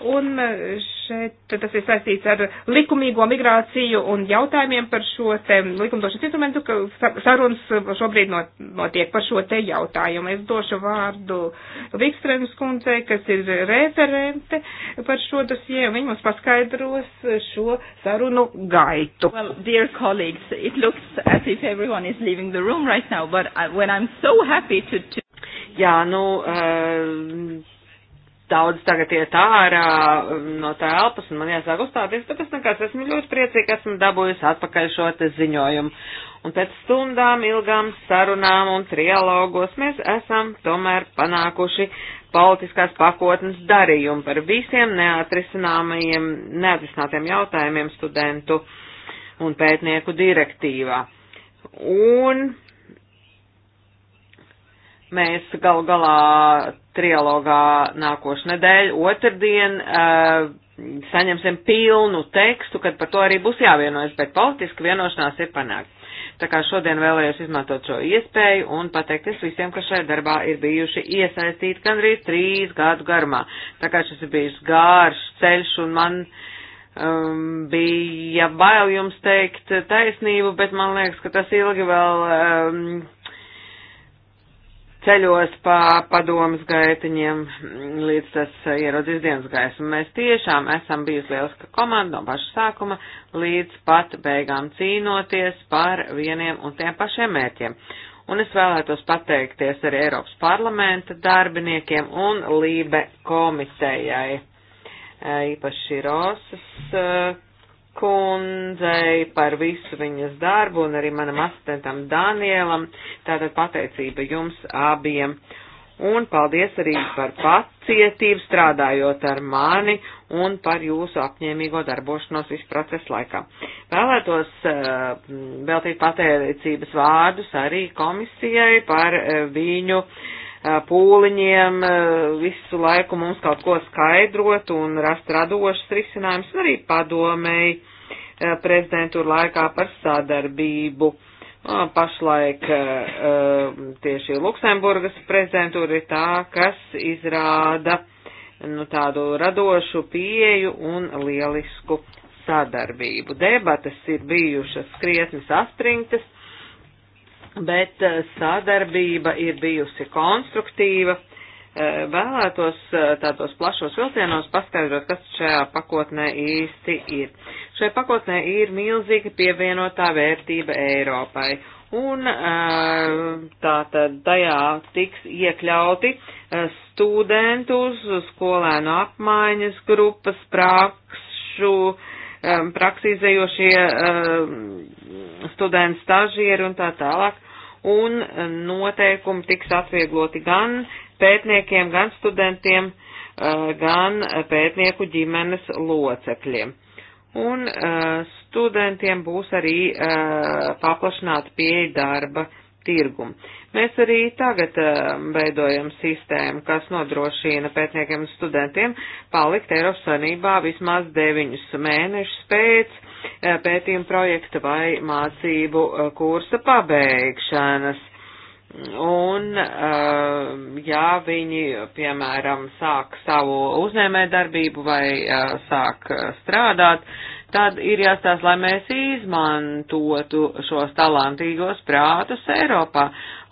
Un eh, šeit tas ir saistīts ar likumīgo migrāciju un jautājumiem par šo te likumdošanas instrumentu, ka sarunas šobrīd notiek par šo te jautājumu. Es došu vārdu Vikstrēmas kundzei, kas ir referente par šo dosie, un viņi mums paskaidros šo sarunu gaitu. Well, dear colleagues, it looks as if everyone is leaving the room right now, but uh, when I'm so happy to, to Jā, nu, eh, daudz tagad iet ārā mm, no telpas un man jāsāk uzstāties, bet es nekas esmu ļoti priecīgi, esmu dabūjusi atpakaļ šo te ziņojumu. Un pēc stundām ilgām sarunām un trialogos mēs esam tomēr panākuši politiskās pakotnes darījumu par visiem neatrisinātiem jautājumiem studentu un pētnieku direktīvā. Un Mēs gal galā trialogā nākošu nedēļu otrdien uh, saņemsim pilnu tekstu, kad par to arī būs jāvienojas, bet politiski vienošanās ir panākt. Tā kā šodien vēlējos izmantot šo iespēju un pateikties visiem, kas šajā darbā ir bijuši iesaistīti gandrīz trīs gadu garumā. Tā kā šis ir bijis gārš ceļš un man um, bija bail jums teikt taisnību, bet man liekas, ka tas ilgi vēl um, ceļos pa padomas gaitiņiem, līdz tas ierodzīs dienas gaismu. Mēs tiešām esam bijusi lieliska komanda no paša sākuma līdz pat beigām cīnoties par vieniem un tiem pašiem mērķiem. Un es vēlētos pateikties arī Eiropas parlamenta darbiniekiem un Lībe komitejai, īpaši Rosas kundzei par visu viņas darbu un arī manam asistentam Danielam. Tātad pateicība jums abiem. Un paldies arī par pacietību strādājot ar mani un par jūsu apņēmīgo darbošanos visu procesu laikā. Vēlētos eh, veltīt uh, pateicības vārdus arī komisijai par uh, viņu uh, pūliņiem visu laiku mums kaut ko skaidrot un rast radošas risinājumus, un arī padomēji prezidentūra laikā par sadarbību. Pašlaik tieši Luksemburgas prezidentūra ir tā, kas izrāda nu, tādu radošu pieju un lielisku sadarbību. Debates ir bijušas krietni saspringtas, bet eh, sadarbība ir bijusi konstruktīva. Eh, vēlētos eh, tādos plašos vilcienos paskaidrot, kas šajā pakotnē īsti ir. Šajā pakotnē ir milzīga pievienotā vērtība Eiropai. Un tātad tajā tiks iekļauti studentus, skolēnu apmaiņas grupas, prakšu, praksīzējošie studenti, stažieri un tā tālāk un noteikumi tiks atviegloti gan pētniekiem, gan studentiem, eh, gan pētnieku ģimenes locekļiem. Un eh, studentiem būs arī eh, paplašināta pieeja darba tirgumu. Mēs arī tagad veidojam sistēmu, kas nodrošina pētniekiem un studentiem palikt Eiropas Savienībā vismaz deviņus mēnešus pēc Eh, pētījuma projekta vai mācību eh, kursa pabeigšanas. Un, eh, ja viņi, piemēram, sāk savu uzņēmē darbību vai sāk strādāt, tad ir jāstāsta, lai mēs izmantotu šos talantīgos prātus Eiropā,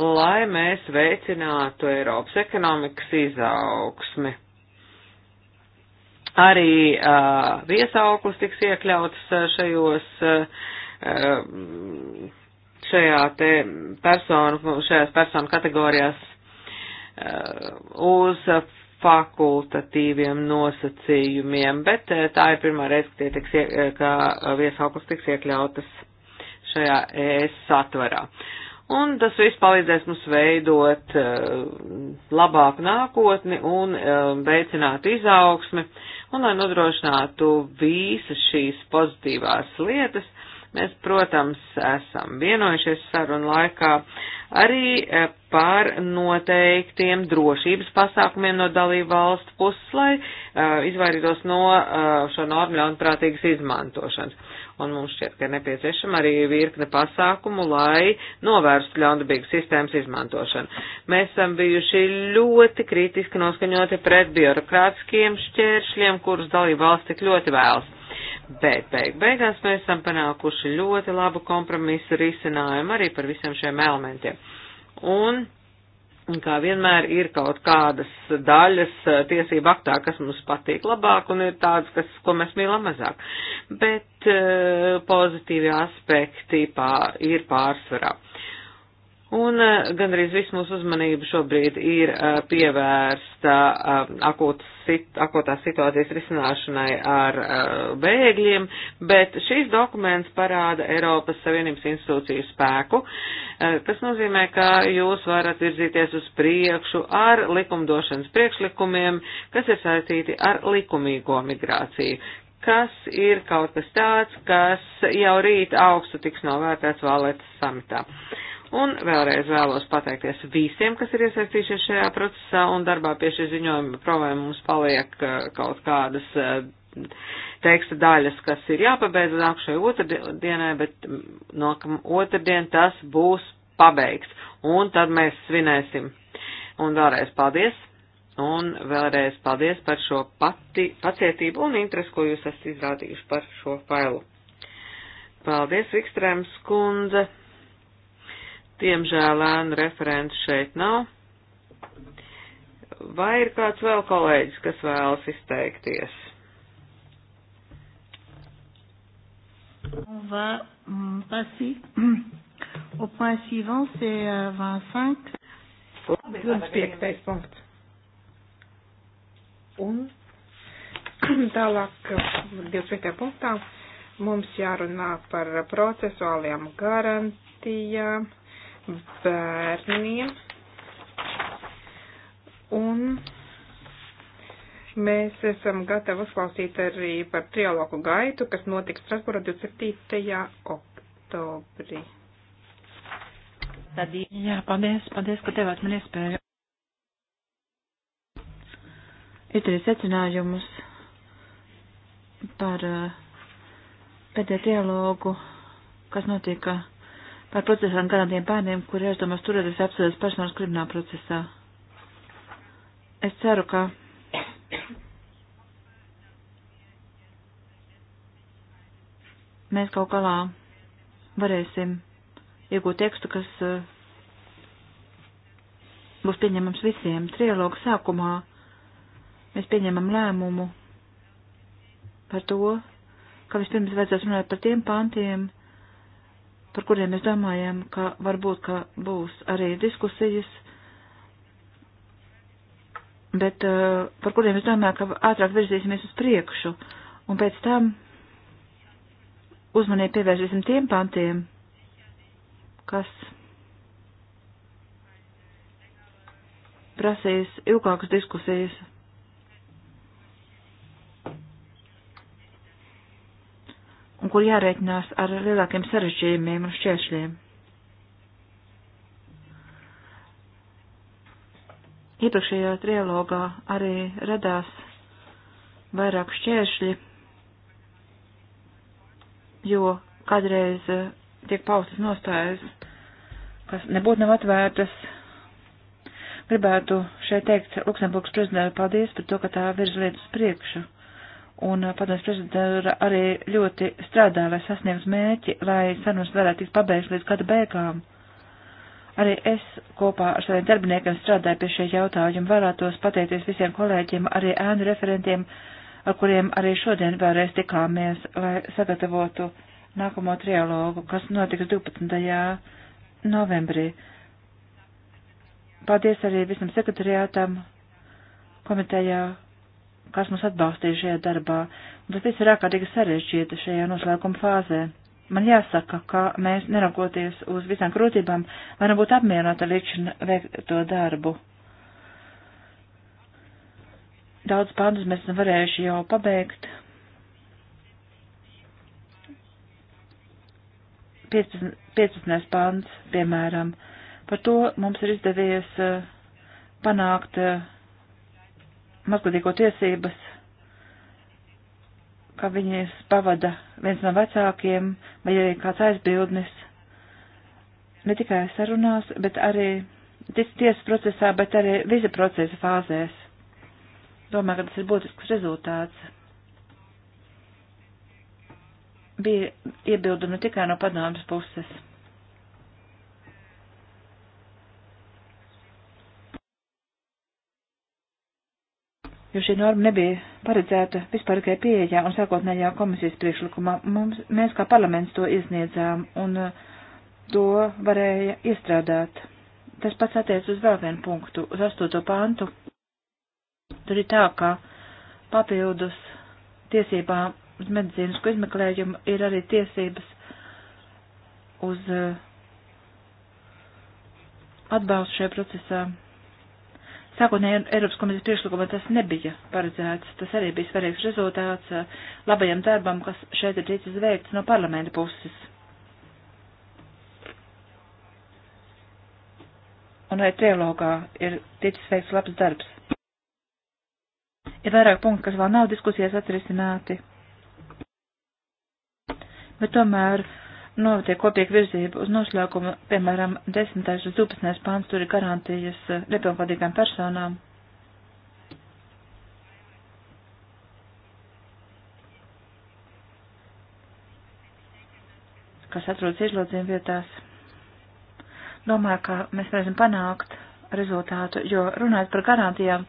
lai mēs veicinātu Eiropas ekonomikas izaugsmi. Arī uh, viesauklis tiks iekļauts uh, šajos, uh, um, šajā te personu, šajās personu kategorijās uh, uz fakultatīviem nosacījumiem, bet uh, tā ir pirmā reize, ka, tiks, uh, ka viesauklis tiks iekļautas šajā ES satvarā. Uh, un tas viss palīdzēs mums veidot uh, labāku nākotni un uh, veicināt izaugsmi Un, lai nodrošinātu visas šīs pozitīvās lietas, mēs, protams, esam vienojušies sarunu laikā arī e, par noteiktiem drošības pasākumiem no dalību valstu puses, lai uh, izvairītos no uh, šo normu ļaunprātīgas izmantošanas un mums šķiet, ka ir nepieciešama arī virkne pasākumu, lai novērstu ļaundabīgas sistēmas izmantošanu. Mēs esam bijuši ļoti kritiski noskaņoti pret birokrātiskiem šķēršļiem, kurus dalība valsts tik ļoti vēlas. Bet beig, beigās mēs esam panākuši ļoti labu kompromisu risinājumu arī par visiem šiem elementiem. Un Un kā vienmēr ir kaut kādas daļas eh, tiesība aktā, kas mums patīk labāk un ir tādas, kas, ko mēs mīlam mazāk. Bet e, pozitīvi aspekti pā, ir pārsvarā. Un eh, gandrīz viss mūsu uzmanība šobrīd ir eh, pievērsta eh, sit, akūtās situācijas risināšanai ar bēgļiem, bet šīs dokuments parāda Eiropas Savienības institūciju spēku, kas nozīmē, ka jūs varat virzīties uz priekšu ar likumdošanas priekšlikumiem, kas ir saistīti ar likumīgo migrāciju, kas ir kaut kas tāds, kas jau rīt augstu tiks novērtēts Valetas samitā. Uh, Un vēlreiz vēlos pateikties visiem, kas ir iesaistījušies šajā procesā un darbā pie šī ziņojuma. Problēma mums paliek uh, kaut kādas uh, teksta daļas, kas ir jāpabeidz nākušai otrdienai, bet mm, nākam otrdien tas būs pabeigts. Un tad mēs svinēsim. Un vēlreiz paldies! Un vēlreiz paldies par šo pati, pacietību un interesi, ko jūs esat izrādījuši par šo failu. Paldies, Vikstrēms kundze! Diemžēl ēnu referents šeit nav. Vai ir kāds vēl kolēģis, kas vēlas izteikties? On va mm, passer *clears throat* au point suivant, c'est 25. 25. punkts. Un *clears throat* tālāk 25. Mm, punktā mums jārunā par procesuālajām garantijām bērniem. Un mēs esam gatavi uzklausīt arī par trialogu gaitu, kas notiks Strasbūrā 27. oktobrī. Tad, jā, paldies, paldies, ka devāt man iespēju. Ir trīs secinājumus par eh, pēdējo dialogu, kas notika par procesām garantiem bērniem, kuri aizdomās turēties apsēdus personas krimināla procesā. Es ceru, ka mēs kaut kādā varēsim iegūt tekstu, kas eh, būs pieņemams visiem. Trialogu sākumā mēs pieņemam lēmumu par to, ka vispirms vajadzēs runāt par tiem pantiem, par kuriem mēs domājam, ka varbūt, ka būs arī diskusijas, bet uh, par kuriem es domāju, ka ātrāk virzīsimies uz priekšu, un pēc tam uzmanību pievērsīsim tiem pantiem, kas prasīs ilgākas diskusijas un kur jārēķinās ar lielākiem sarežģījumiem un šķēršļiem. Iepriekšējā trialogā arī radās vairāk šķēršļi, jo kādreiz eh, tiek paustas nostājas, kas nebūtu nav atvērtas. Gribētu šeit teikt Luksemburgas prezidentu paldies par to, ka tā virz lietas priekšu un eh, padomus prezidentūra arī ļoti strādā, lai sasniegtu mērķi, lai sarunas varētu tikt pabeigts līdz gada beigām. Arī es kopā ar saviem darbiniekiem strādāju pie šie jautājumi, vēlētos pateikties visiem kolēģiem, arī ēnu referentiem, ar kuriem arī šodien vēlreiz tikāmies, lai sagatavotu nākamo trialogu, kas notiks 12. novembrī. Paldies arī visam sekretariātam, komitejā, kas mums atbalstīja šajā darbā, un tas viss ir ārkārtīgi sarežģīti šajā noslēguma fāzē. Man jāsaka, ka mēs, neraugoties uz visām grūtībām, varam būt apmierināti ar līdzšinu veikto darbu. Daudz pārdus mēs esam varējuši jau pabeigt. 15. 15. pāns, piemēram, par to mums ir izdevies eh, panākt uh, mazgadīgo tiesības, ka viņas pavada viens no vecākiem vai arī kāds aizbildnis, ne tikai sarunās, bet arī tiesas procesā, bet arī visa procesa fāzēs. Domāju, ka tas ir būtisks rezultāts. Bija iebildumi tikai no padomas puses. jo šī norma nebija paredzēta vispār tikai pieejā un sākotnējā komisijas priekšlikumā. Mums, mēs kā parlaments to iesniedzām un uh, to varēja iestrādāt. Tas pats attiec uz vēl vienu punktu, uz astoto pantu. Tur ir tā, ka papildus tiesībām uz medicīnisku izmeklējumu ir arī tiesības uz uh, atbalstu šajā procesā. Sākotnēji Eiropas komisijas priekšlikumā tas nebija paredzēts. Tas arī bija svarīgs rezultāts eh, labajam darbam, kas šeit ir ticis veikts no parlamenta puses. Un arī trilogā ir ticis veikts labs darbs. Ir vairāk punkti, kas vēl nav diskusijās atrisināti. Bet tomēr novietiek kopīga virzība uz noslēgumu, piemēram, 10. uz 12. pāns, tur ir garantijas eh, nepilngadīgām personām. kas atrodas izlūdzījuma vietās. Domāju, ka mēs varēsim panākt rezultātu, jo runājot par garantijām,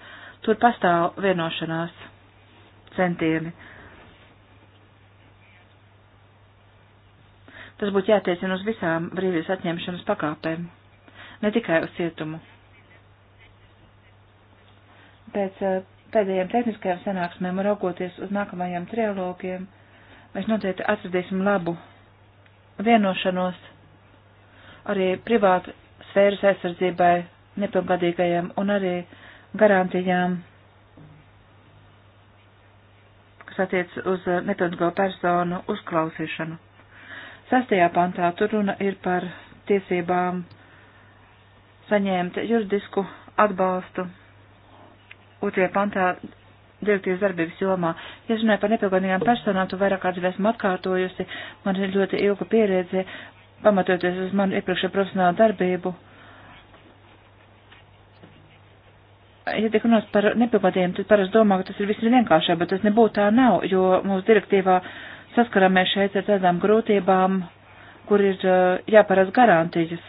tur pastāv vienošanās centieni. Uh, Tas būtu jātiecina uz visām brīvības atņemšanas pakāpēm, ne tikai uz cietumu. Pēc eh, pēdējiem tehniskajiem sanāksmēm, raugoties uz nākamajiem trilogiem, mēs noteikti atradīsim labu vienošanos arī privātu sfēras aizsardzībai nepilngadīgajiem un arī garantijām, kas attiec uz eh, nepilngadīgo personu uzklausīšanu. Sastajā pantā tur runa ir par tiesībām saņemt juridisku atbalstu. Otrajā pantā direktīvas darbības jomā. Ja runāju par nepilngadīgām personām, tu vairāk kāds esmu atkārtojusi, man ir ļoti ilga pieredze, pamatoties uz manu iepriekšējo profesionālu darbību. Ja tiek runāts par nepilngadīgiem, tad parasti domā, ka tas ir viss vienkāršāk, bet tas nebūtu tā nav, jo mūsu direktīvā uh, saskaramies šeit ar tādām grūtībām, kur ir eh, jāparedz garantijas,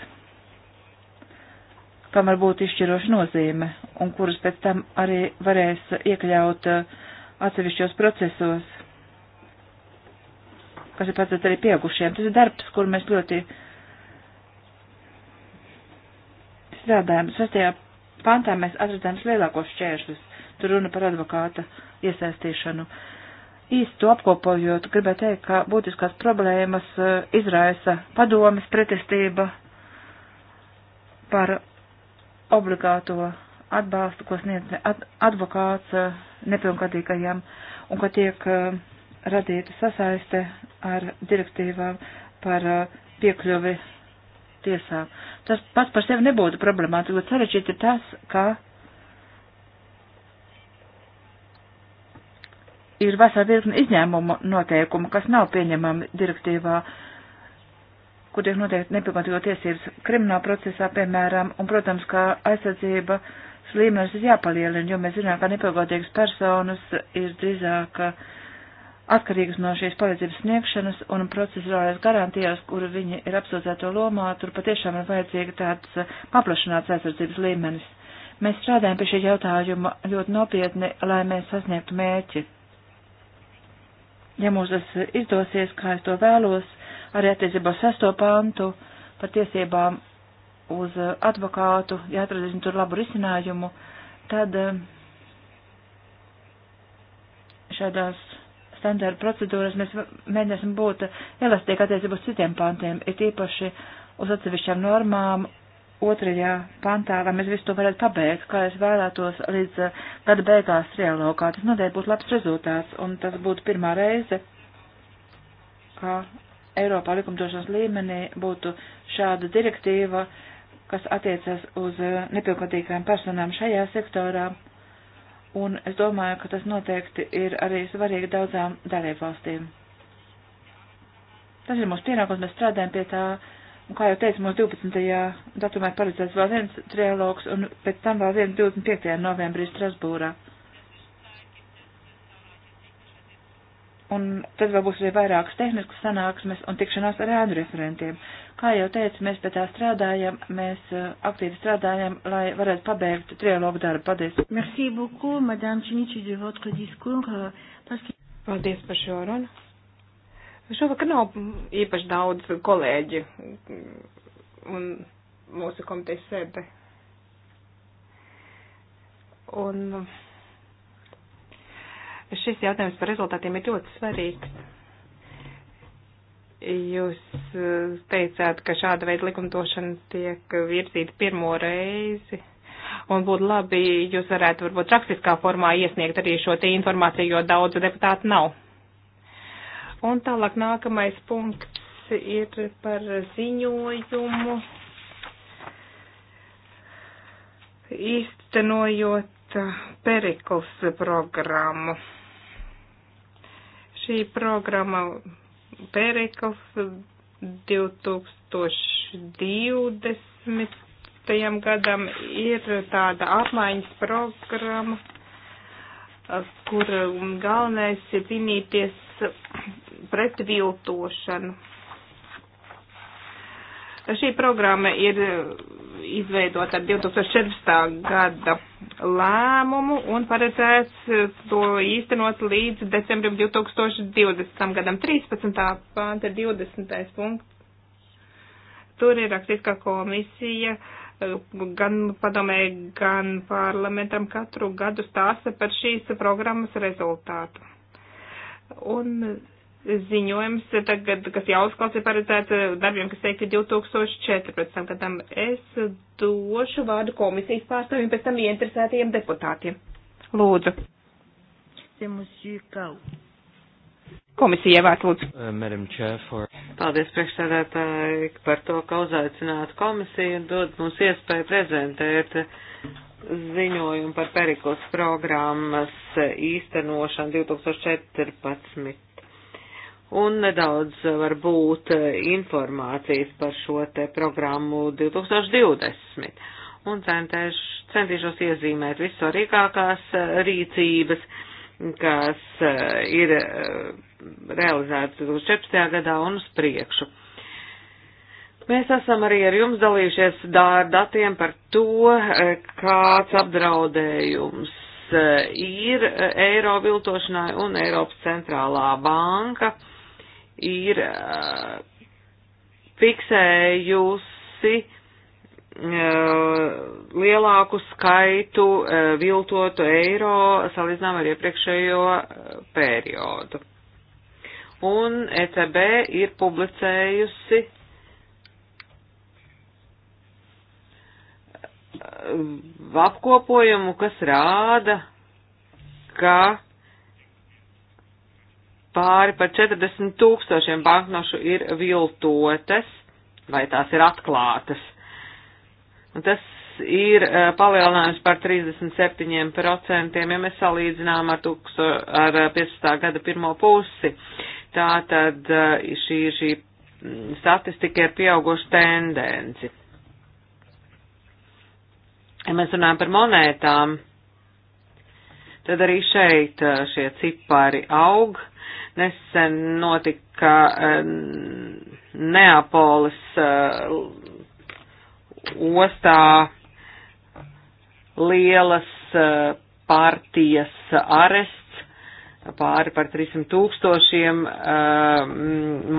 kam var būt izšķiroša nozīme un kuras pēc tam arī varēs iekļaut eh, atsevišķos procesos, kas ir pats arī pieaugušiem. Tas ir darbs, kur mēs ļoti strādājam. Sastajā pantā mēs atradām vislielākos šķēršļus. Tur runa par advokāta iesaistīšanu. Uh, īsti to apkopojot, gribētu teikt, ka būtiskās problēmas eh, izraisa padomas pretestība par obligāto atbalstu, ko sniedz advokāts eh, nepilngadīgajiem, un ka tiek eh, radīta sasaiste ar direktīvām par piekļuvi tiesām. Tas pats par sevi nebūtu problemātiski, bet sarežģīti ir tas, ka ir vesela virkne izņēmumu noteikumu, kas nav pieņemami direktīvā, kur tiek noteikti nepilnotības tiesības krimināla procesā, piemēram, un, protams, kā aizsardzība līmenis ir jāpalielina, jo mēs zinām, ka nepilnotības personas ir drīzāk uh, atkarīgas no šīs palīdzības sniegšanas un procesuālais garantijās, kur viņi ir apsūdzēto lomā, tur patiešām ir vajadzīga tāds uh, paplašināts aizsardzības līmenis. Mēs strādājam pie šī jautājuma ļoti nopietni, lai mēs sasniegtu mērķi ja mums tas izdosies, kā es to vēlos, arī attiecībā sesto pantu par tiesībām uz eh, advokātu, ja atradīsim tur labu risinājumu, tad eh, šādās standārta procedūras mēs mēģināsim būt elastīgi attiecībā uz citiem pantiem, ir īpaši uz atsevišķām normām otrajā pantā, vai mēs visu to varētu pabeigt, kā es vēlētos līdz eh, gada beigās trialogā. Tas noteikti būtu labs rezultāts, un tas būtu pirmā reize, kā Eiropā likumdošanas līmenī būtu šāda direktīva, kas attiecas uz eh, nepilngadīgām personām šajā sektorā. Un es domāju, ka tas noteikti ir arī svarīgi daudzām dalībvalstīm. Tas ir mūsu pienākums, mēs strādājam pie tā Un, kā jau teicu, mums 12. datumā ir paredzēts vēl viens trialogs un pēc tam vēl viens 25. novembrī Strasbūrā. Un tad vēl būs arī vairākas tehniskas sanāksmes un tikšanās ar ēnu referentiem. Kā jau teicu, mēs pie tā strādājam, mēs uh, aktīvi strādājam, lai varētu pabeigt trialogu darbu. Paldies! Merci beaucoup, madame Činiči, de votre discours. Euh, parce... Paldies par šo runu. Šovakar nav īpaši daudz kolēģi un mūsu komitejas sēde. Un šis jautājums par rezultātiem ir ļoti svarīgs. Jūs eh, teicāt, ka šāda veida likumdošana tiek virzīta pirmo reizi. Un būtu labi, jūs varētu varbūt rakstiskā formā iesniegt arī šo te informāciju, jo daudz deputātu nav. Un tālāk nākamais punkts ir par ziņojumu īstenojot Perikls programmu. Šī programma Perikls 2020. gadam ir tāda apmaiņas programma, kur galvenais ir cīnīties pret viltošanu. Šī programma ir izveidota 2014. gada lēmumu un paredzēts to īstenot līdz decembrim 2020. gadam. 13. panta 20. punkts. Tur ir rakstīts, ka komisija eh, gan padomē, gan parlamentam katru gadu stāsta par šīs programmas rezultātu. Un ziņojums, tagad, kas jau uzklāts, ir paredzēts darbiem, kas teikti 2014. gadam. Es došu vārdu komisijas pārstāvjiem, pēc tam ieinteresētajiem deputātiem. Lūdzu. Komisija vārds lūdzu. Uh, Paldies priekšsēdētāji par to, ka uzaicināt komisiju un dod mums iespēju prezentēt ziņojumu par Perikos programmas īstenošanu 2014 un nedaudz eh, varbūt eh, informācijas par šo te programmu 2020. Un centēš, centīšos iezīmēt vissvarīgākās eh, rīcības, kas ir realizētas 2014. gadā un uz priekšu. Mēs esam arī ar jums dalījušies datiem par to, kāds apdraudējums ir eiro viltošanai un Eiropas centrālā banka ir uh, fiksējusi lielāku skaitu viltotu eiro salīdzinām ar iepriekšējo periodu. Un ECB ir publicējusi apkopojumu, kas rāda, ka pāri par 40 tūkstošiem banknošu ir viltotas vai tās ir atklātas. Un tas ir uh, palielinājums par 37%, ja mēs salīdzinām ar, tūksto, ar 15. E, gada pirmo pusi. Tātad uh, e, šī, šī statistika ir pieauguša tendenci. Ja mēs runājam par monētām, tad arī šeit šie cipari aug. Uh, Nesen notika eh, Neapolis eh, ostā lielas eh, partijas arests pāri par 300 tūkstošiem uh,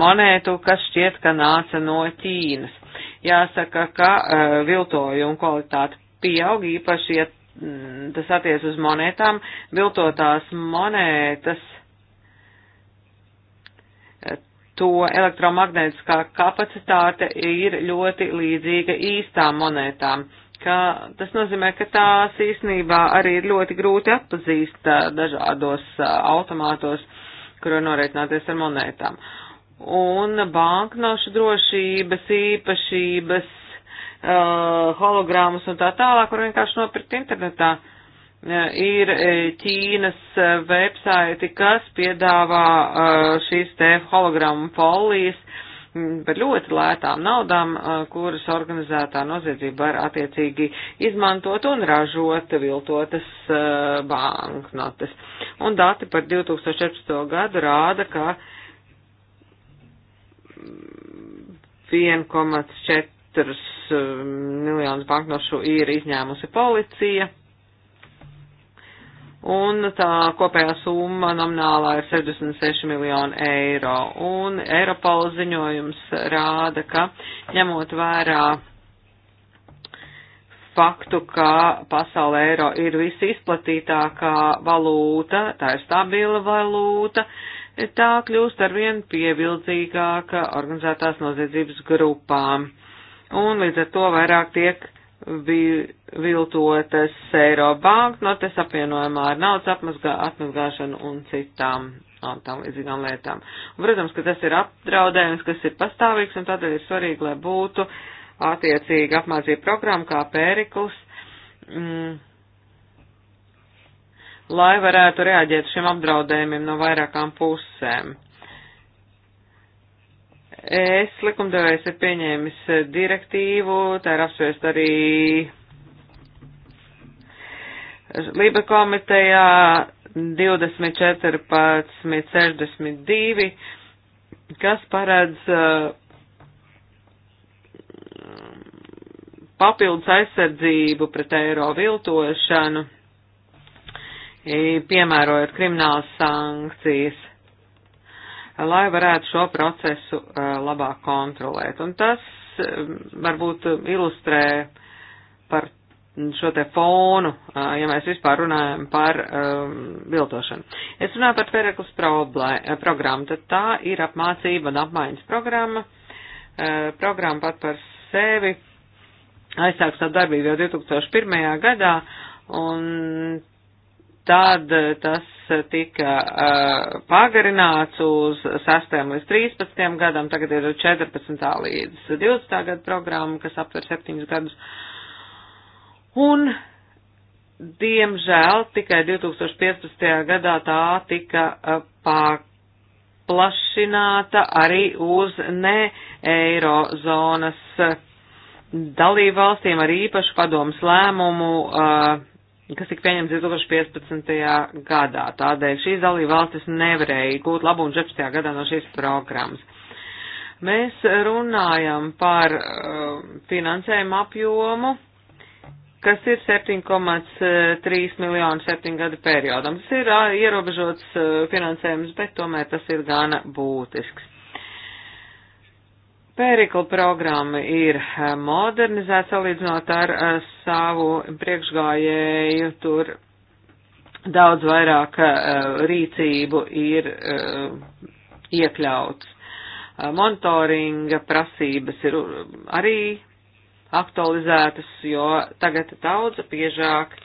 monētu, kas šķiet, ka nāca no Ķīnas. Jāsaka, ka uh, viltojuma kvalitāte pieaug īpaši, ja mm, tas attiec uz monētām. Viltotās monētas to elektromagnētiskā kapacitāte ir ļoti līdzīga īstām monētām. Ka, tas nozīmē, ka tās īstenībā arī ir ļoti grūti atpazīst dažādos automātos, kuro norēķināties ar monētām. Un banknošu drošības īpašības, uh, hologrammas un tā tālāk, kur vienkārši nopirkt internetā. Uh, ir e, Ķīnas e, websaiti, kas piedāvā e, šīs te hologrammu folijas par ļoti lētām naudām, kuras organizētā noziedzība var attiecīgi izmantot un ražot viltotas banknotes. Un dati par 2014. gadu rāda, ka 1,4 miljonus banknošu ir izņēmusi policija un tā kopējā summa nominālā ir 66 miljoni eiro. Un Eiropola ziņojums rāda, ka ņemot vērā faktu, ka pasaulē eiro ir visizplatītākā valūta, tā ir stabila valūta, tā kļūst arvien pievilcīgāka organizētās noziedzības grupām. Un līdz ar to vairāk tiek viltotas eiro banknotes nu, apvienojumā ar naudas apmazgā, atmazgāšanu un citām un tam līdzīgām lietām. Un, protams, ka tas ir apdraudējums, kas ir pastāvīgs, un tādēļ ir svarīgi, lai būtu attiecīga apmācība programma kā pērikls, mm, lai varētu reaģēt šiem apdraudējumiem no vairākām pusēm. Es likumdevējs ir pieņēmis direktīvu, tā ir apsvērst arī Lība komitejā 24.62, kas paredz uh, papildus aizsardzību pret eiro viltošanu, eh, piemērojot kriminālas sankcijas lai varētu šo procesu labāk kontrolēt. Un tas varbūt ilustrē par šo te fonu, ja mēs vispār runājam par um, viltošanu. Es runāju par Pereklus programmu, tad tā ir apmācība un apmaiņas programma. Uh, programma pat par sevi aizsāks tā darbība jau 2001. gadā, un tad eh, tas eh, tika uh, pagarināts uz 6. līdz 13. gadam, tagad ir 14. līdz 20. gada programma, kas aptver 7 gadus. Un, diemžēl, tikai 2015. gadā tā tika uh, paplašināta arī uz ne eirozonas dalību valstīm ar īpašu padomas lēmumu. Uh, kas tika pieņemts 2015. gadā. Tādēļ šīs dalība valstis nevarēja gūt labumu 14. gadā no šīs programmas. Mēs runājam par uh, finansējumu apjomu, kas ir 7,3 miljonu septiņu gadu periodam. Tas ir uh, ierobežots uh, finansējums, bet tomēr tas ir gana būtisks. Pērikla programma ir eh, modernizēta salīdzinot ar eh, savu priekšgājēju. Tur daudz vairāk eh, rīcību ir iekļauts. Monitoringa prasības ir arī aktualizētas, jo tagad daudz biežāk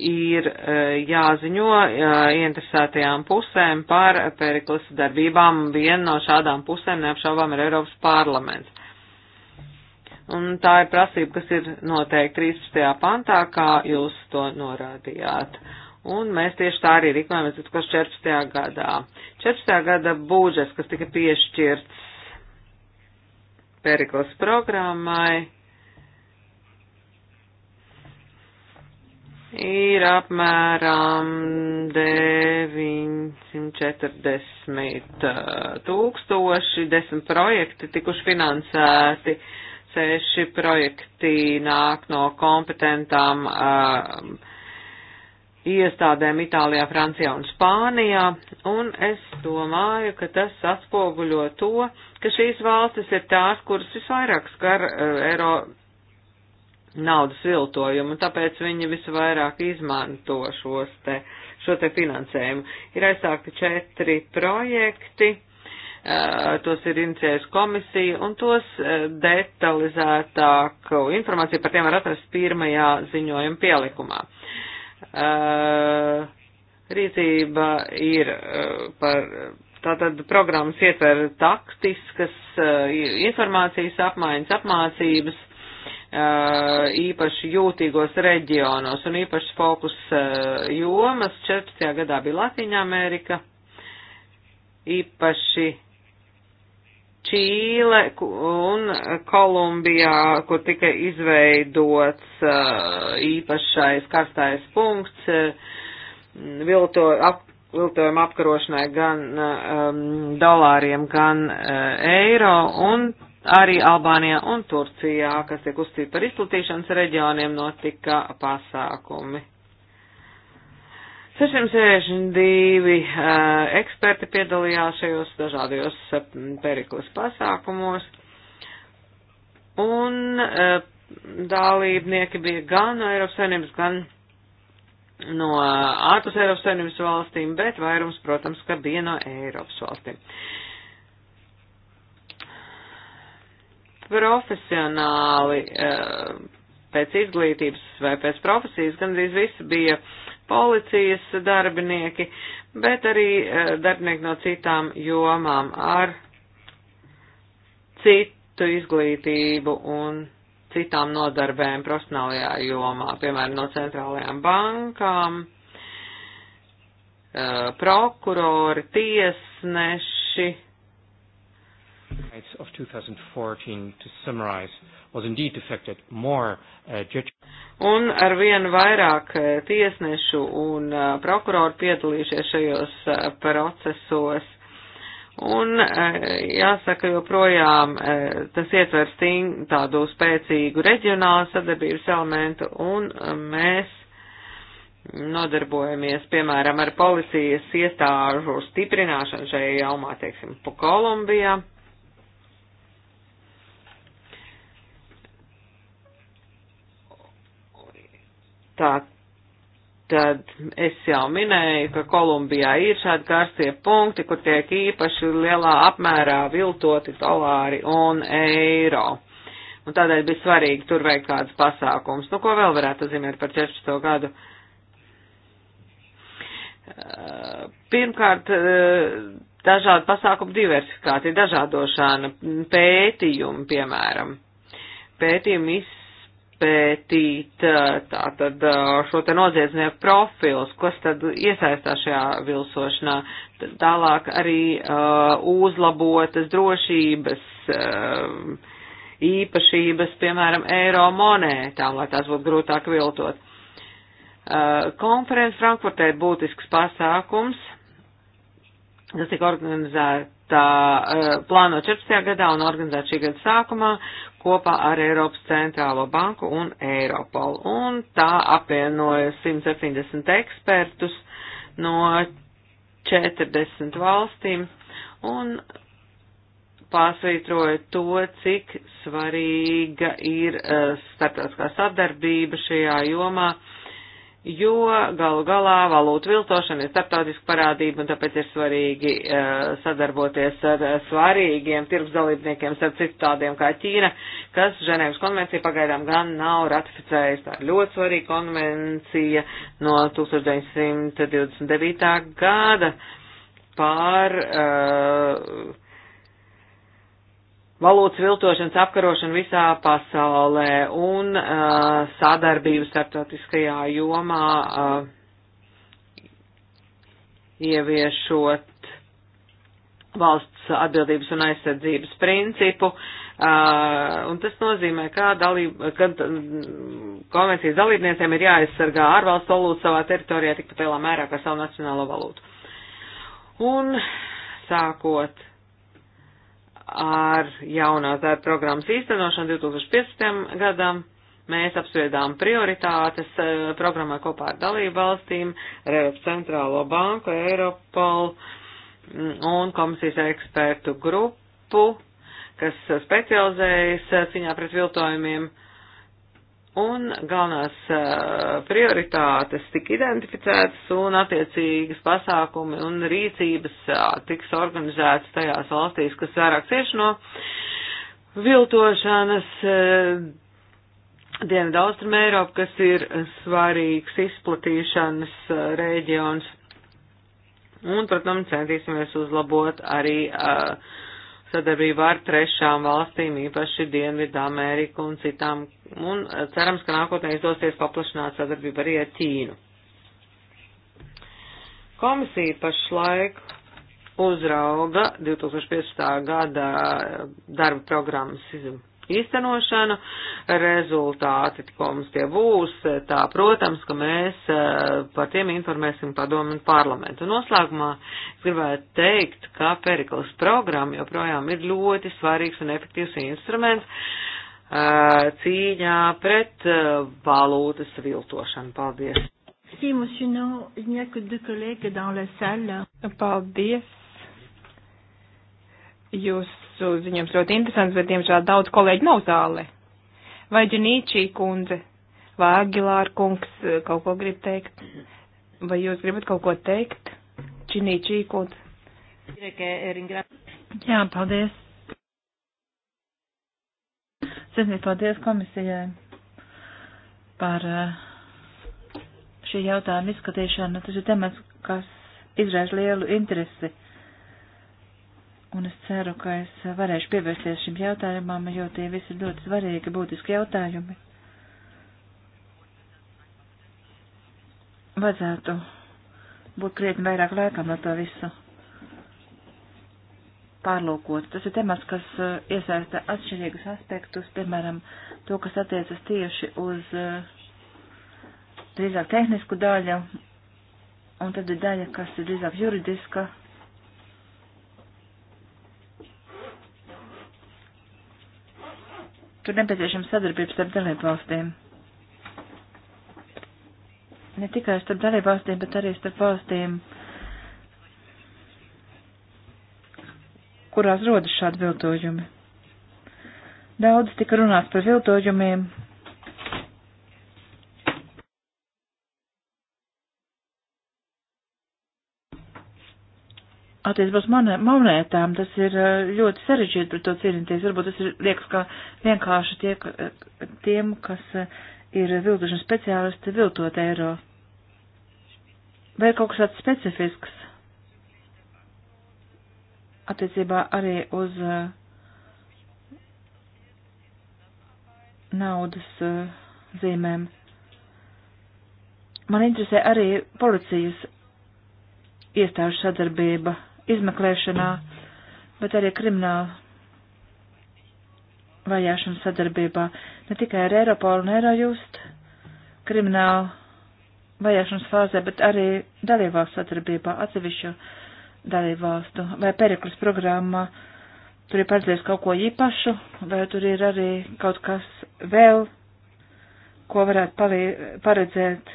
ir eh, jāziņo eh, interesētajām pusēm par Perikles darbībām. Viena no šādām pusēm neapšaubām ir Eiropas parlaments. Un tā ir prasība, kas ir noteikti 13. pantā, kā jūs to norādījāt. Un mēs tieši tā arī rīkojamies 2014. gadā. 14. gada būdžets, kas tika piešķirts Perikles programmai, ir apmēram 940 tūkstoši, 10 projekti tikuši finansēti, 6 projekti nāk no kompetentām uh, iestādēm Itālijā, Francijā un Spānijā, un es domāju, ka tas atspoguļo to, ka šīs valstis ir tās, kuras visvairāk skar uh, Eiropas naudas viltojumu, un tāpēc viņi visvairāk izmanto šos te, šo te finansējumu. Ir aizsākti četri projekti, uh, tos ir inicijējusi komisija, un tos uh, detalizētāku informāciju par tiem var atrast pirmajā ziņojuma pielikumā. Uh, rīcība ir par Tātad programmas ietver taktiskas informācijas apmaiņas, apmācības, Uh, īpaši jūtīgos reģionos un īpaši fokus uh, jomas. 14. gadā bija Latīņa Amerika, īpaši Čīle un Kolumbijā, kur tika izveidots uh, īpašais karstais punkts vilto, ap, viltojuma apkarošanai gan um, dolāriem, gan uh, eiro, un Arī Albānijā un Turcijā, kas tiek uzstīti par izplatīšanas reģioniem, notika pasākumi. 662 uh, eh, eksperti piedalījās šajos dažādajos eh, periklas pasākumos, un uh, dalībnieki bija gan no Eiropas Savienības, gan no ārpus Eiropas Savienības valstīm, bet vairums, protams, ka bija no Eiropas valstīm. Uh, profesionāli eh, pēc izglītības vai pēc profesijas gandrīz visi bija policijas darbinieki, bet arī eh, darbinieki no citām jomām ar citu izglītību un citām nodarbēm profesionālajā jomā, piemēram, no centrālajām bankām, eh, prokurori, tiesneši, of 2014 to summarize was indeed affected more uh, judge. Un ar vien vairāk uh, tiesnešu un uh, prokuroru piedalījušies šajos uh, procesos. Un uh, jāsaka, joprojām uh, tas ietver sting, tādu spēcīgu reģionālu sadarbības elementu, un uh, mēs nodarbojamies, piemēram, ar policijas iestāžu stiprināšanu šajā jaumā, teiksim, pa Kolumbijā Tā tad es jau minēju, ka Kolumbijā ir šādi karstie punkti, kur tiek īpaši lielā apmērā viltoti dolāri un eiro. Un tādēļ bija svarīgi tur veikt kādus pasākumus. Nu, ko vēl varētu zīmēt par 14. gadu? Pirmkārt, dažādu pasākumu diversifikācija, dažādošana, pētījumi, piemēram. Pētījumi iz izpētīt tātad šo te noziedznieku profils, kas tad iesaistās šajā vilsošanā, tālāk arī uh, uzlabotas drošības uh, īpašības, piemēram, eiro monētām, lai tās būtu grūtāk viltot. Uh, Konferences Frankfurtē ir būtisks pasākums, kas tika organizēta tā eh, plāno 14. gadā un organizēt šī gada sākumā kopā ar Eiropas centrālo banku un Eiropolu. Un tā apvienoja 170 ekspertus no 40 valstīm un pārsvītroja to, cik svarīga ir eh, starptautiskā sadarbība šajā jomā. Uh, jo galu galā valūtu viltošana ir starptautiska parādība, un tāpēc ir svarīgi uh, sadarboties ar uh, svarīgiem tirgus dalībniekiem, ar citu tādiem kā Ķīna, kas Ženēvas konvencija pagaidām gan nav ratificējusi. Tā ir ļoti svarīga konvencija no 1929. gada pār. Uh, e, valūtas viltošanas apkarošana visā pasaulē un uh, sadarbību starptautiskajā jomā uh, ieviešot valsts atbildības un aizsardzības principu, uh, un tas nozīmē, ka, dalība, ka konvencijas dalībniecēm ir jāaizsargā ārvalstu valūtu savā teritorijā tikpat lielā mērā kā savu nacionālo valūtu. Un sākot ar jaunās darba programmas īstenošanu 2015. gadam. Mēs apspriedām prioritātes eh, programmai kopā ar dalību valstīm, ar Eiropas centrālo banku, Eiropolu mm, un komisijas ekspertu grupu, kas specializējas eh, ciņā pret viltojumiem un galvenās eh, prioritātes tika identificētas un attiecīgas pasākumi un rīcības eh, tiks organizētas tajās valstīs, kas vairāk cieši no viltošanas eh, Dienvidaustrumē Eiropa, kas ir svarīgs izplatīšanas reģions. Un, protams, centīsimies uzlabot arī uh, sadarbībā ar trešām valstīm, īpaši Dienvidu Ameriku un citām, un e, cerams, ka nākotnē izdosies paplašināt sadarbību arī ar Ķīnu. Komisija pašlaik uzrauga 2015. gada darba programmas izmaiņu īstenošanu, rezultāti, ko mums tie būs, tā, protams, ka mēs e, par tiem informēsim padomu un parlamentu. Noslēgumā es gribētu teikt, ka Perikls programma joprojām ir ļoti svarīgs un efektīvs instruments e, cīņā pret e, valūtas viltošanu. Paldies! Paldies! Jūs jūsu ziņojums ļoti interesants, bet, diemžēl, daudz kolēģi nav zālē. Vai Džanīčī kundze, vai Agilāra kungs eh, kaut ko grib teikt? Vai jūs gribat kaut ko teikt? Džanīčī kundze. Jā, paldies. Sirsnīgi paldies komisijai par eh, šī jautājuma izskatīšanu. Tas ir temats, kas izraisa lielu interesi Un es ceru, ka es varēšu pievērsties šim jautājumam, jo tie visi ir ļoti svarīgi, būtiski jautājumi. Vajadzētu būt krietni vairāk laikam, lai to visu pārlūkot. Tas ir temats, kas uh, iesaista atšķirīgus aspektus, piemēram, to, kas attiecas tieši uz uh, drīzāk tehnisku daļu, un tad ir daļa, kas ir drīzāk juridiska Tur nepieciešama sadarbības starp dalībvalstīm. Ne tikai starp dalībvalstīm, bet arī starp valstīm, kurās rodas šādi viltojumi. Daudz tika runāts par viltojumiem, attiecībā uz monētām tas ir eh, ļoti sarežģīti pret to cīnīties. Varbūt tas ir liekas, ka vienkārši tie, eh, tiem, kas eh, ir viltušana speciālisti, viltot eiro. Vai ir kaut kas tāds specifisks attiecībā arī uz naudas zīmēm? Man interesē arī policijas iestāžu sadarbība izmeklēšanā, bet arī krimināla vajāšanas sadarbībā, ne tikai ar Eiropolu un Eirojust kriminālu vajāšanas fāzē, bet arī dalībvalstu sadarbībā atsevišķu dalībvalstu vai Periklis programmā. Tur ir paredzēts kaut ko īpašu, vai tur ir arī kaut kas vēl, ko varētu paredzēt,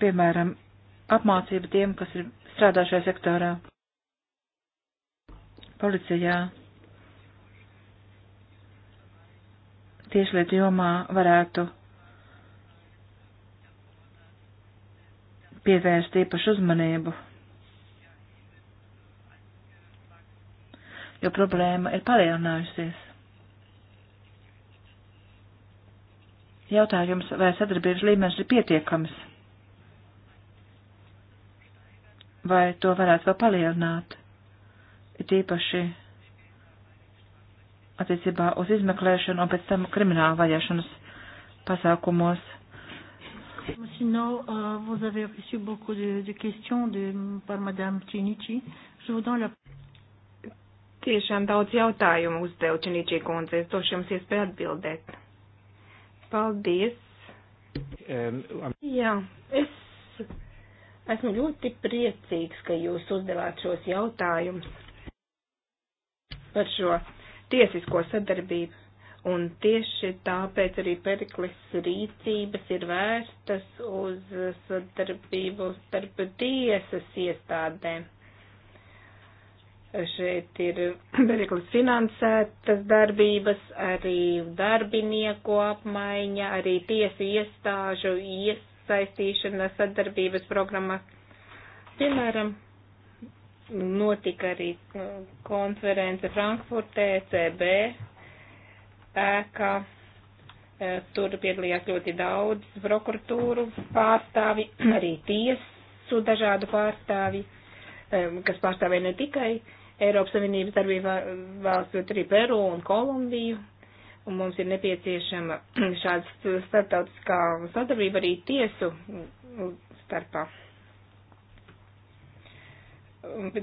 piemēram, apmācība tiem, kas ir strādā šajā sektorā policijā tieslietu jomā varētu pievērst īpašu uzmanību, jo problēma ir palielinājusies. Jautājums, vai sadarbības līmenis ir pietiekams? Vai to varētu vēl palielināt? tīpaši attiecībā uz izmeklēšanu un pēc tam krimināla vajāšanas pasākumos. Sinon, euh, vous avez reçu beaucoup de, de questions de, par Madame Chinichi. Je vous donne la... Tiešām daudz jautājumu uzdevu Činičī kundze. Es došu jums iespēju atbildēt. Paldies. Um, um... Jā, es esmu ļoti priecīgs, ka jūs uzdevāt šos jautājumus par šo tiesisko sadarbību. Un tieši tāpēc arī Perikles rīcības ir vērstas uz sadarbību starp tiesas iestādēm. Šeit ir Perikles finansētas darbības, arī darbinieku apmaiņa, arī tiesa iestāžu iesaistīšana sadarbības programmā. Piemēram, notika arī uh, konference Frankfurtē, CB ēkā. Uh, tur piedalījās ļoti daudz prokuratūru pārstāvi, *clears throat* arī tiesu dažādu pārstāvi, um, kas pārstāvēja ne tikai Eiropas Savienības darbību valsts, bet arī Peru un Kolumbiju. Un mums ir nepieciešama *clears throat* šāda starptautiskā sadarbība arī tiesu starpā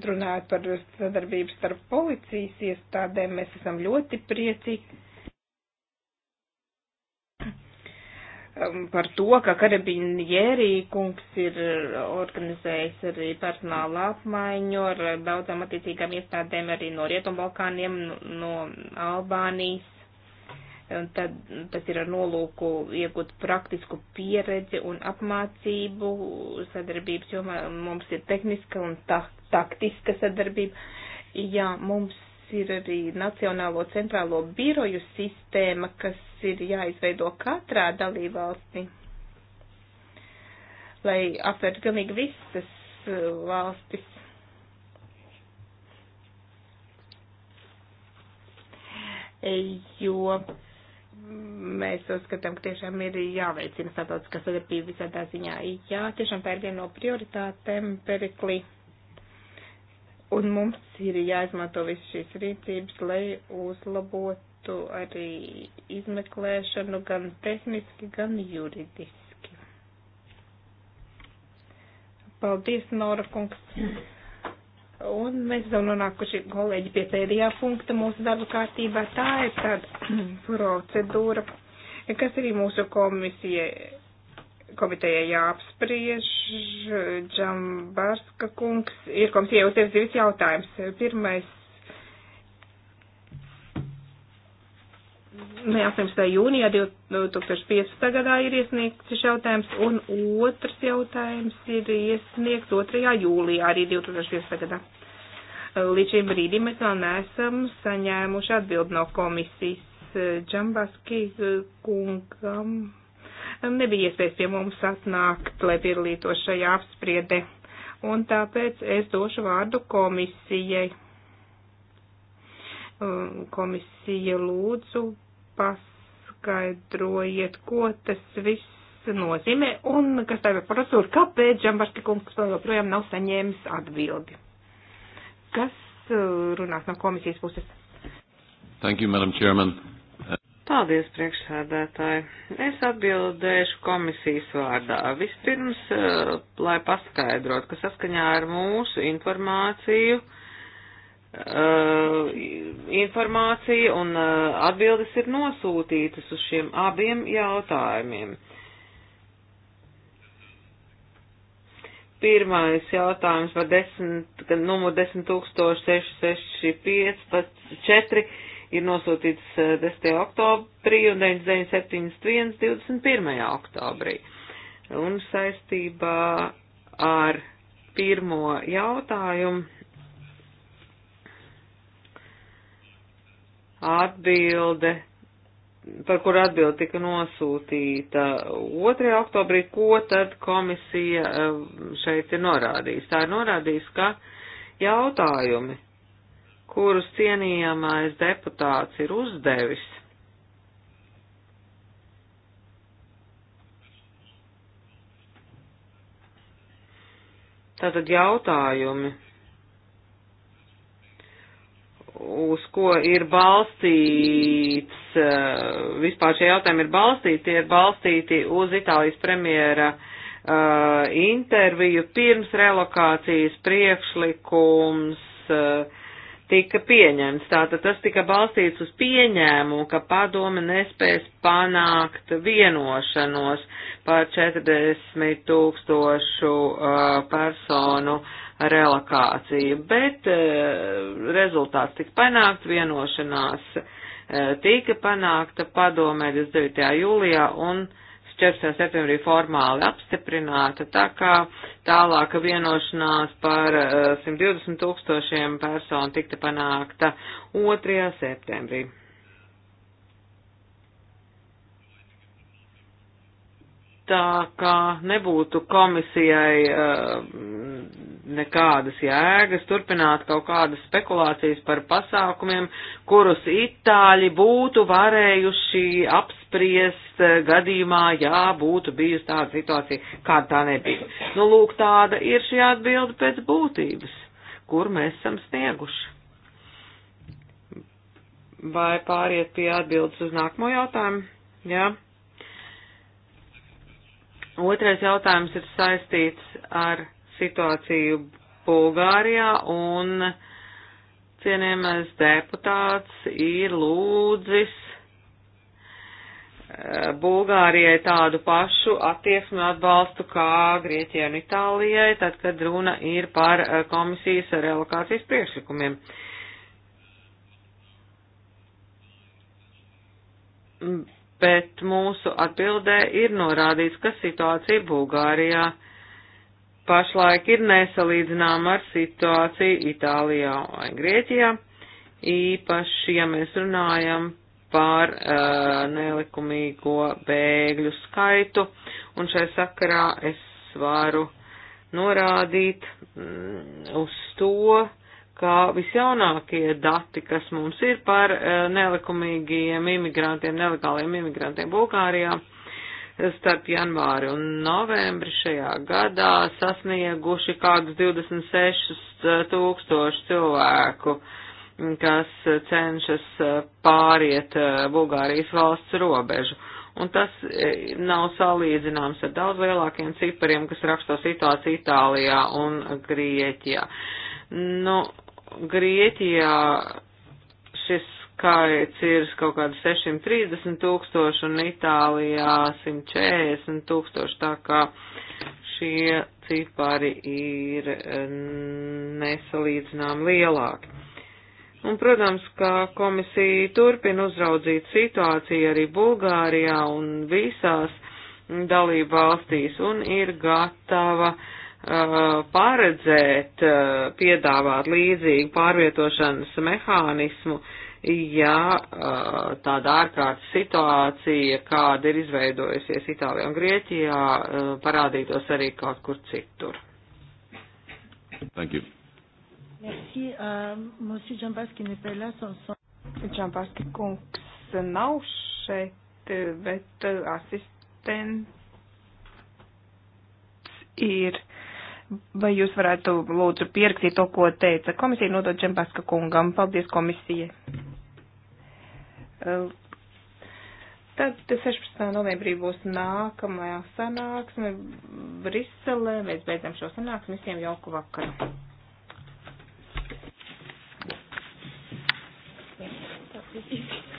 runājot par sadarbību starp policijas iestādēm, mēs esam ļoti priecīgi um, par to, ka karabinieri kungs ir organizējis arī personāla apmaiņu ar daudzām attiecīgām iestādēm arī no Rietumbalkāniem, no Albānijas un tad tas ir ar nolūku iegūt praktisku pieredzi un apmācību sadarbības, jo mums ir tehniska un ta taktiska sadarbība. Jā, mums ir arī Nacionālo centrālo biroju sistēma, kas ir jāizveido katrā dalībvalstī, lai aptvertu pilnīgi visas uh, valstis. Jo mēs uzskatām, ka tiešām ir jāveicina starptautiskā sadarbība visādā ziņā. Jā, tiešām tā ir viena no prioritātēm periklī. Un mums ir jāizmanto visas šīs rīcības, lai uzlabotu arī izmeklēšanu gan tehniski, gan juridiski. Paldies, Nora kungs. Un mēs esam nonākuši kolēģi pie pēdējā punkta mūsu darba kārtībā. Tā ir tāda *clears throat* procedūra, kas arī mūsu komisija, komitejai jāapspriež. Džambarska kungs ir komisijai uzdevis divas jautājumas. Pirmais 18. jūnijā 2015. Nu, gadā ir iesniegts šis jautājums, un otrs jautājums ir iesniegts 2. jūlijā arī 2015. gadā. Līdz šim brīdim mēs vēl neesam saņēmuši atbildi no komisijas. Džambaski eh, kungam eh, nebija iespējas pie mums atnākt, lai piedalītos šajā apspriedē, un tāpēc es došu vārdu komisijai eh, komisija lūdzu paskaidrojiet, ko tas viss nozīmē un kas tā ir procedūra, kāpēc Džambarski kungs vēl joprojām nav saņēmis atbildi. Kas uh, runās no komisijas puses? Thank you, Madam Chairman. Paldies, priekšsēdētāji. Es atbildēšu komisijas vārdā. Vispirms, uh, lai paskaidrotu, ka saskaņā ar mūsu informāciju uh, Eh, informācija un eh, atbildes ir nosūtītas uz šiem abiem jautājumiem. Pirmais jautājums par 10, numuru 10665 ir nosūtīts 10. Eh, oktobrī un 9971 21. oktobrī. Un saistībā ar pirmo jautājumu atbilde, par kur atbilde tika nosūtīta 2. oktobrī, ko tad komisija eh, šeit ir norādījusi. Tā ir norādījusi, ka jautājumi, kurus cienījamais deputāts ir uzdevis, Tātad jautājumi, uz ko ir balstīts, eh, vispār šie jautājumi ir balstīti, tie ir balstīti uz Itālijas premjera uh, eh, interviju pirms relokācijas priekšlikums uh, tika pieņemts. Tātad tas tika balstīts uz pieņēmumu, ka padome nespēs panākt vienošanos par 40 tūkstošu uh, personu uh, relokāciju, bet e, rezultāts tika panākt, vienošanās e, tika panākta padomē 29. jūlijā un 14. septembrī formāli apstiprināta, tā kā tālāka vienošanās par 120 e, tūkstošiem personu tikta panākta 2. septembrī. tā kā nebūtu komisijai uh, nekādas jēgas turpināt kaut kādas spekulācijas par pasākumiem, kurus itāļi būtu varējuši apspriest eh, gadījumā, ja būtu bijusi tāda situācija, kāda tā nebija. Nu, lūk, tāda ir šī atbilde pēc būtības, kur mēs esam snieguši. Vai pāriet pie atbildes uz nākamo jautājumu? Jā. Ja? Otrais jautājums ir saistīts ar situāciju Bulgārijā un cienījamais deputāts ir lūdzis eh, Bulgārijai tādu pašu attieksmi atbalstu kā Grieķijai un Itālijai, tad, kad runa ir par eh, komisijas relokācijas priekšlikumiem. Mm, bet mūsu atbildē ir norādīts, ka situācija Bulgārijā uh, pašlaik ir nesalīdzināma ar situāciju Itālijā vai Grieķijā, īpaši, ja mēs runājam par uh, nelikumīgo bēgļu skaitu, un šai sakarā es varu norādīt mm, uz to, ka visjaunākie dati, kas mums ir par uh, nelikumīgiem imigrantiem, nelegāliem imigrantiem Bulgārijā, uh, starp janvāri un novembri šajā gadā sasnieguši kādus 26 eh, tūkstoši cilvēku, kas eh, cenšas eh, pāriet Bulgārijas valsts robežu. Un tas nav salīdzināms ar daudz lielākiem cipariem, kas raksto situāciju Itālijā un Grieķijā. Nu, Grieķijā šis skaits ir kaut kādi 630 tūkstoši un Itālijā 140 tūkstoši, tā kā šie cipari ir nesalīdzinām lielāki. Un, protams, kā komisija turpina uzraudzīt situāciju arī Bulgārijā un visās dalību valstīs un ir gatava uh, paredzēt, uh, piedāvāt līdzīgu pārvietošanas mehānismu uh, ja uh, tāda ārkārtas situācija, kāda ir izveidojusies Itālijā un Grieķijā, uh, parādītos arī kaut kur citur. Thank you. Merci, uh, monsieur Džambaski Nepelā, Sonson. Džambaski kungs nav šeit, uh, bet asistents ir Vai jūs varētu lūdzu pierakstīt to, ko teica komisija, nodot Džembaska kungam? Paldies komisija. Ehm, tad 16. novembrī būs nākamā sanāksme Briselē. Mēs beidzam šo sanāksmi. Visiem jauku vakaru. Thank you.